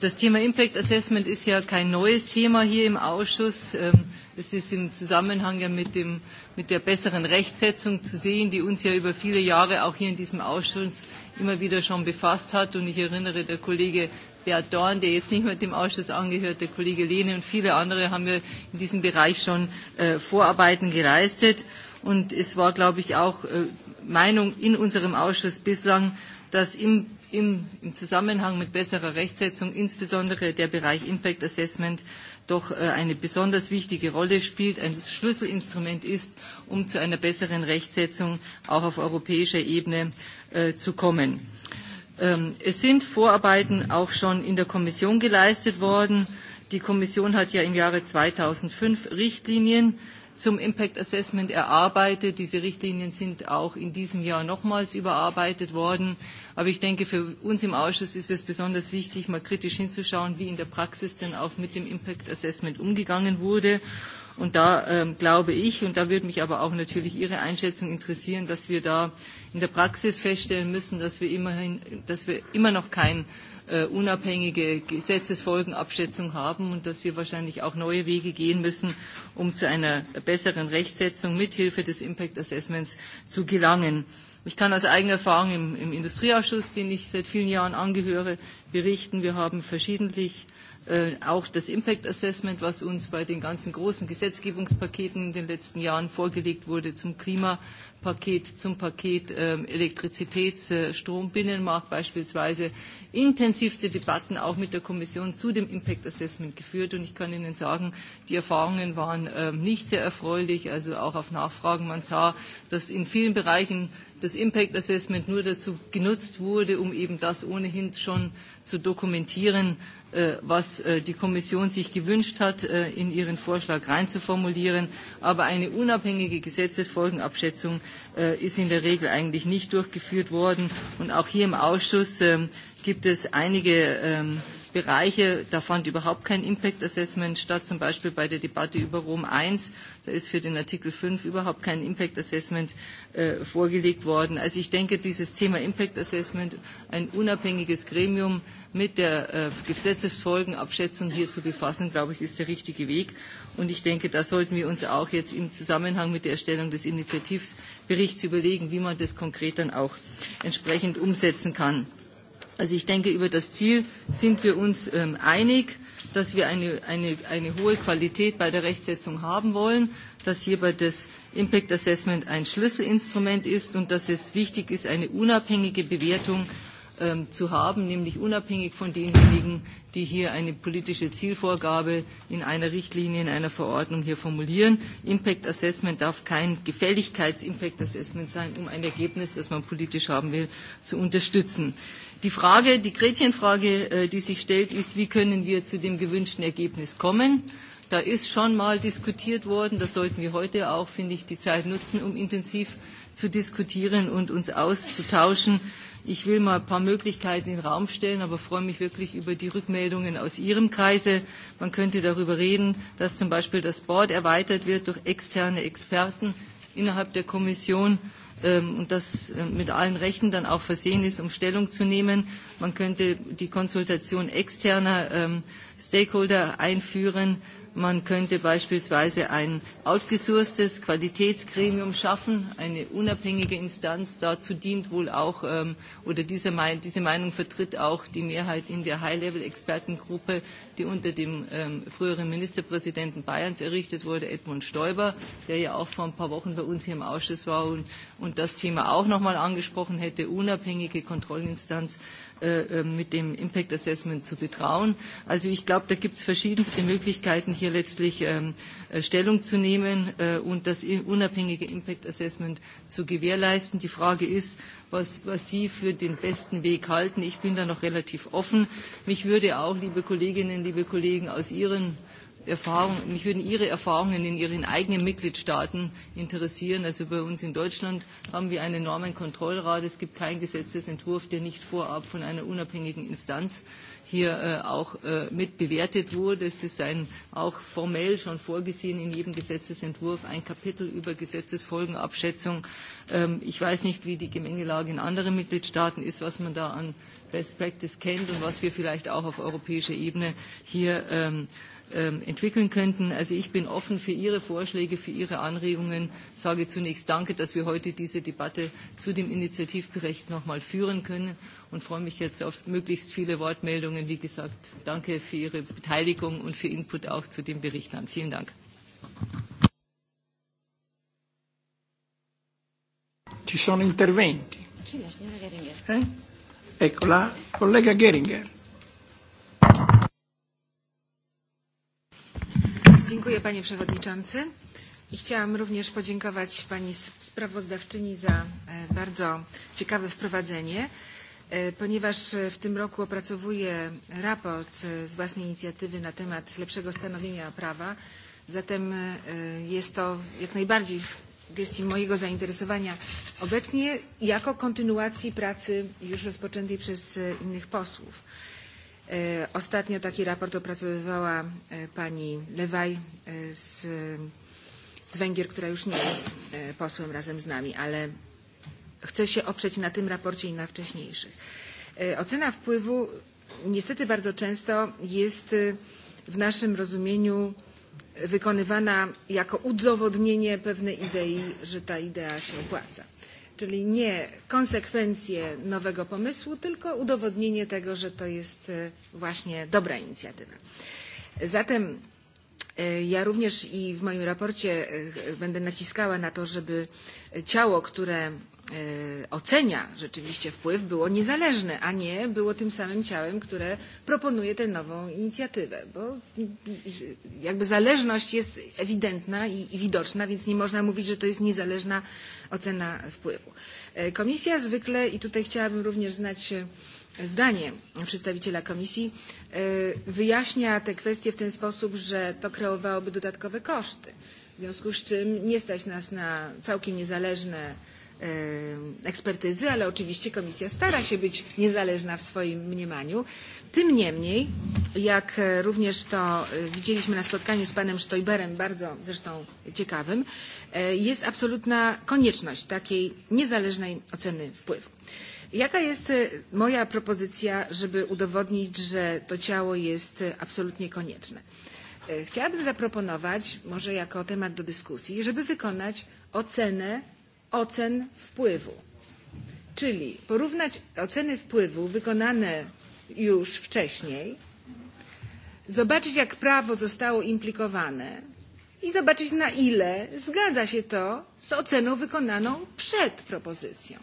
L: Das Thema Impact Assessment ist ja kein neues Thema hier im Ausschuss. Ähm, es ist im Zusammenhang ja mit, dem, mit der besseren Rechtsetzung zu sehen, die uns ja über viele Jahre auch hier in diesem Ausschuss immer wieder schon befasst hat. Und ich erinnere, der Kollege Bert Dorn, der jetzt nicht mehr dem Ausschuss angehört, der Kollege Lehne und viele andere haben wir in diesem Bereich schon äh, Vorarbeiten geleistet. Und es war, glaube ich, auch äh, Meinung in unserem Ausschuss bislang, dass im, im, im Zusammenhang mit besserer Rechtsetzung insbesondere der Bereich Impact Assessment doch äh, eine besonders wichtige Rolle spielt, ein Schlüsselinstrument ist, um zu einer besseren Rechtsetzung auch auf europäischer Ebene äh, zu kommen. Äh, Ähm, es sind Vorarbeiten auch schon in der Kommission geleistet worden. Die Kommission hat ja im Jahre 2005 Richtlinien zum Impact Assessment erarbeitet. Diese Richtlinien sind auch in diesem Jahr nochmals überarbeitet worden. Aber ich denke, für uns im Ausschuss ist es besonders wichtig, mal kritisch hinzuschauen, wie in der Praxis denn auch mit dem Impact Assessment umgegangen wurde. Und da ähm, glaube ich, und da würde mich aber auch natürlich Ihre Einschätzung interessieren, dass wir da in der Praxis feststellen müssen, dass wir, immerhin, dass wir immer noch keine äh, unabhängige Gesetzesfolgenabschätzung haben und dass wir wahrscheinlich auch neue Wege gehen müssen, um zu einer besseren Rechtsetzung mithilfe des Impact Assessments zu gelangen. Ich kann aus eigener Erfahrung im, im Industrieausschuss, den ich seit vielen Jahren angehöre, berichten. Wir haben verschiedentlich Äh, auch das Impact Assessment, was uns bei den ganzen großen Gesetzgebungspaketen in den letzten Jahren vorgelegt wurde zum Klimapaket, zum Paket ähm, Elektrizitätsstrom, äh, Binnenmarkt beispielsweise, intensivste Debatten auch mit der Kommission zu dem Impact Assessment geführt. Und ich kann Ihnen sagen, die Erfahrungen waren ähm, nicht sehr erfreulich, also auch auf Nachfragen. Man sah, dass in vielen Bereichen das Impact Assessment nur dazu genutzt wurde, um eben das ohnehin schon zu dokumentieren Äh, was äh, die Kommission sich gewünscht hat, äh, in ihren Vorschlag reinzuformulieren. Aber eine unabhängige Gesetzesfolgenabschätzung ist in der Regel eigentlich nicht durchgeführt worden. Und auch hier im Ausschuss ähm, gibt es einige ähm, Bereiche, da fand überhaupt kein Impact Assessment statt, zum Beispiel bei der Debatte über Rom I. Da ist für den Artikel 5 überhaupt kein Impact Assessment äh, vorgelegt worden. Also ich denke, dieses Thema Impact Assessment, ein unabhängiges Gremium mit der äh, Gesetzesfolgenabschätzung hier zu befassen, glaube ich, ist der richtige Weg. Und ich denke, da sollten wir uns auch jetzt im Zusammenhang mit der Erstellung des Initiativberichts überlegen, wie man das konkret dann auch entsprechend umsetzen kann. Also ich denke, über das Ziel sind wir uns ähm, einig, dass wir eine, eine, eine hohe Qualität bei der Rechtsetzung haben wollen, dass hierbei das Impact Assessment ein Schlüsselinstrument ist und dass es wichtig ist, eine unabhängige Bewertung ähm, zu haben, nämlich unabhängig von denjenigen, die hier eine politische Zielvorgabe in einer Richtlinie, in einer Verordnung hier formulieren. Impact Assessment darf kein Gefälligkeits-Impact Assessment sein, um ein Ergebnis, das man politisch haben will, zu unterstützen. Die Frage, die Gretchenfrage, äh, die sich stellt, ist, wie können wir zu dem gewünschten Ergebnis kommen? Da ist schon mal diskutiert worden. Da sollten wir heute auch, finde ich, die Zeit nutzen, um intensiv zu diskutieren und uns auszutauschen. Ich will mal ein paar Möglichkeiten in den Raum stellen, aber freue mich wirklich über die Rückmeldungen aus Ihrem Kreise. Man könnte darüber reden, dass zum Beispiel das Board erweitert wird durch externe Experten innerhalb der Kommission ähm, und das äh, mit allen Rechten dann auch versehen ist, um Stellung zu nehmen. Man könnte die Konsultation externer ähm, Stakeholder einführen. Man könnte beispielsweise ein outgesourcetes Qualitätsgremium schaffen, eine unabhängige Instanz. Dazu dient wohl auch, ähm, oder diese, mein, diese Meinung vertritt auch die Mehrheit in der High-Level-Expertengruppe, die unter dem ähm, früheren Ministerpräsidenten Bayerns errichtet wurde, Edmund Stoiber, der ja auch vor ein paar Wochen bei uns hier im Ausschuss war und, und das Thema auch nochmal angesprochen hätte, unabhängige Kontrollinstanz Äh, äh, mit dem Impact Assessment zu betrauen. Also ich glaube, da gibt es verschiedenste Möglichkeiten, hier letztlich ähm, äh, Stellung zu nehmen und das unabhängige Impact Assessment zu gewährleisten. Die Frage ist, was, was Sie für den besten Weg halten. Ich bin da noch relativ offen. Mich würde auch, liebe Kolleginnen, liebe Kollegen, aus Ihren Erfahrungen, mich würden Ihre Erfahrungen in Ihren eigenen Mitgliedstaaten interessieren. Also bei uns in Deutschland haben wir einen Normenkontrollrat. Es gibt keinen Gesetzesentwurf, der nicht vorab von einer unabhängigen Instanz hier äh, auch äh, mit bewertet wurde. Es ist ein, auch formell schon vorgesehen in jedem Gesetzesentwurf ein Kapitel über Gesetzesfolgenabschätzung. Ähm, ich weiß nicht, wie die Gemengelage in anderen Mitgliedstaaten ist, was man da an Best Practice kennt und was wir vielleicht auch auf europäischer Ebene hier ähm, Ähm, entwickeln könnten. Also ich bin offen für Ihre Vorschläge, für Ihre Anregungen. Sage zunächst Danke, dass wir heute diese Debatte zu dem Initiativbericht noch mal führen können und freue mich jetzt auf möglichst viele Wortmeldungen. Wie gesagt, danke für Ihre Beteiligung und für Input auch zu dem Bericht an. Vielen Dank. Ci
A: sono interventi? Eh? Ecco, la collega Geringer.
E: Dziękuję panie przewodniczący. I chciałam również podziękować pani sprawozdawczyni za e, bardzo ciekawe wprowadzenie. E, ponieważ w tym roku opracowuję raport e, z własnej inicjatywy na temat lepszego stanowienia prawa, zatem jest to jak najbardziej w gestii mojego zainteresowania obecnie jako kontynuacji pracy już rozpoczętej przez innych posłów. E, ostatnio taki raport opracowywała e, pani Lewaj e, z, z Węgier, która już nie jest posłem razem z nami, ale chcę się oprzeć na tym raporcie i na wcześniejszych. Ocena wpływu niestety bardzo często jest w naszym rozumieniu wykonywana jako udowodnienie pewnej idei, że ta idea się opłaca czyli nie konsekwencje nowego pomysłu, tylko udowodnienie tego, że to jest e, właśnie dobra inicjatywa. Zatem e, ja również i w moim raporcie e, będę naciskała na to, żeby ciało, które E, ocenia rzeczywiście wpływ, było niezależne, a nie było tym samym ciałem, które proponuje tę nową inicjatywę, bo jakby zależność jest ewidentna i, i widoczna, więc nie można mówić, że to jest niezależna ocena wpływu. E, komisja zwykle, i tutaj chciałabym również znać zdanie przedstawiciela komisji, e, wyjaśnia te kwestie w ten sposób, że to kreowałoby dodatkowe koszty. W związku z czym nie stać nas na całkiem niezależne E, ekspertyzy, ale oczywiście komisja stara się być niezależna w swoim mniemaniu. Tym niemniej, jak e, również to e, widzieliśmy na spotkaniu z panem Stoiberem, bardzo zresztą ciekawym, jest absolutna konieczność takiej niezależnej oceny wpływu. Jaka jest moja propozycja, żeby udowodnić, że to ciało jest absolutnie konieczne? Chciałabym zaproponować, może jako temat do dyskusji, żeby wykonać ocenę ocen wpływu. Czyli porównać oceny wpływu wykonane już wcześniej, zobaczyć jak prawo zostało implikowane i zobaczyć na ile zgadza się to z oceną wykonaną przed propozycją.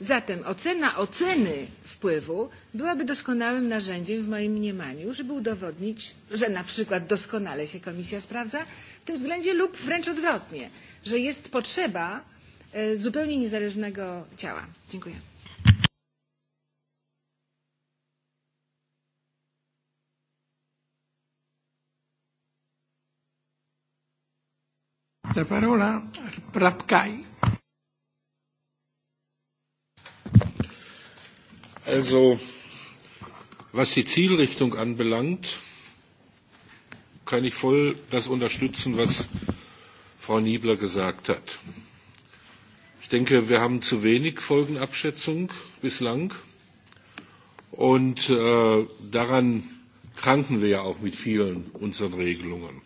E: Zatem ocena oceny wpływu byłaby doskonałym narzędziem w moim mniemaniu, żeby udowodnić, że na przykład doskonale się komisja sprawdza w tym względzie lub wręcz odwrotnie, że jest potrzeba E, zupełnie niezależnego ciała. Dziękuję.
A: La parola Rapkai.
M: Also, was die Zielrichtung anbelangt, kann ich voll das unterstützen, was Frau Niebler gesagt hat. Ich denke, wir haben zu wenig Folgenabschätzung bislang. Und äh, daran kranken wir ja auch mit vielen unseren Regelungen.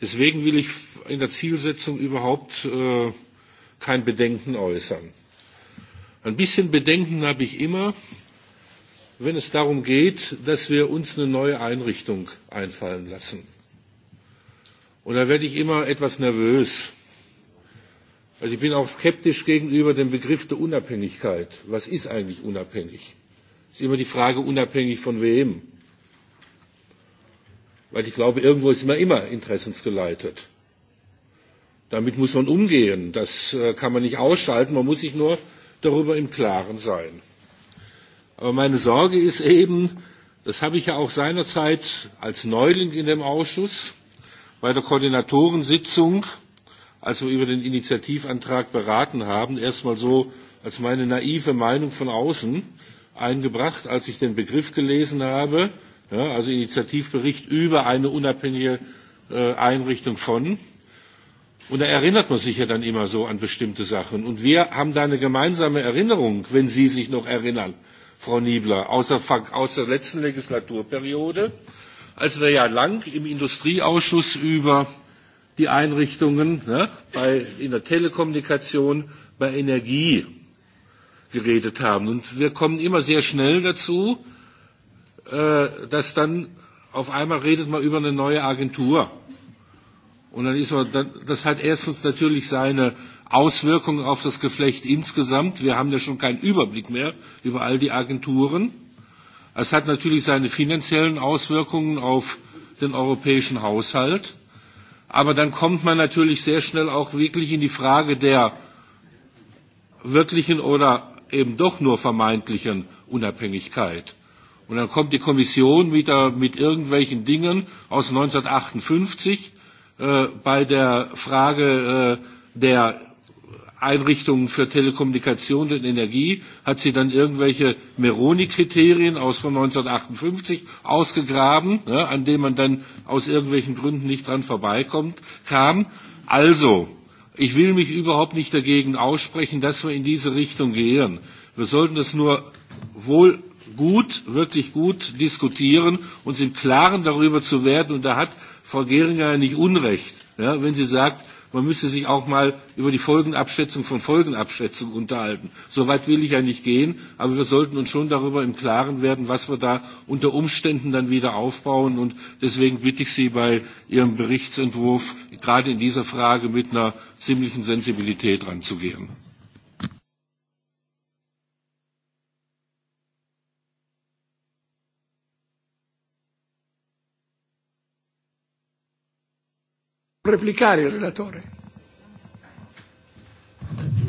M: Deswegen will ich in der Zielsetzung überhaupt äh, kein Bedenken äußern. Ein bisschen Bedenken habe ich immer, wenn es darum geht, dass wir uns eine neue Einrichtung einfallen lassen. Und da werde ich immer etwas nervös, Also ich bin auch skeptisch gegenüber dem Begriff der Unabhängigkeit. Was ist eigentlich unabhängig? Ist immer die Frage, unabhängig von wem? Weil ich glaube, irgendwo ist man immer interessensgeleitet. Damit muss man umgehen. Das äh, kann man nicht ausschalten. Man muss sich nur darüber im Klaren sein. Aber meine Sorge ist eben, das habe ich ja auch seinerzeit als Neuling in dem Ausschuss bei der Koordinatorensitzung als wir über den Initiativantrag beraten haben, erst mal so als meine naive Meinung von außen eingebracht, als ich den Begriff gelesen habe, ja, also Initiativbericht über eine unabhängige äh, Einrichtung von. Und da erinnert man sich ja dann immer so an bestimmte Sachen. Und wir haben da eine gemeinsame Erinnerung, wenn Sie sich noch erinnern, Frau Niebler, aus der, letzten Legislaturperiode, als wir ja lang im Industrieausschuss über die Einrichtungen ne, bei, in der Telekommunikation, bei Energie geredet haben. Und wir kommen immer sehr schnell dazu, äh, dass dann auf einmal redet man über eine neue Agentur. Und dann ist man, dann, das hat erstens natürlich seine Auswirkungen auf das Geflecht insgesamt. Wir haben ja schon keinen Überblick mehr über all die Agenturen. Es hat natürlich seine finanziellen Auswirkungen auf den europäischen Haushalt. Aber dann kommt man natürlich sehr schnell auch wirklich in die Frage der wirklichen oder eben doch nur vermeintlichen Unabhängigkeit. Und dann kommt die Kommission mit, der, äh, mit irgendwelchen Dingen aus 1958 äh, bei der Frage äh, der Einrichtungen für Telekommunikation und Energie hat sie dann irgendwelche Meroni-Kriterien aus von 1958 ausgegraben, ne, an denen man dann aus irgendwelchen Gründen nicht dran vorbeikommt, kam. Also, ich will mich überhaupt nicht dagegen aussprechen, dass wir in diese Richtung gehen. Wir sollten das nur wohl gut, wirklich gut diskutieren, uns im Klaren darüber zu werden. Und da hat Frau Geringer nicht Unrecht, ja, wenn sie sagt, Man müsste sich auch mal über die Folgenabschätzung von Folgenabschätzung unterhalten. So weit will ich ja nicht gehen, aber wir sollten uns schon darüber im Klaren werden, was wir da unter Umständen dann wieder aufbauen. Und deswegen bitte ich Sie bei Ihrem Berichtsentwurf gerade in dieser Frage mit einer ziemlichen Sensibilität ranzugehen.
A: replicare il relatore.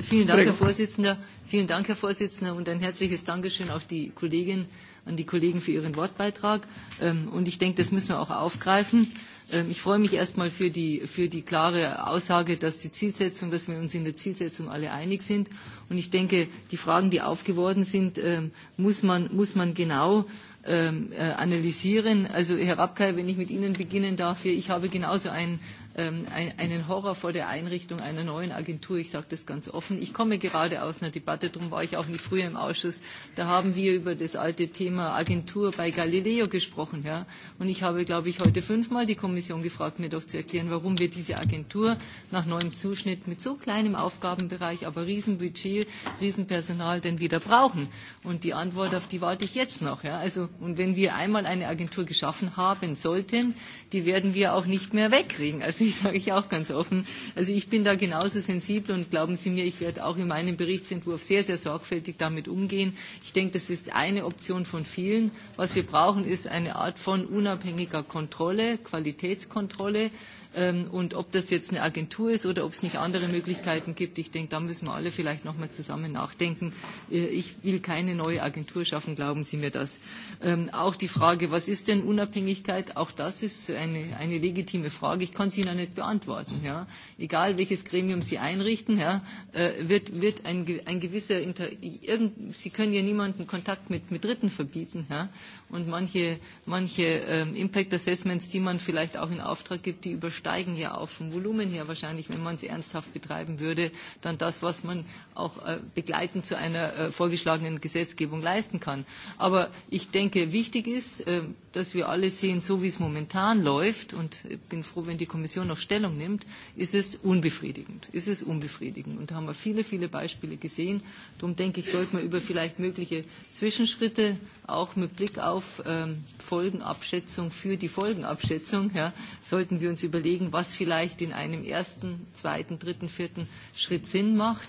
L: Vielen Dank, Herr Vorsitzender. Vielen Dank, Herr Vorsitzender, und ein herzliches Dankeschön auch die Kollegin, an die Kollegen für ihren Wortbeitrag. Ähm, und ich denke, das müssen wir auch aufgreifen. Ähm, ich freue mich erstmal für die, für die klare Aussage, dass die Zielsetzung, dass wir uns in der Zielsetzung alle einig sind. Und ich denke, die Fragen, die aufgeworfen sind, ähm, muss man, muss man genau ähm, äh, analysieren. Also Herr Rabkay, wenn ich mit Ihnen beginnen darf, ich habe genauso einen, ähm, einen Horror vor der Einrichtung einer neuen Agentur. Ich sage das ganz offen. Ich komme gerade aus einer Debatte, darum war ich auch nicht früher im Ausschuss. Da haben wir über das alte Thema Agentur bei Galileo gesprochen. Ja? Und ich habe, glaube ich, heute fünfmal die Kommission gefragt, mir doch zu erklären, warum wir diese Agentur nach neuem Zuschnitt mit so kleinem Aufgabenbereich, aber Riesenbudget viel Krisenpersonal denn wieder brauchen? Und die Antwort auf die warte ich jetzt noch. Ja? Also, und wenn wir einmal eine Agentur geschaffen haben sollten, die werden wir auch nicht mehr wegkriegen. Also ich sage ich auch ganz offen. Also ich bin da genauso sensibel und glauben Sie mir, ich werde auch in meinem Berichtsentwurf sehr, sehr sorgfältig damit umgehen. Ich denke, das ist eine Option von vielen. Was wir brauchen, ist eine Art von unabhängiger Kontrolle, Qualitätskontrolle. Ähm, und ob das jetzt eine Agentur ist oder ob es nicht andere Möglichkeiten gibt, ich denke, da müssen wir alle vielleicht nochmal zusammen nachdenken. Äh, ich will keine neue Agentur schaffen, glauben Sie mir das. Ähm, auch die Frage, was ist denn Unabhängigkeit? Auch das ist eine, eine legitime Frage. Ich kann sie Ihnen nicht beantworten. Ja. Egal, welches Gremium Sie einrichten, ja, äh, wird, wird ein, ein gewisser Inter irgend, Sie können ja niemanden Kontakt mit, mit Dritten verbieten. Ja. Und manche, manche ähm, Impact Assessments, die man vielleicht auch in Auftrag gibt, die übersteigen steigen ja auch vom Volumen her wahrscheinlich, wenn man es ernsthaft betreiben würde, dann das, was man auch äh, begleitend zu einer äh, vorgeschlagenen Gesetzgebung leisten kann. Aber ich denke, wichtig ist, äh, dass wir alle sehen, so wie es momentan läuft, und ich bin froh, wenn die Kommission noch Stellung nimmt, ist es unbefriedigend. Ist es unbefriedigend. Und da haben wir viele, viele Beispiele gesehen. Darum denke ich, sollte man über vielleicht mögliche Zwischenschritte auch mit Blick auf ähm, Folgenabschätzung für die Folgenabschätzung ja, sollten wir uns überlegen, was vielleicht in einem ersten, zweiten, dritten, vierten Schritt Sinn macht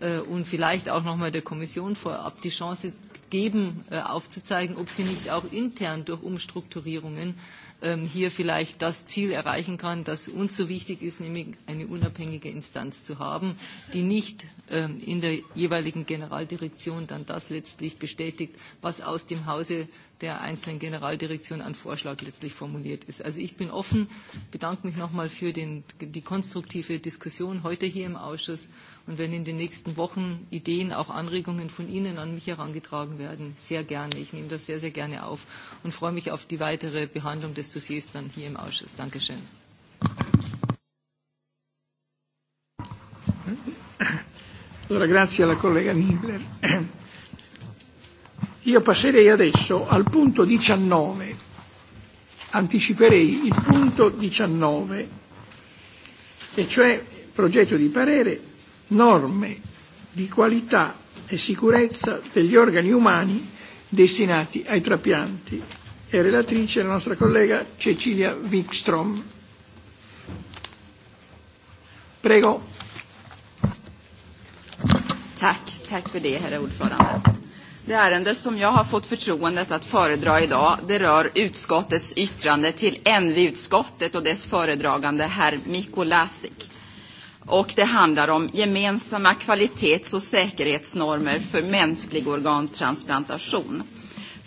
L: äh, und vielleicht auch nochmal der Kommission vorab die Chance geben, äh, aufzuzeigen, ob sie nicht auch intern durch Umstrukturierungen äh, Ähm, hier vielleicht das Ziel erreichen kann, das uns so wichtig ist, nämlich eine unabhängige Instanz zu haben, die nicht ähm, in der jeweiligen Generaldirektion dann das letztlich bestätigt, was aus dem Hause der einzelnen Generaldirektion an Vorschlag letztlich formuliert ist. Also ich bin offen, bedanke mich nochmal für den, die konstruktive Diskussion heute hier im Ausschuss Und wenn in den nächsten Wochen Ideen, auch Anregungen von Ihnen an mich herangetragen werden, sehr gerne. Ich nehme das sehr, sehr gerne auf und freue mich auf die weitere Behandlung des Dossiers dann hier im Ausschuss. Dankeschön.
A: Allora, grazie alla collega Nibler. Io passerei adesso al punto 19. Anticiperei il punto 19, e cioè progetto di parere norme di qualità e sicurezza degli organi umani destinati ai trapianti. E relatrice la nostra collega Cecilia
B: Wikstrom. Prego. Tack, tack för det, herr ordförande. Det ärende som jag har fått förtroendet att föredra idag, det rör utskottets yttrande till NV-utskottet och dess föredragande herr Lasik och det handlar om gemensamma kvalitets och säkerhetsnormer för mänsklig organtransplantation.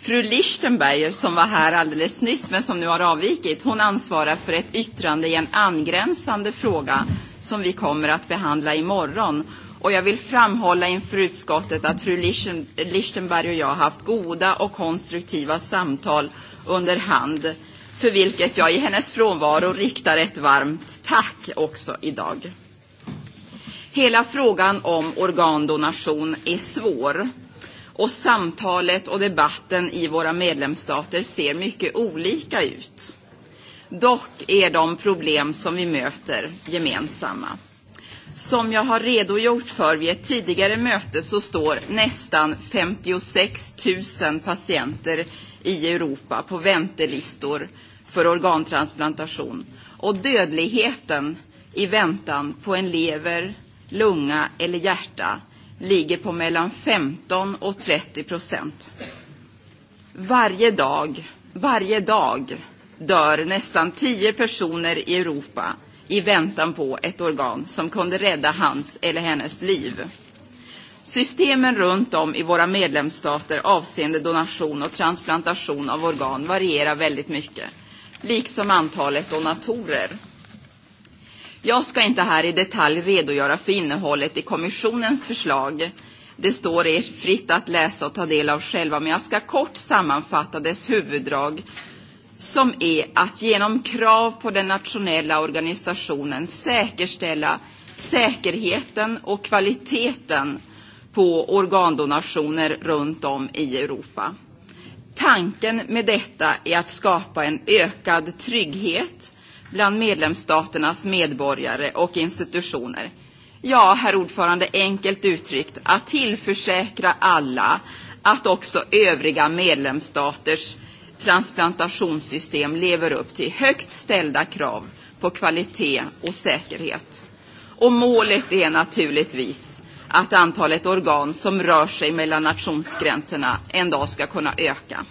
B: Fru Lichtenberger, som var här alldeles nyss men som nu har avvikit, hon ansvarar för ett yttrande i en angränsande fråga som vi kommer att behandla imorgon. Och jag vill framhålla inför utskottet att fru Lichtenberg och jag har haft goda och konstruktiva samtal under hand, för vilket jag i hennes frånvaro riktar ett varmt tack också idag. Hela frågan om organdonation är svår och samtalet och debatten i våra medlemsstater ser mycket olika ut. Dock är de problem som vi möter gemensamma. Som jag har redogjort för vid ett tidigare möte så står nästan 56 000 patienter i Europa på väntelistor för organtransplantation och dödligheten i väntan på en lever, lunga eller hjärta ligger på mellan 15 och 30 procent. Varje dag, varje dag dör nästan 10 personer i Europa i väntan på ett organ som kunde rädda hans eller hennes liv. Systemen runt om i våra medlemsstater avseende donation och transplantation av organ varierar väldigt mycket, liksom antalet donatorer. Jag ska inte här i detalj redogöra för innehållet i kommissionens förslag. Det står er fritt att läsa och ta del av själva, men jag ska kort sammanfatta dess huvuddrag som är att genom krav på den nationella organisationen säkerställa säkerheten och kvaliteten på organdonationer runt om i Europa. Tanken med detta är att skapa en ökad trygghet bland medlemsstaternas medborgare och institutioner. Ja, herr ordförande, enkelt uttryckt, att tillförsäkra alla att också övriga medlemsstaters transplantationssystem lever upp till högt ställda krav på kvalitet och säkerhet. Och målet är naturligtvis att antalet organ som rör sig mellan nationsgränserna en dag ska kunna öka.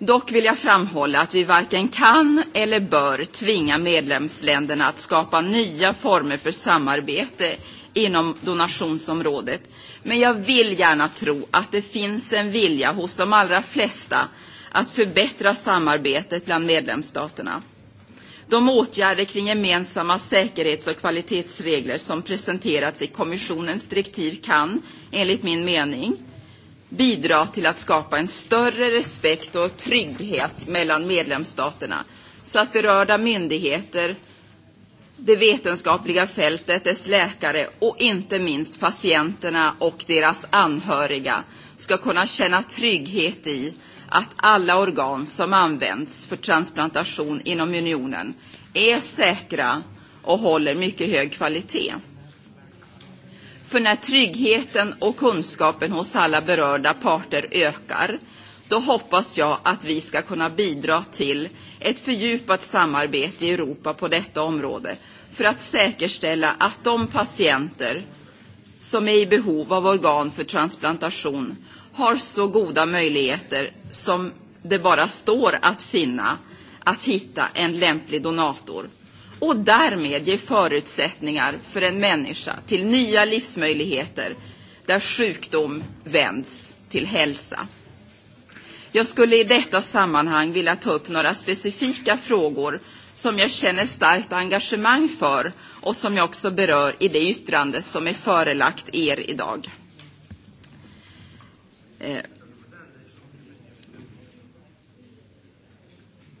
B: Dock vill jag framhålla att vi varken kan eller bör tvinga medlemsländerna att skapa nya former för samarbete inom donationsområdet. Men jag vill gärna tro att det finns en vilja hos de allra flesta att förbättra samarbetet bland medlemsstaterna. De åtgärder kring gemensamma säkerhets och kvalitetsregler som presenterats i kommissionens direktiv kan, enligt min mening, bidra till att skapa en större respekt och trygghet mellan medlemsstaterna så att berörda myndigheter, det vetenskapliga fältet, dess läkare och inte minst patienterna och deras anhöriga ska kunna känna trygghet i att alla organ som används för transplantation inom unionen är säkra och håller mycket hög kvalitet. För när tryggheten och kunskapen hos alla berörda parter ökar, då hoppas jag att vi ska kunna bidra till ett fördjupat samarbete i Europa på detta område för att säkerställa att de patienter som är i behov av organ för transplantation har så goda möjligheter som det bara står att finna att hitta en lämplig donator och därmed ge förutsättningar för en människa till nya livsmöjligheter där sjukdom vänds till hälsa. Jag skulle i detta sammanhang vilja ta upp några specifika frågor som jag känner starkt engagemang för och som jag också berör i det yttrande som är förelagt er idag. Eh.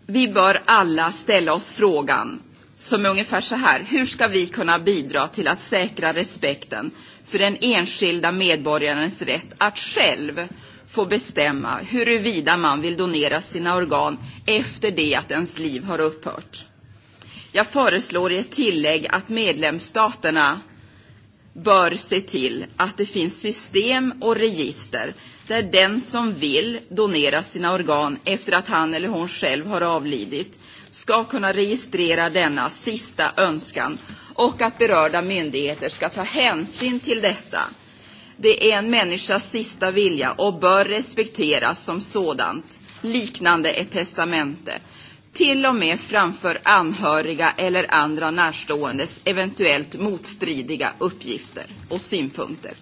B: Vi bör alla ställa oss frågan som är ungefär så här. Hur ska vi kunna bidra till att säkra respekten för den enskilda medborgarens rätt att själv få bestämma huruvida man vill donera sina organ efter det att ens liv har upphört? Jag föreslår i ett tillägg att medlemsstaterna bör se till att det finns system och register där den som vill donera sina organ efter att han eller hon själv har avlidit ska kunna registrera denna sista önskan och att berörda myndigheter ska ta hänsyn till detta. Det är en människas sista vilja och bör respekteras som sådant, liknande ett testamente, till och med framför anhöriga eller andra närståendes eventuellt motstridiga uppgifter och synpunkter.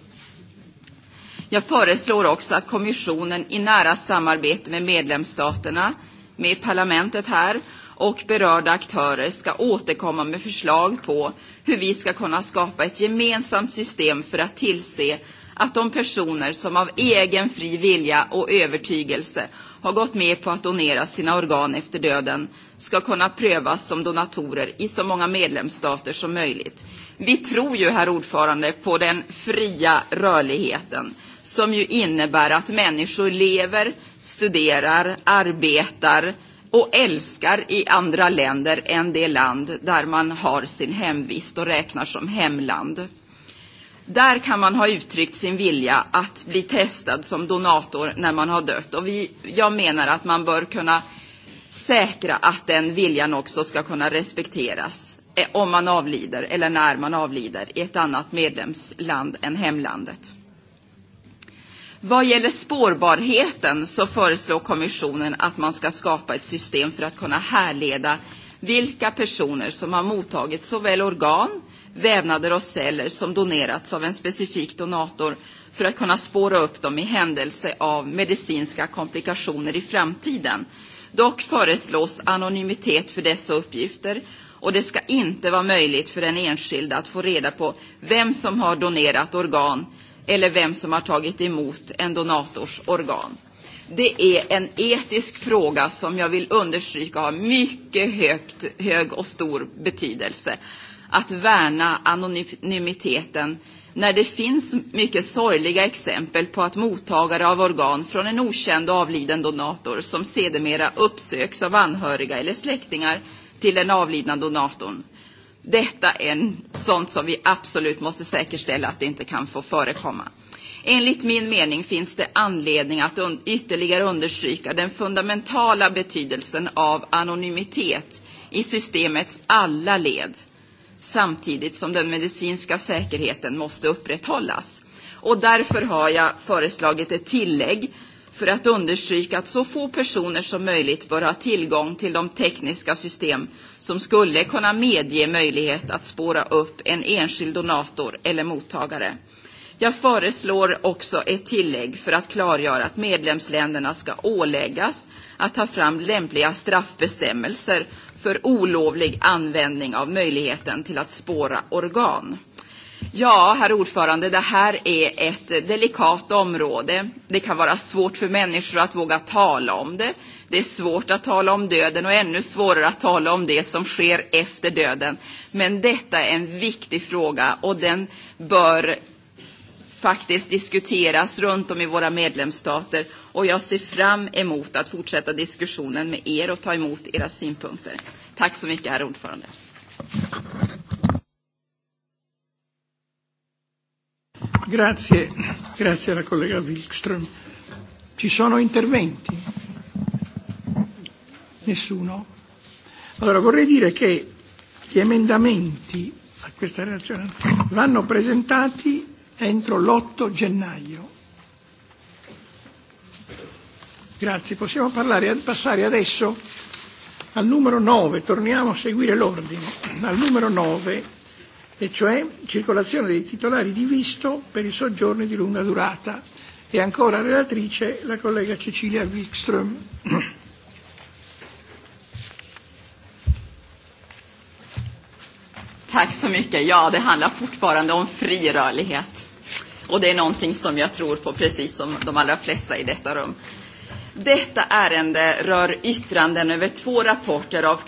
B: Jag föreslår också att kommissionen i nära samarbete med medlemsstaterna, med parlamentet här och berörda aktörer ska återkomma med förslag på hur vi ska kunna skapa ett gemensamt system för att tillse att de personer som av egen fri vilja och övertygelse har gått med på att donera sina organ efter döden ska kunna prövas som donatorer i så många medlemsstater som möjligt. Vi tror ju, herr ordförande, på den fria rörligheten som ju innebär att människor lever, studerar, arbetar, och älskar i andra länder än det land där man har sin hemvist och räknar som hemland. Där kan man ha uttryckt sin vilja att bli testad som donator när man har dött. Och vi, jag menar att man bör kunna säkra att den viljan också ska kunna respekteras eh, om man avlider eller när man avlider i ett annat medlemsland än hemlandet. Vad gäller spårbarheten så föreslår kommissionen att man ska skapa ett system för att kunna härleda vilka personer som har mottagit såväl organ, vävnader och celler som donerats av en specifik donator för att kunna spåra upp dem i händelse av medicinska komplikationer i framtiden. Dock föreslås anonymitet för dessa uppgifter och det ska inte vara möjligt för en enskild att få reda på vem som har donerat organ eller vem som har tagit emot en donators organ. Det är en etisk fråga som jag vill understryka har mycket högt, hög och stor betydelse. Att värna anonymiteten när det finns mycket sorgliga exempel på att mottagare av organ från en okänd avliden donator som sedermera uppsöks av anhöriga eller släktingar till den avlidna donatorn Detta är en, sånt som vi absolut måste säkerställa att det inte kan få förekomma. Enligt min mening finns det anledning att un ytterligare understryka den fundamentala betydelsen av anonymitet i systemets alla led, samtidigt som den medicinska säkerheten måste upprätthållas. Och därför har jag föreslagit ett tillägg för att understryka att så få personer som möjligt bör ha tillgång till de tekniska system som skulle kunna medge möjlighet att spåra upp en enskild donator eller mottagare. Jag föreslår också ett tillägg för att klargöra att medlemsländerna ska åläggas att ta fram lämpliga straffbestämmelser för olovlig användning av möjligheten till att spåra organ. Ja, herr ordförande, det här är ett delikat område. Det kan vara svårt för människor att våga tala om det. Det är svårt att tala om döden och ännu svårare att tala om det som sker efter döden. Men detta är en viktig fråga och den bör faktiskt diskuteras runt om i våra medlemsstater. Och jag ser fram emot att fortsätta diskussionen med er och ta emot era synpunkter. Tack så mycket, herr ordförande.
A: Grazie, grazie alla collega Wilkström. Ci sono interventi? Nessuno? Allora vorrei dire che gli emendamenti a questa relazione vanno presentati entro l'8 gennaio. Grazie, possiamo parlare, passare adesso al numero 9, torniamo a seguire l'ordine. Al numero 9 e cioè circolazione dei titolari di visto per i soggiorni di lunga durata. E ancora
B: relatrice la collega Cecilia Wikström. Tack så mycket. Ja, det handlar fortfarande om fri rörlighet. Och det är någonting som jag tror på, precis som de allra flesta i detta rum. Detta ärende rör yttranden över två rapporter av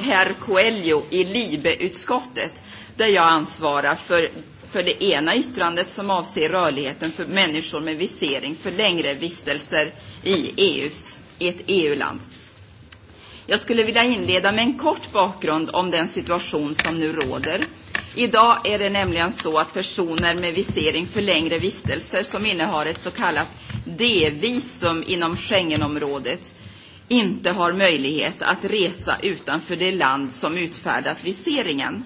B: herr Coelho i LIBE-utskottet där jag ansvarar för, för det ena yttrandet som avser rörligheten för människor med visering för längre vistelser i, EUs, i ett EU-land. Jag skulle vilja inleda med en kort bakgrund om den situation som nu råder. Idag är det nämligen så att personer med visering för längre vistelser som innehar ett så kallat D-visum inom Schengenområdet inte har möjlighet att resa utanför det land som utfärdat viseringen.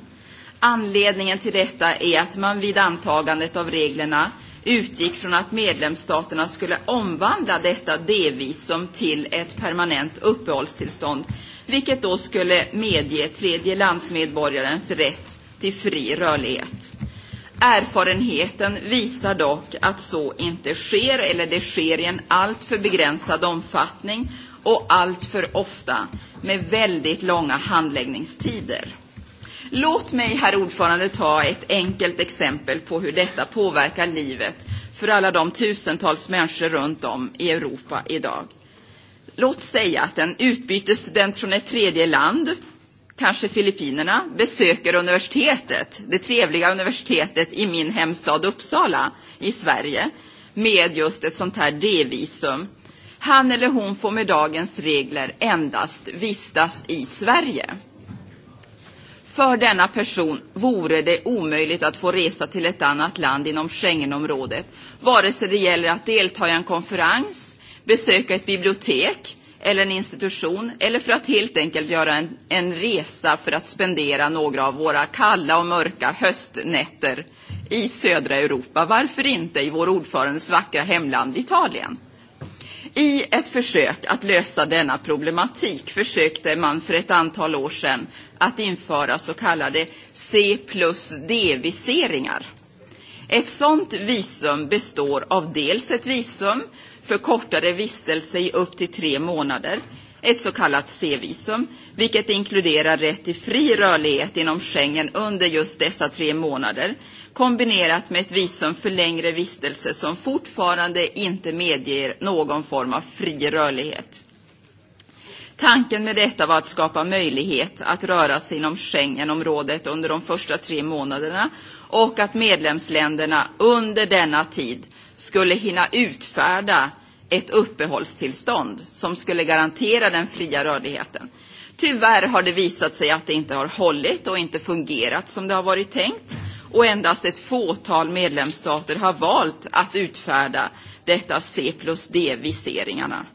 B: Anledningen till detta är att man vid antagandet av reglerna utgick från att medlemsstaterna skulle omvandla detta D-visum till ett permanent uppehållstillstånd, vilket då skulle medge tredje landsmedborgarens rätt till fri rörlighet. Erfarenheten visar dock att så inte sker, eller det sker i en alltför begränsad omfattning och alltför ofta med väldigt långa handläggningstider. Låt mig, herr ordförande, ta ett enkelt exempel på hur detta påverkar livet för alla de tusentals människor runt om i Europa idag. Låt säga att en utbytesstudent från ett tredje land, kanske Filippinerna, besöker universitetet, det trevliga universitetet i min hemstad Uppsala i Sverige, med just ett sånt här D-visum. Han eller hon får med dagens regler endast vistas i Sverige. För denna person vore det omöjligt att få resa till ett annat land inom Schengenområdet, vare sig det gäller att delta i en konferens, besöka ett bibliotek eller en institution eller för att helt enkelt göra en, en resa för att spendera några av våra kalla och mörka höstnätter i södra Europa. Varför inte i vår ordförandes vackra hemland Italien? I ett försök att lösa denna problematik försökte man för ett antal år sedan att införa så kallade C plus D-viseringar. Ett sådant visum består av dels ett visum för kortare vistelse i upp till tre månader, ett så kallat C-visum, vilket inkluderar rätt till fri rörlighet inom Schengen under just dessa tre månader, kombinerat med ett visum för längre vistelse som fortfarande inte medger någon form av fri rörlighet. Tanken med detta var att skapa möjlighet att röra sig inom Schengenområdet under de första tre månaderna och att medlemsländerna under denna tid skulle hinna utfärda ett uppehållstillstånd som skulle garantera den fria rörligheten. Tyvärr har det visat sig att det inte har hållit och inte fungerat som det har varit tänkt och endast ett fåtal medlemsstater har valt att utfärda detta C plus D-viseringarna.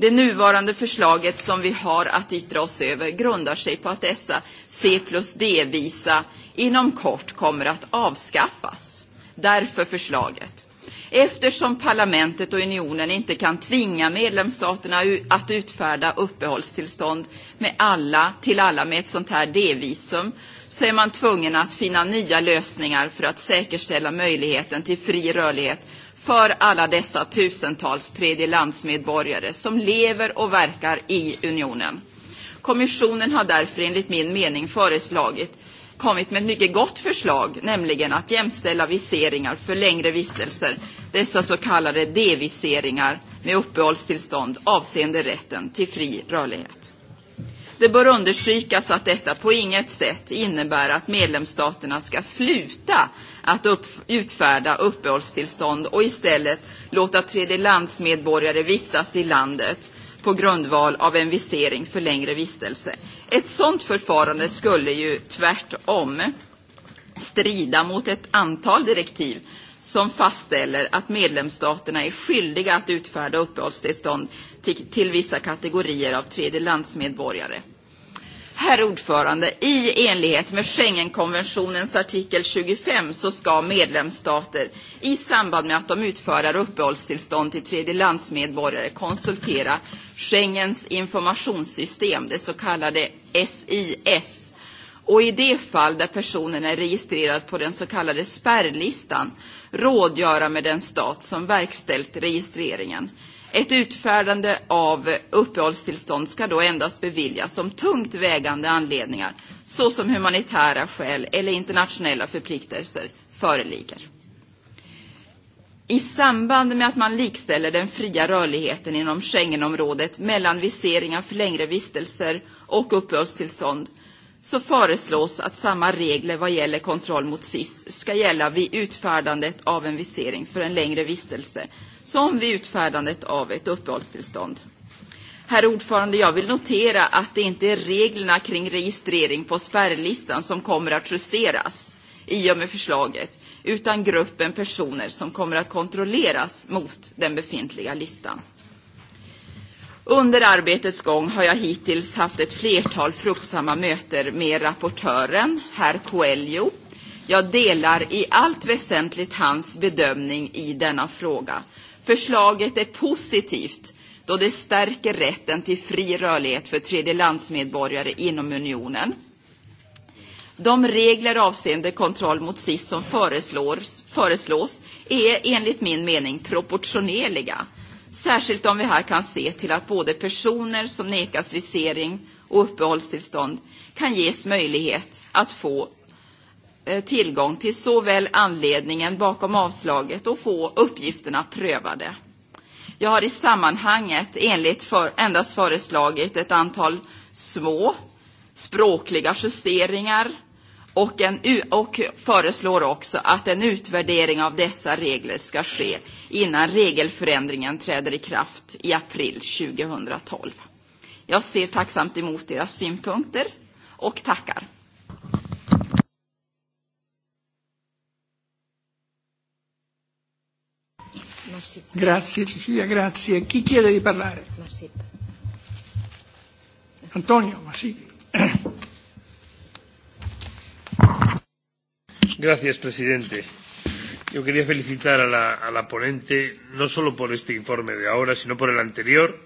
B: Det nuvarande förslaget som vi har att yttra oss över grundar sig på att dessa C plus D-visa inom kort kommer att avskaffas. Därför förslaget. Eftersom parlamentet och unionen inte kan tvinga medlemsstaterna att utfärda uppehållstillstånd med alla, till alla med ett sånt här D-visum så är man tvungen att finna nya lösningar för att säkerställa möjligheten till fri rörlighet för alla dessa tusentals tredjelandsmedborgare som lever och verkar i unionen. Kommissionen har därför enligt min mening föreslagit kommit med ett mycket gott förslag, nämligen att jämställa viseringar för längre vistelser, dessa så kallade D-viseringar med uppehållstillstånd avseende rätten till fri rörlighet. Det bör understrykas att detta på inget sätt innebär att medlemsstaterna ska sluta att upp, utfärda uppehållstillstånd och istället låta tredjelandsmedborgare vistas i landet på grundval av en visering för längre vistelse. Ett sådant förfarande skulle ju tvärtom strida mot ett antal direktiv som fastställer att medlemsstaterna är skyldiga att utfärda uppehållstillstånd till, till vissa kategorier av tredjelandsmedborgare. Herr ordförande, i enlighet med Schengenkonventionens artikel 25 så ska medlemsstater i samband med att de utfärdar uppehållstillstånd till tredjelandsmedborgare konsultera Schengens informationssystem, det så kallade SIS. Och i det fall där personen är registrerad på den så kallade spärrlistan rådgöra med den stat som verkställt registreringen. Ett utfärdande av uppehållstillstånd ska då endast beviljas om tungt vägande anledningar såsom humanitära skäl eller internationella förpliktelser föreligger. I samband med att man likställer den fria rörligheten inom Schengenområdet mellan viseringar för längre vistelser och uppehållstillstånd så föreslås att samma regler vad gäller kontroll mot SIS ska gälla vid utfärdandet av en visering för en längre vistelse som vid utfärdandet av ett uppehållstillstånd. Herr ordförande, jag vill notera att det inte är reglerna kring registrering på spärrlistan som kommer att justeras i och med förslaget, utan gruppen personer som kommer att kontrolleras mot den befintliga listan. Under arbetets gång har jag hittills haft ett flertal fruktsamma möten med rapportören, herr Coelho. Jag delar i allt väsentligt hans bedömning i denna fråga Förslaget är positivt då det stärker rätten till fri rörlighet för tredjelandsmedborgare inom unionen. De regler avseende kontroll mot SIS som föreslås, föreslås är enligt min mening proportionerliga, särskilt om vi här kan se till att både personer som nekas visering och uppehållstillstånd kan ges möjlighet att få Eh, tillgång till såväl anledningen bakom avslaget och få uppgifterna prövade. Jag har i sammanhanget enligt för, endast föreslagit ett antal små språkliga justeringar och, en, och föreslår också att en utvärdering av dessa regler ska ske innan regelförändringen träder i kraft i april 2012. Jag ser tacksamt emot era synpunkter och tackar. señor
N: presidente. Yo quería felicitar a la, ponente no solo por este informe de ahora, sino por el anterior,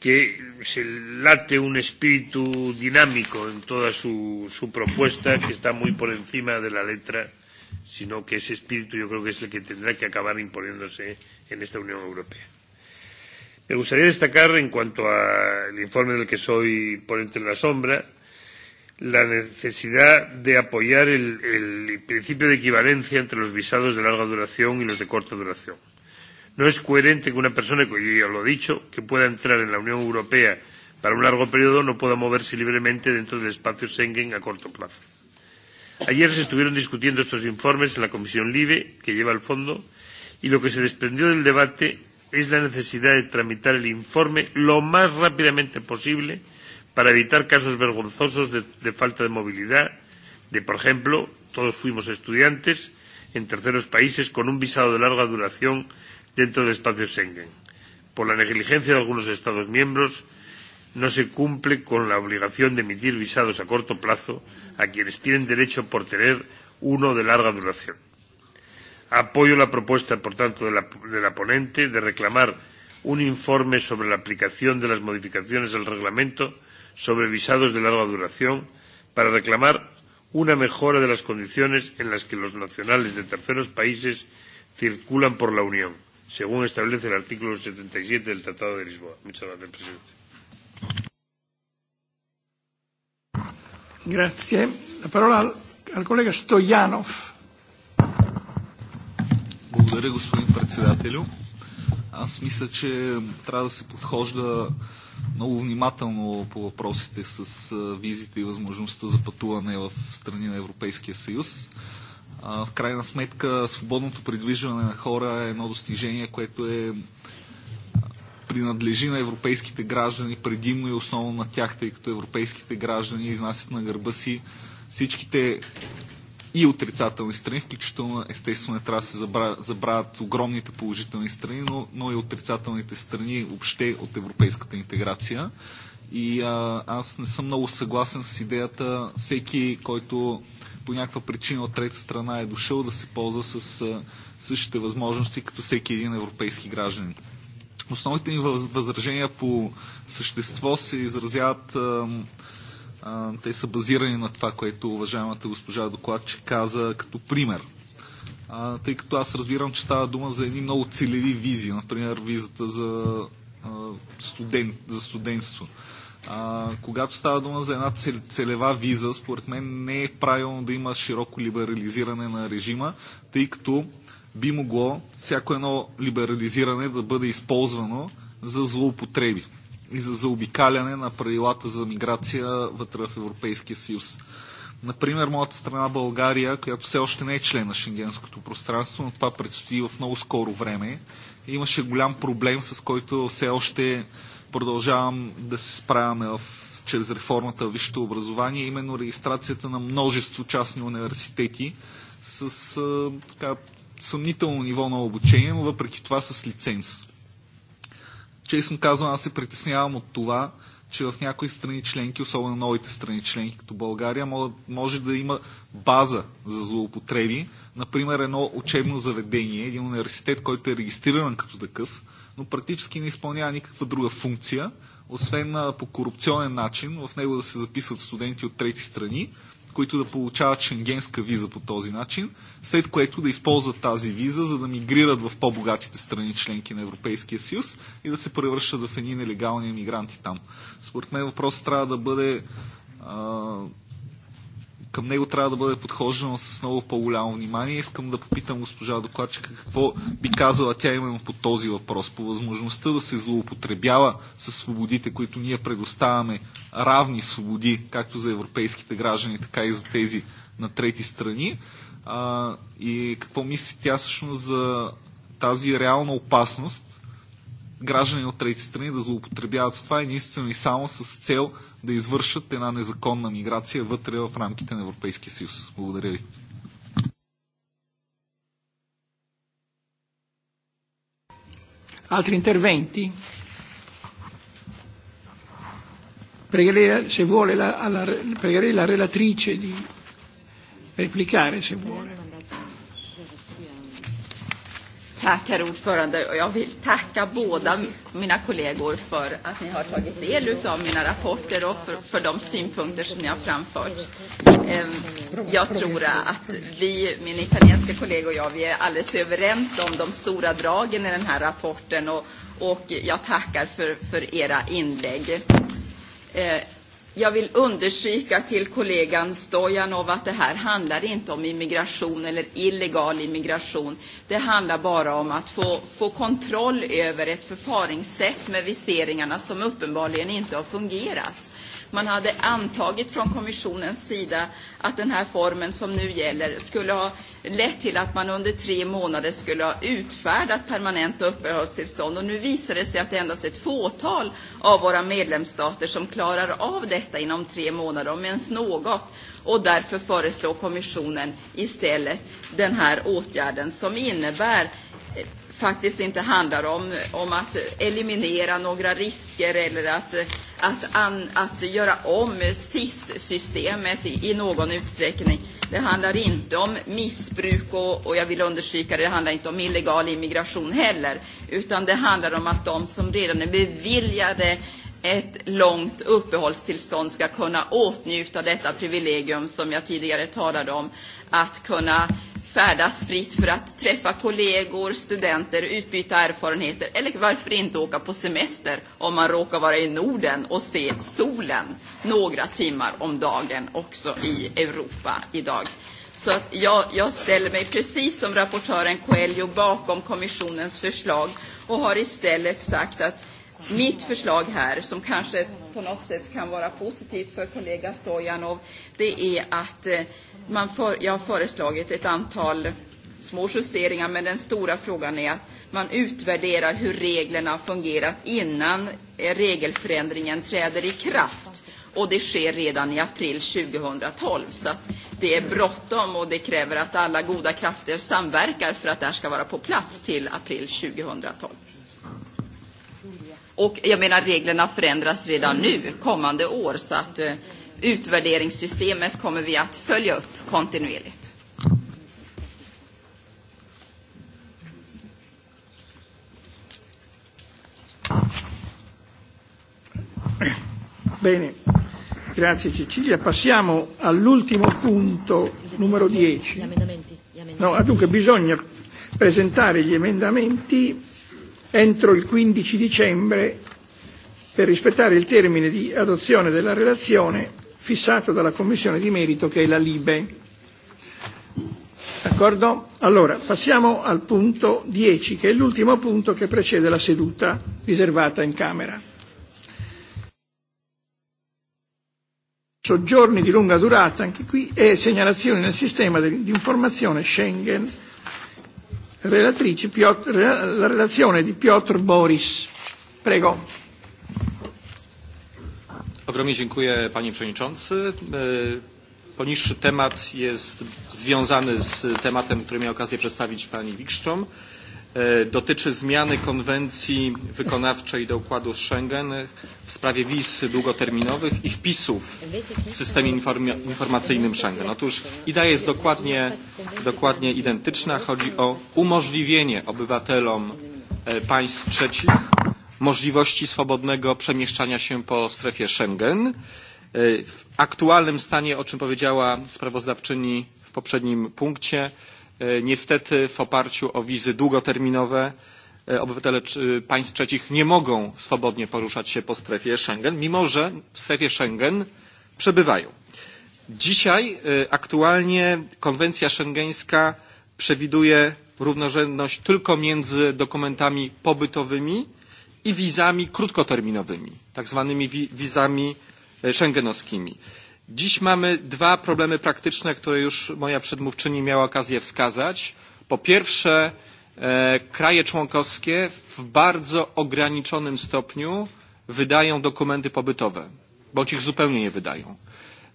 N: que se late un espíritu dinámico en toda su propuesta, que está muy por encima de la letra sino que ese espíritu yo creo que es el que tendrá que acabar imponiéndose en esta Unión Europea. Me gustaría destacar, en cuanto al informe del que soy ponente en la sombra, la necesidad de apoyar el, el principio de equivalencia entre los visados de larga duración y los de corta duración. No es coherente que una persona, que yo ya lo he dicho, que pueda entrar en la Unión Europea para un largo periodo no pueda moverse libremente dentro del espacio Schengen a corto plazo. Ayer se estuvieron discutiendo estos informes en la Comisión LIBE, que lleva el fondo, y lo que se desprendió del debate es la necesidad de tramitar el informe lo más rápidamente posible para evitar casos vergonzosos de, de falta de movilidad, de, por ejemplo, todos fuimos estudiantes en terceros países con un visado de larga duración dentro del espacio Schengen, por la negligencia de algunos Estados miembros no se cumple con la obligación de emitir visados a corto plazo a quienes tienen derecho por tener uno de larga duración. Apoyo la propuesta, por tanto, de la, de la ponente de reclamar un informe sobre la aplicación de las modificaciones del reglamento sobre visados de larga duración para reclamar una mejora de las condiciones en las que los nacionales de terceros países circulan por la Unión, según establece el artículo 77 del Tratado de Lisboa. Muchas gracias, presidente.
A: Grazie. La parola al, al колега Стоянов.
O: Благодаря, господин председателю. Аз мисля, че трябва да се подхожда много внимателно по въпросите с визите и възможността за пътуване в страни на Европейския съюз. В крайна сметка, свободното придвижване на хора е едно достижение, което е принадлежи на европейските граждани предимно и основно на тях, тъй като европейските граждани изнасят на гърба си всичките и отрицателни страни, включително естествено не трябва да се забравят, забравят огромните положителни страни, но, но и отрицателните страни въобще от европейската интеграция. И а, аз не съм много съгласен с идеята всеки, който по някаква причина от трета страна е дошъл да се ползва с а, същите възможности като всеки един европейски гражданин основните ни възражения по същество се изразяват те са базирани на това, което уважаемата госпожа докладчик каза като пример. тъй като аз разбирам, че става дума за едни много целеви визии, например визата за, студент, за студентство. А, когато става дума за една цел, целева виза, според мен не е правилно да има широко либерализиране на режима, тъй като би могло всяко едно либерализиране да бъде използвано за злоупотреби и за заобикаляне на правилата за миграция вътре в Европейския съюз. Например, моята страна България, която все още не е член на шенгенското пространство, но това предстои в много скоро време, имаше голям проблем, с който все още продължавам да се справяме в, чрез реформата в висшето образование, именно регистрацията на множество частни университети с така, съмнително ниво на обучение, но въпреки това с лиценз. Честно казвам, аз се притеснявам от това, че в някои страни членки, особено новите страни членки, като България, може да има база за злоупотреби. Например, едно учебно заведение, един университет, който е регистриран като такъв, но практически не изпълнява никаква друга функция, освен по корупционен начин, в него да се записват студенти от трети страни които да получават шенгенска виза по този начин, след което да използват тази виза, за да мигрират в по-богатите страни членки на Европейския съюз и да се превръщат в едни нелегални емигранти там. Според мен въпросът трябва да бъде към него трябва да бъде подхождано с много по-голямо внимание. Искам да попитам госпожа докладчика какво би казала тя именно по този въпрос, по възможността да се злоупотребява с свободите, които ние предоставяме, равни свободи, както за европейските граждани, така и за тези на трети страни. А, и какво мисли тя всъщност за тази реална опасност граждани от трети страни да злоупотребяват с това единствено и само с цел да извършат една незаконна миграция вътре в рамките на Европейския съюз. Благодаря ви.
A: Altri interventi? Pregherei, se vuole, la, alla, pregherei la relatrice di replicare, se vuole.
B: Tack, herr ordförande. Jag vill tacka båda mina kollegor för att ni har tagit del av mina rapporter och för, för de synpunkter som ni har framfört. Ehm, jag tror att vi, min italienska kollega och jag, vi är alldeles överens om de stora dragen i den här rapporten och, och jag tackar för, för era inlägg. Ehm, Jag vill understryka till kollegan Stojanov att det här handlar inte om immigration eller illegal immigration. Det handlar bara om att få, få kontroll över ett förfaringssätt med viseringarna som uppenbarligen inte har fungerat. Man hade antagit från kommissionens sida att den här formen som nu gäller skulle ha lett till att man under tre månader skulle ha utfärdat permanenta uppehållstillstånd. Och nu visar det sig att det endast är ett fåtal av våra medlemsstater som klarar av detta inom tre månader, om ens något. Och därför föreslår kommissionen istället den här åtgärden som innebär faktiskt inte handlar om, om att eliminera några risker eller att, att, an, att göra om SIS-systemet i, i någon utsträckning. Det handlar inte om missbruk och, och jag vill understryka det, det handlar inte om illegal immigration heller, utan det handlar om att de som redan är beviljade ett långt uppehållstillstånd ska kunna åtnjuta detta privilegium som jag tidigare talade om, att kunna färdas fritt för att träffa kollegor, studenter, utbyta erfarenheter eller varför inte åka på semester om man råkar vara i Norden och se solen några timmar om dagen också i Europa idag. Så att jag, jag ställer mig precis som rapportören Coelho bakom kommissionens förslag och har istället sagt att mitt förslag här, som kanske på något sätt kan vara positivt för kollega Stojanov, det är att eh, man för, jag har föreslagit ett antal små justeringar, men den stora frågan är att man utvärderar hur reglerna fungerat innan eh, regelförändringen träder i kraft. Och det sker redan i april 2012. Så att det är bråttom och det kräver att alla goda krafter samverkar för att det här ska vara på plats till april 2012. Och jag menar reglerna förändras redan nu, kommande år, så att eh, utvärderingssystemet kommer vi att följa upp kontinuerligt.
A: Bene, grazie Cecilia. Passiamo all'ultimo punto, numero 10. No, dunque bisogna presentare gli emendamenti entro il 15 dicembre per rispettare il termine di adozione della relazione fissato dalla Commissione di merito che è la Libe. D'accordo? Allora, passiamo al punto 10, che è l'ultimo punto che precede la seduta riservata in Camera. Soggiorni di lunga durata, anche qui, e segnalazioni nel sistema di informazione Schengen. Relatrice, Piotr, la relazione di Piotr Boris. Prego.
P: Ogromnie dziękuję panie przewodniczący. E, poniższy temat jest związany z tematem, który miała okazję przedstawić pani Wikström. E, dotyczy zmiany konwencji wykonawczej do układu z Schengen w sprawie wiz długoterminowych i wpisów w systemie informacyjnym Schengen. Otóż idea jest dokładnie, dokładnie identyczna. Chodzi o umożliwienie obywatelom e, państw trzecich możliwości swobodnego przemieszczania się po strefie Schengen. E, w aktualnym stanie, o czym powiedziała sprawozdawczyni w poprzednim punkcie, e, niestety w oparciu o wizy długoterminowe e, obywatele państw trzecich nie mogą swobodnie poruszać się po strefie Schengen, mimo że w strefie Schengen przebywają. Dzisiaj aktualnie konwencja szengeńska przewiduje równorzędność tylko między dokumentami pobytowymi i wizami krótkoterminowymi, tak zwanymi wizami e, szengenowskimi. Dziś mamy dwa problemy praktyczne, które już moja przedmówczyni miała okazję wskazać. Po pierwsze, e, kraje członkowskie w bardzo ograniczonym stopniu wydają dokumenty pobytowe, bądź ich zupełnie nie wydają.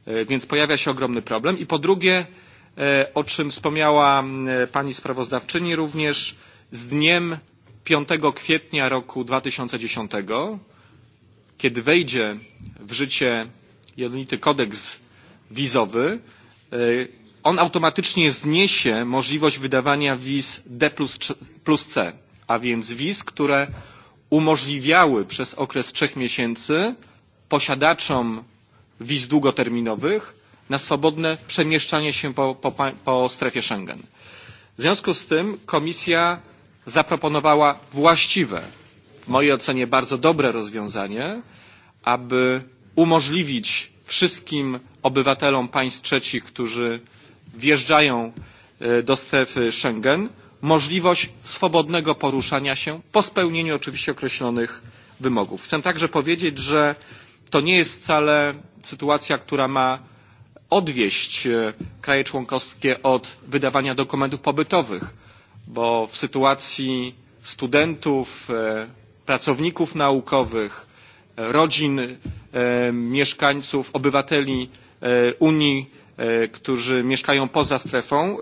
P: E, więc pojawia się ogromny problem. I po drugie, o czym wspomniała pani sprawozdawczyni również, z dniem 5 kwietnia roku 2010, kiedy wejdzie w życie jednolity kodeks wizowy, e, on automatycznie zniesie możliwość wydawania wiz D plus C, a więc wiz, które umożliwiały przez okres trzech miesięcy posiadaczom wiz długoterminowych na swobodne przemieszczanie się po, po, po strefie Schengen. W związku z tym komisja zaproponowała właściwe, w mojej ocenie bardzo dobre rozwiązanie, aby umożliwić wszystkim obywatelom państw trzecich, którzy wjeżdżają e, do strefy Schengen, możliwość swobodnego poruszania się po spełnieniu oczywiście określonych wymogów. Chcę także powiedzieć, że to nie jest wcale sytuacja, która ma odwieść e, kraje członkowskie od wydawania dokumentów pobytowych bo w sytuacji studentów, e, pracowników naukowych, e, rodzin e, mieszkańców, obywateli Unii, którzy mieszkają poza strefą,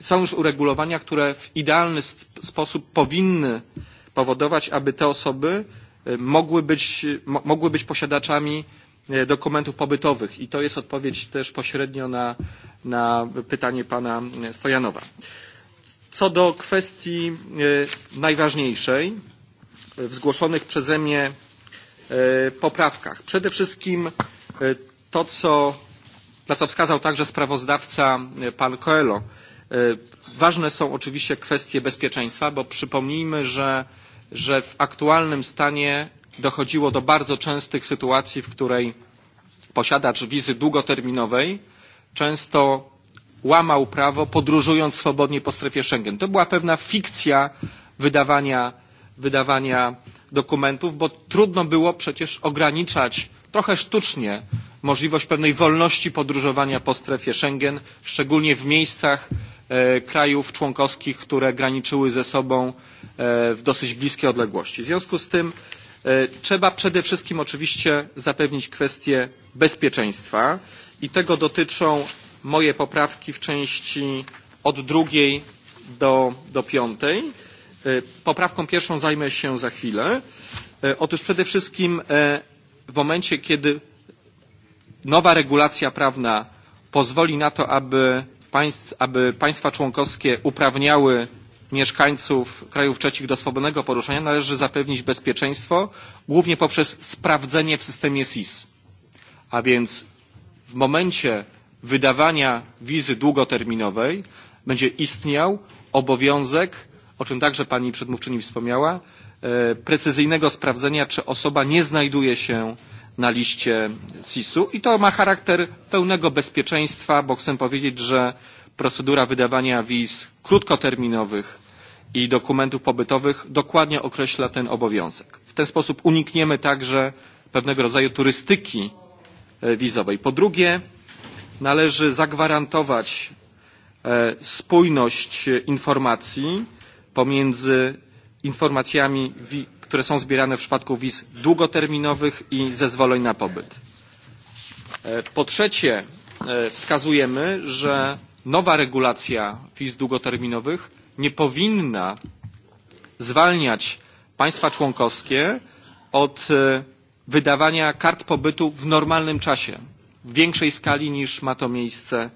P: są już uregulowania, które w idealny sposób powinny powodować, aby te osoby mogły być, mogły być posiadaczami dokumentów pobytowych. I to jest odpowiedź też pośrednio na, na pytanie pana Stojanowa. Co do kwestii e, najważniejszej e, w zgłoszonych przeze mnie e, poprawkach. Przede wszystkim to, co, na co wskazał także sprawozdawca pan Coelho. Ważne są oczywiście kwestie bezpieczeństwa, bo przypomnijmy, że, że w aktualnym stanie dochodziło do bardzo częstych sytuacji, w której posiadacz wizy długoterminowej często łamał prawo, podróżując swobodnie po strefie Schengen. To była pewna fikcja wydawania, wydawania dokumentów, bo trudno było przecież ograniczać trochę sztucznie możliwość pewnej wolności podróżowania po strefie Schengen, szczególnie w miejscach e, krajów członkowskich, które graniczyły ze sobą e, w dosyć bliskiej odległości. W związku z tym e, trzeba przede wszystkim oczywiście zapewnić kwestię bezpieczeństwa i tego dotyczą moje poprawki w części od drugiej do, do piątej. E, poprawką pierwszą zajmę się za chwilę. E, otóż przede wszystkim e, w momencie, kiedy nowa regulacja prawna pozwoli na to, aby, państw, aby państwa członkowskie uprawniały mieszkańców krajów trzecich do swobodnego poruszania, należy zapewnić bezpieczeństwo, głównie poprzez sprawdzenie w systemie SIS. A więc w momencie, wydawania wizy długoterminowej będzie istniał obowiązek, o czym także pani przedmówczyni wspomniała, e, precyzyjnego sprawdzenia, czy osoba nie znajduje się na liście SIS-u i to ma charakter pełnego bezpieczeństwa, bo chcę powiedzieć, że procedura wydawania wiz krótkoterminowych i dokumentów pobytowych dokładnie określa ten obowiązek. W ten sposób unikniemy także pewnego rodzaju turystyki e, wizowej. Po drugie, należy zagwarantować e, spójność informacji pomiędzy informacjami, które są zbierane w przypadku wiz długoterminowych i zezwoleń na pobyt. E, po trzecie, e, wskazujemy, że nowa regulacja wiz długoterminowych nie powinna zwalniać państwa członkowskie od wydawania kart pobytu w normalnym czasie, w większej skali niż ma to miejsce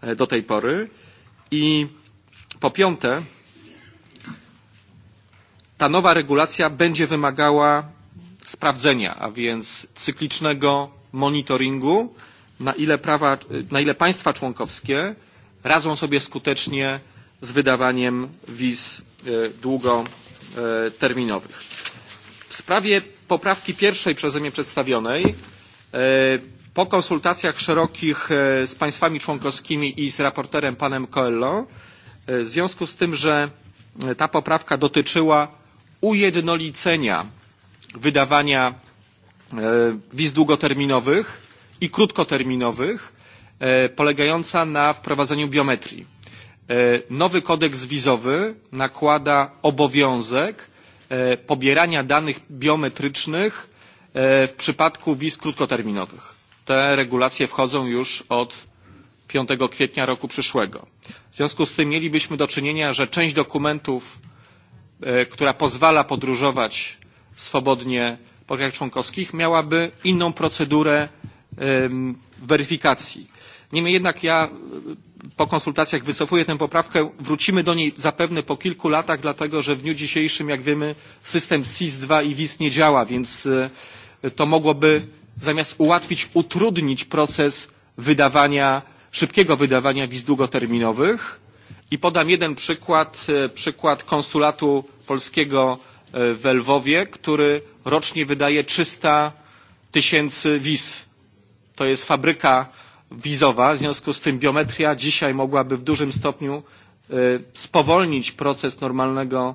P: e, do tej pory. I po piąte, ta nowa regulacja będzie wymagała sprawdzenia, a więc cyklicznego monitoringu, na ile, prawa, na ile państwa członkowskie radzą sobie skutecznie z wydawaniem wiz e, długoterminowych. E, w sprawie poprawki pierwszej przeze mnie przedstawionej Po konsultacjach szerokich e, z państwami członkowskimi i z raporterem panem Coelho, e, w związku z tym, że e, ta poprawka dotyczyła ujednolicenia wydawania wiz długoterminowych i krótkoterminowych, polegająca na wprowadzeniu biometrii. Nowy kodeks wizowy nakłada obowiązek pobierania danych biometrycznych w przypadku wiz krótkoterminowych te regulacje wchodzą już od 5 kwietnia roku przyszłego. W związku z tym mielibyśmy do czynienia, że część dokumentów, e, która pozwala podróżować swobodnie po krajach członkowskich, miałaby inną procedurę weryfikacji. Niemniej jednak ja e, po konsultacjach wycofuję tę poprawkę. Wrócimy do niej zapewne po kilku latach, dlatego że w dniu dzisiejszym, jak wiemy, system SIS-2 i WIS nie działa, więc e, to mogłoby zamiast ułatwić, utrudnić proces wydawania, szybkiego wydawania wiz długoterminowych. I podam jeden przykład, e, przykład konsulatu polskiego e, w Lwowie, który rocznie wydaje 300 tysięcy wiz. To jest fabryka wizowa, w związku z tym biometria dzisiaj mogłaby w dużym stopniu e, spowolnić proces normalnego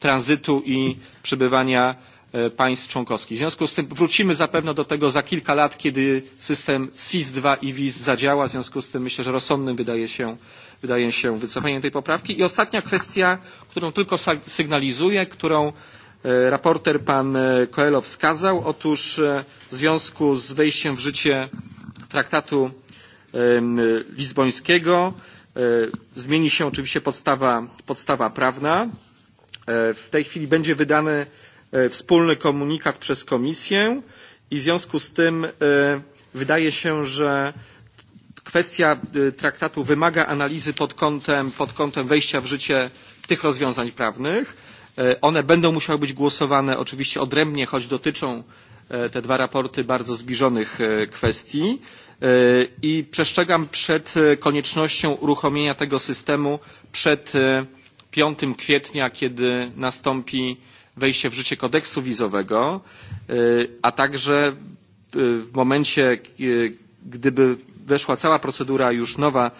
P: tranzytu i przybywania E, państw członkowskich. W związku z tym wrócimy zapewne do tego za kilka lat, kiedy system SIS-2 i WIS zadziała. W związku z tym myślę, że rozsądnym wydaje się, wydaje się wycofanie tej poprawki. I ostatnia kwestia, którą tylko sygnalizuję, którą e, raporter pan Coelho e, wskazał. Otóż w związku z wejściem w życie traktatu lizbońskiego zmieni się oczywiście podstawa, podstawa prawna. W tej chwili będzie wydany E, wspólny komunikat przez Komisję i w związku z tym e, wydaje się, że kwestia e, traktatu wymaga analizy pod kątem, pod kątem wejścia w życie tych rozwiązań prawnych. One będą musiały być głosowane oczywiście odrębnie, choć dotyczą te dwa raporty bardzo zbliżonych kwestii i przestrzegam przed koniecznością uruchomienia tego systemu przed 5 kwietnia, kiedy nastąpi wejście w życie kodeksu wizowego, e, a także e, w momencie, e, gdyby weszła cała procedura już nowa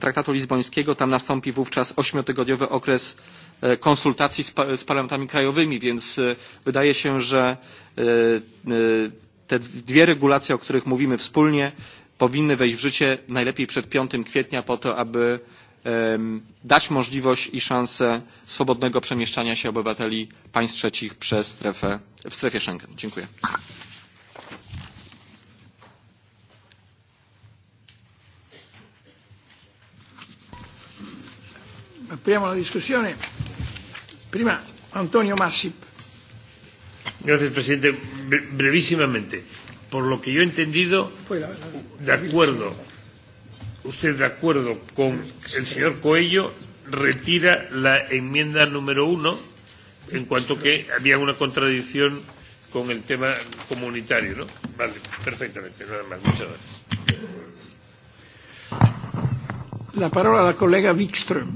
P: traktatu lizbońskiego, tam nastąpi wówczas ośmiotygodniowy okres konsultacji z, z parlamentami krajowymi, więc wydaje się, że te dwie regulacje, o których mówimy wspólnie, powinny wejść w życie najlepiej przed 5 kwietnia po to, aby dać możliwość i szansę swobodnego przemieszczania się obywateli państw trzecich przez strefę, w strefie Schengen. Dziękuję.
A: Apriamo la discussione. Prima Antonio Massip.
N: Gracias, presidente. Brevísimamente. Por lo que yo he entendido, de acuerdo usted de acuerdo con el señor Coello, retira la enmienda número uno, en cuanto que había una contradicción con el tema comunitario, ¿no? Vale, perfectamente, nada más. Muchas gracias.
A: La palabra a la colega Wikström.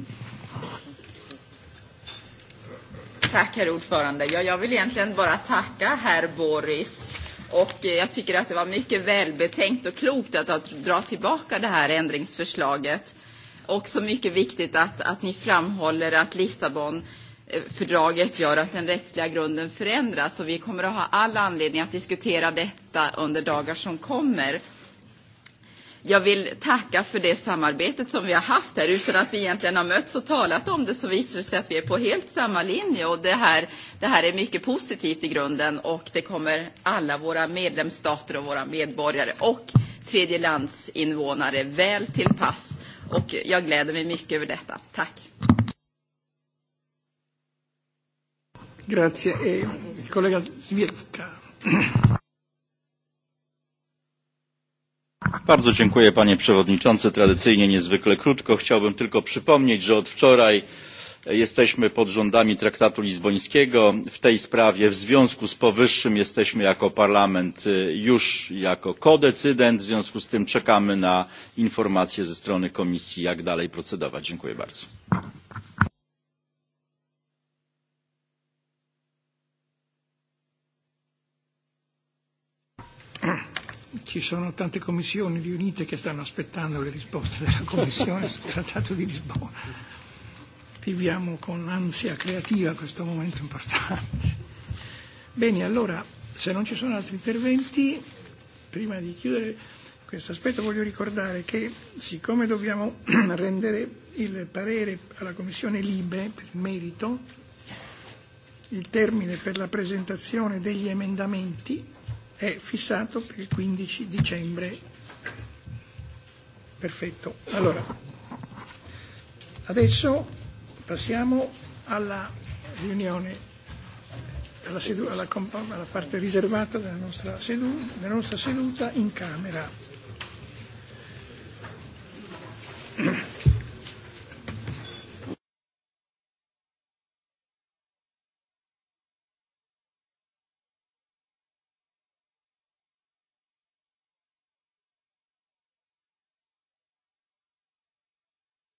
B: Tack, herr ordförande. Ja, jag vill egentligen bara tacka herr Boris Och jag tycker att det var mycket välbetänkt och klokt att, att dra tillbaka det här ändringsförslaget. Också mycket viktigt att, att ni framhåller att Lissabon fördraget gör att den rättsliga grunden förändras och vi kommer att ha all anledning att diskutera detta under dagar som kommer jag vill tacka för det samarbetet som vi har haft här. Utan att vi egentligen har mötts och talat om det så visar det sig att vi är på helt samma linje. Och det, här, det här är mycket positivt i grunden och det kommer alla våra medlemsstater och våra medborgare och tredjelandsinvånare väl till pass. Och jag gläder mig mycket över detta. Tack.
A: Grazie. Eh, collega Svietka.
H: Bardzo dziękuję panie przewodniczący. Tradycyjnie niezwykle krótko. Chciałbym tylko przypomnieć, że od wczoraj e, jesteśmy pod rządami traktatu lizbońskiego w tej sprawie w związku z powyższym jesteśmy jako parlament e, już jako kodecydent w związku z tym czekamy na informacje ze strony komisji jak dalej procedować. dziękuję bardzo.
A: ci sono tante commissioni riunite che stanno aspettando le risposte della Commissione sul Trattato di Lisbona. Viviamo con ansia creativa questo momento importante. Bene, allora, se non ci sono altri interventi, prima di chiudere questo aspetto voglio ricordare che siccome dobbiamo rendere il parere alla Commissione Libe per merito, il termine per la presentazione degli emendamenti è fissato per il 15 dicembre. Perfetto. Allora, adesso passiamo alla riunione, alla, seduta, alla, alla parte riservata della nostra, seduta, della nostra seduta in camera.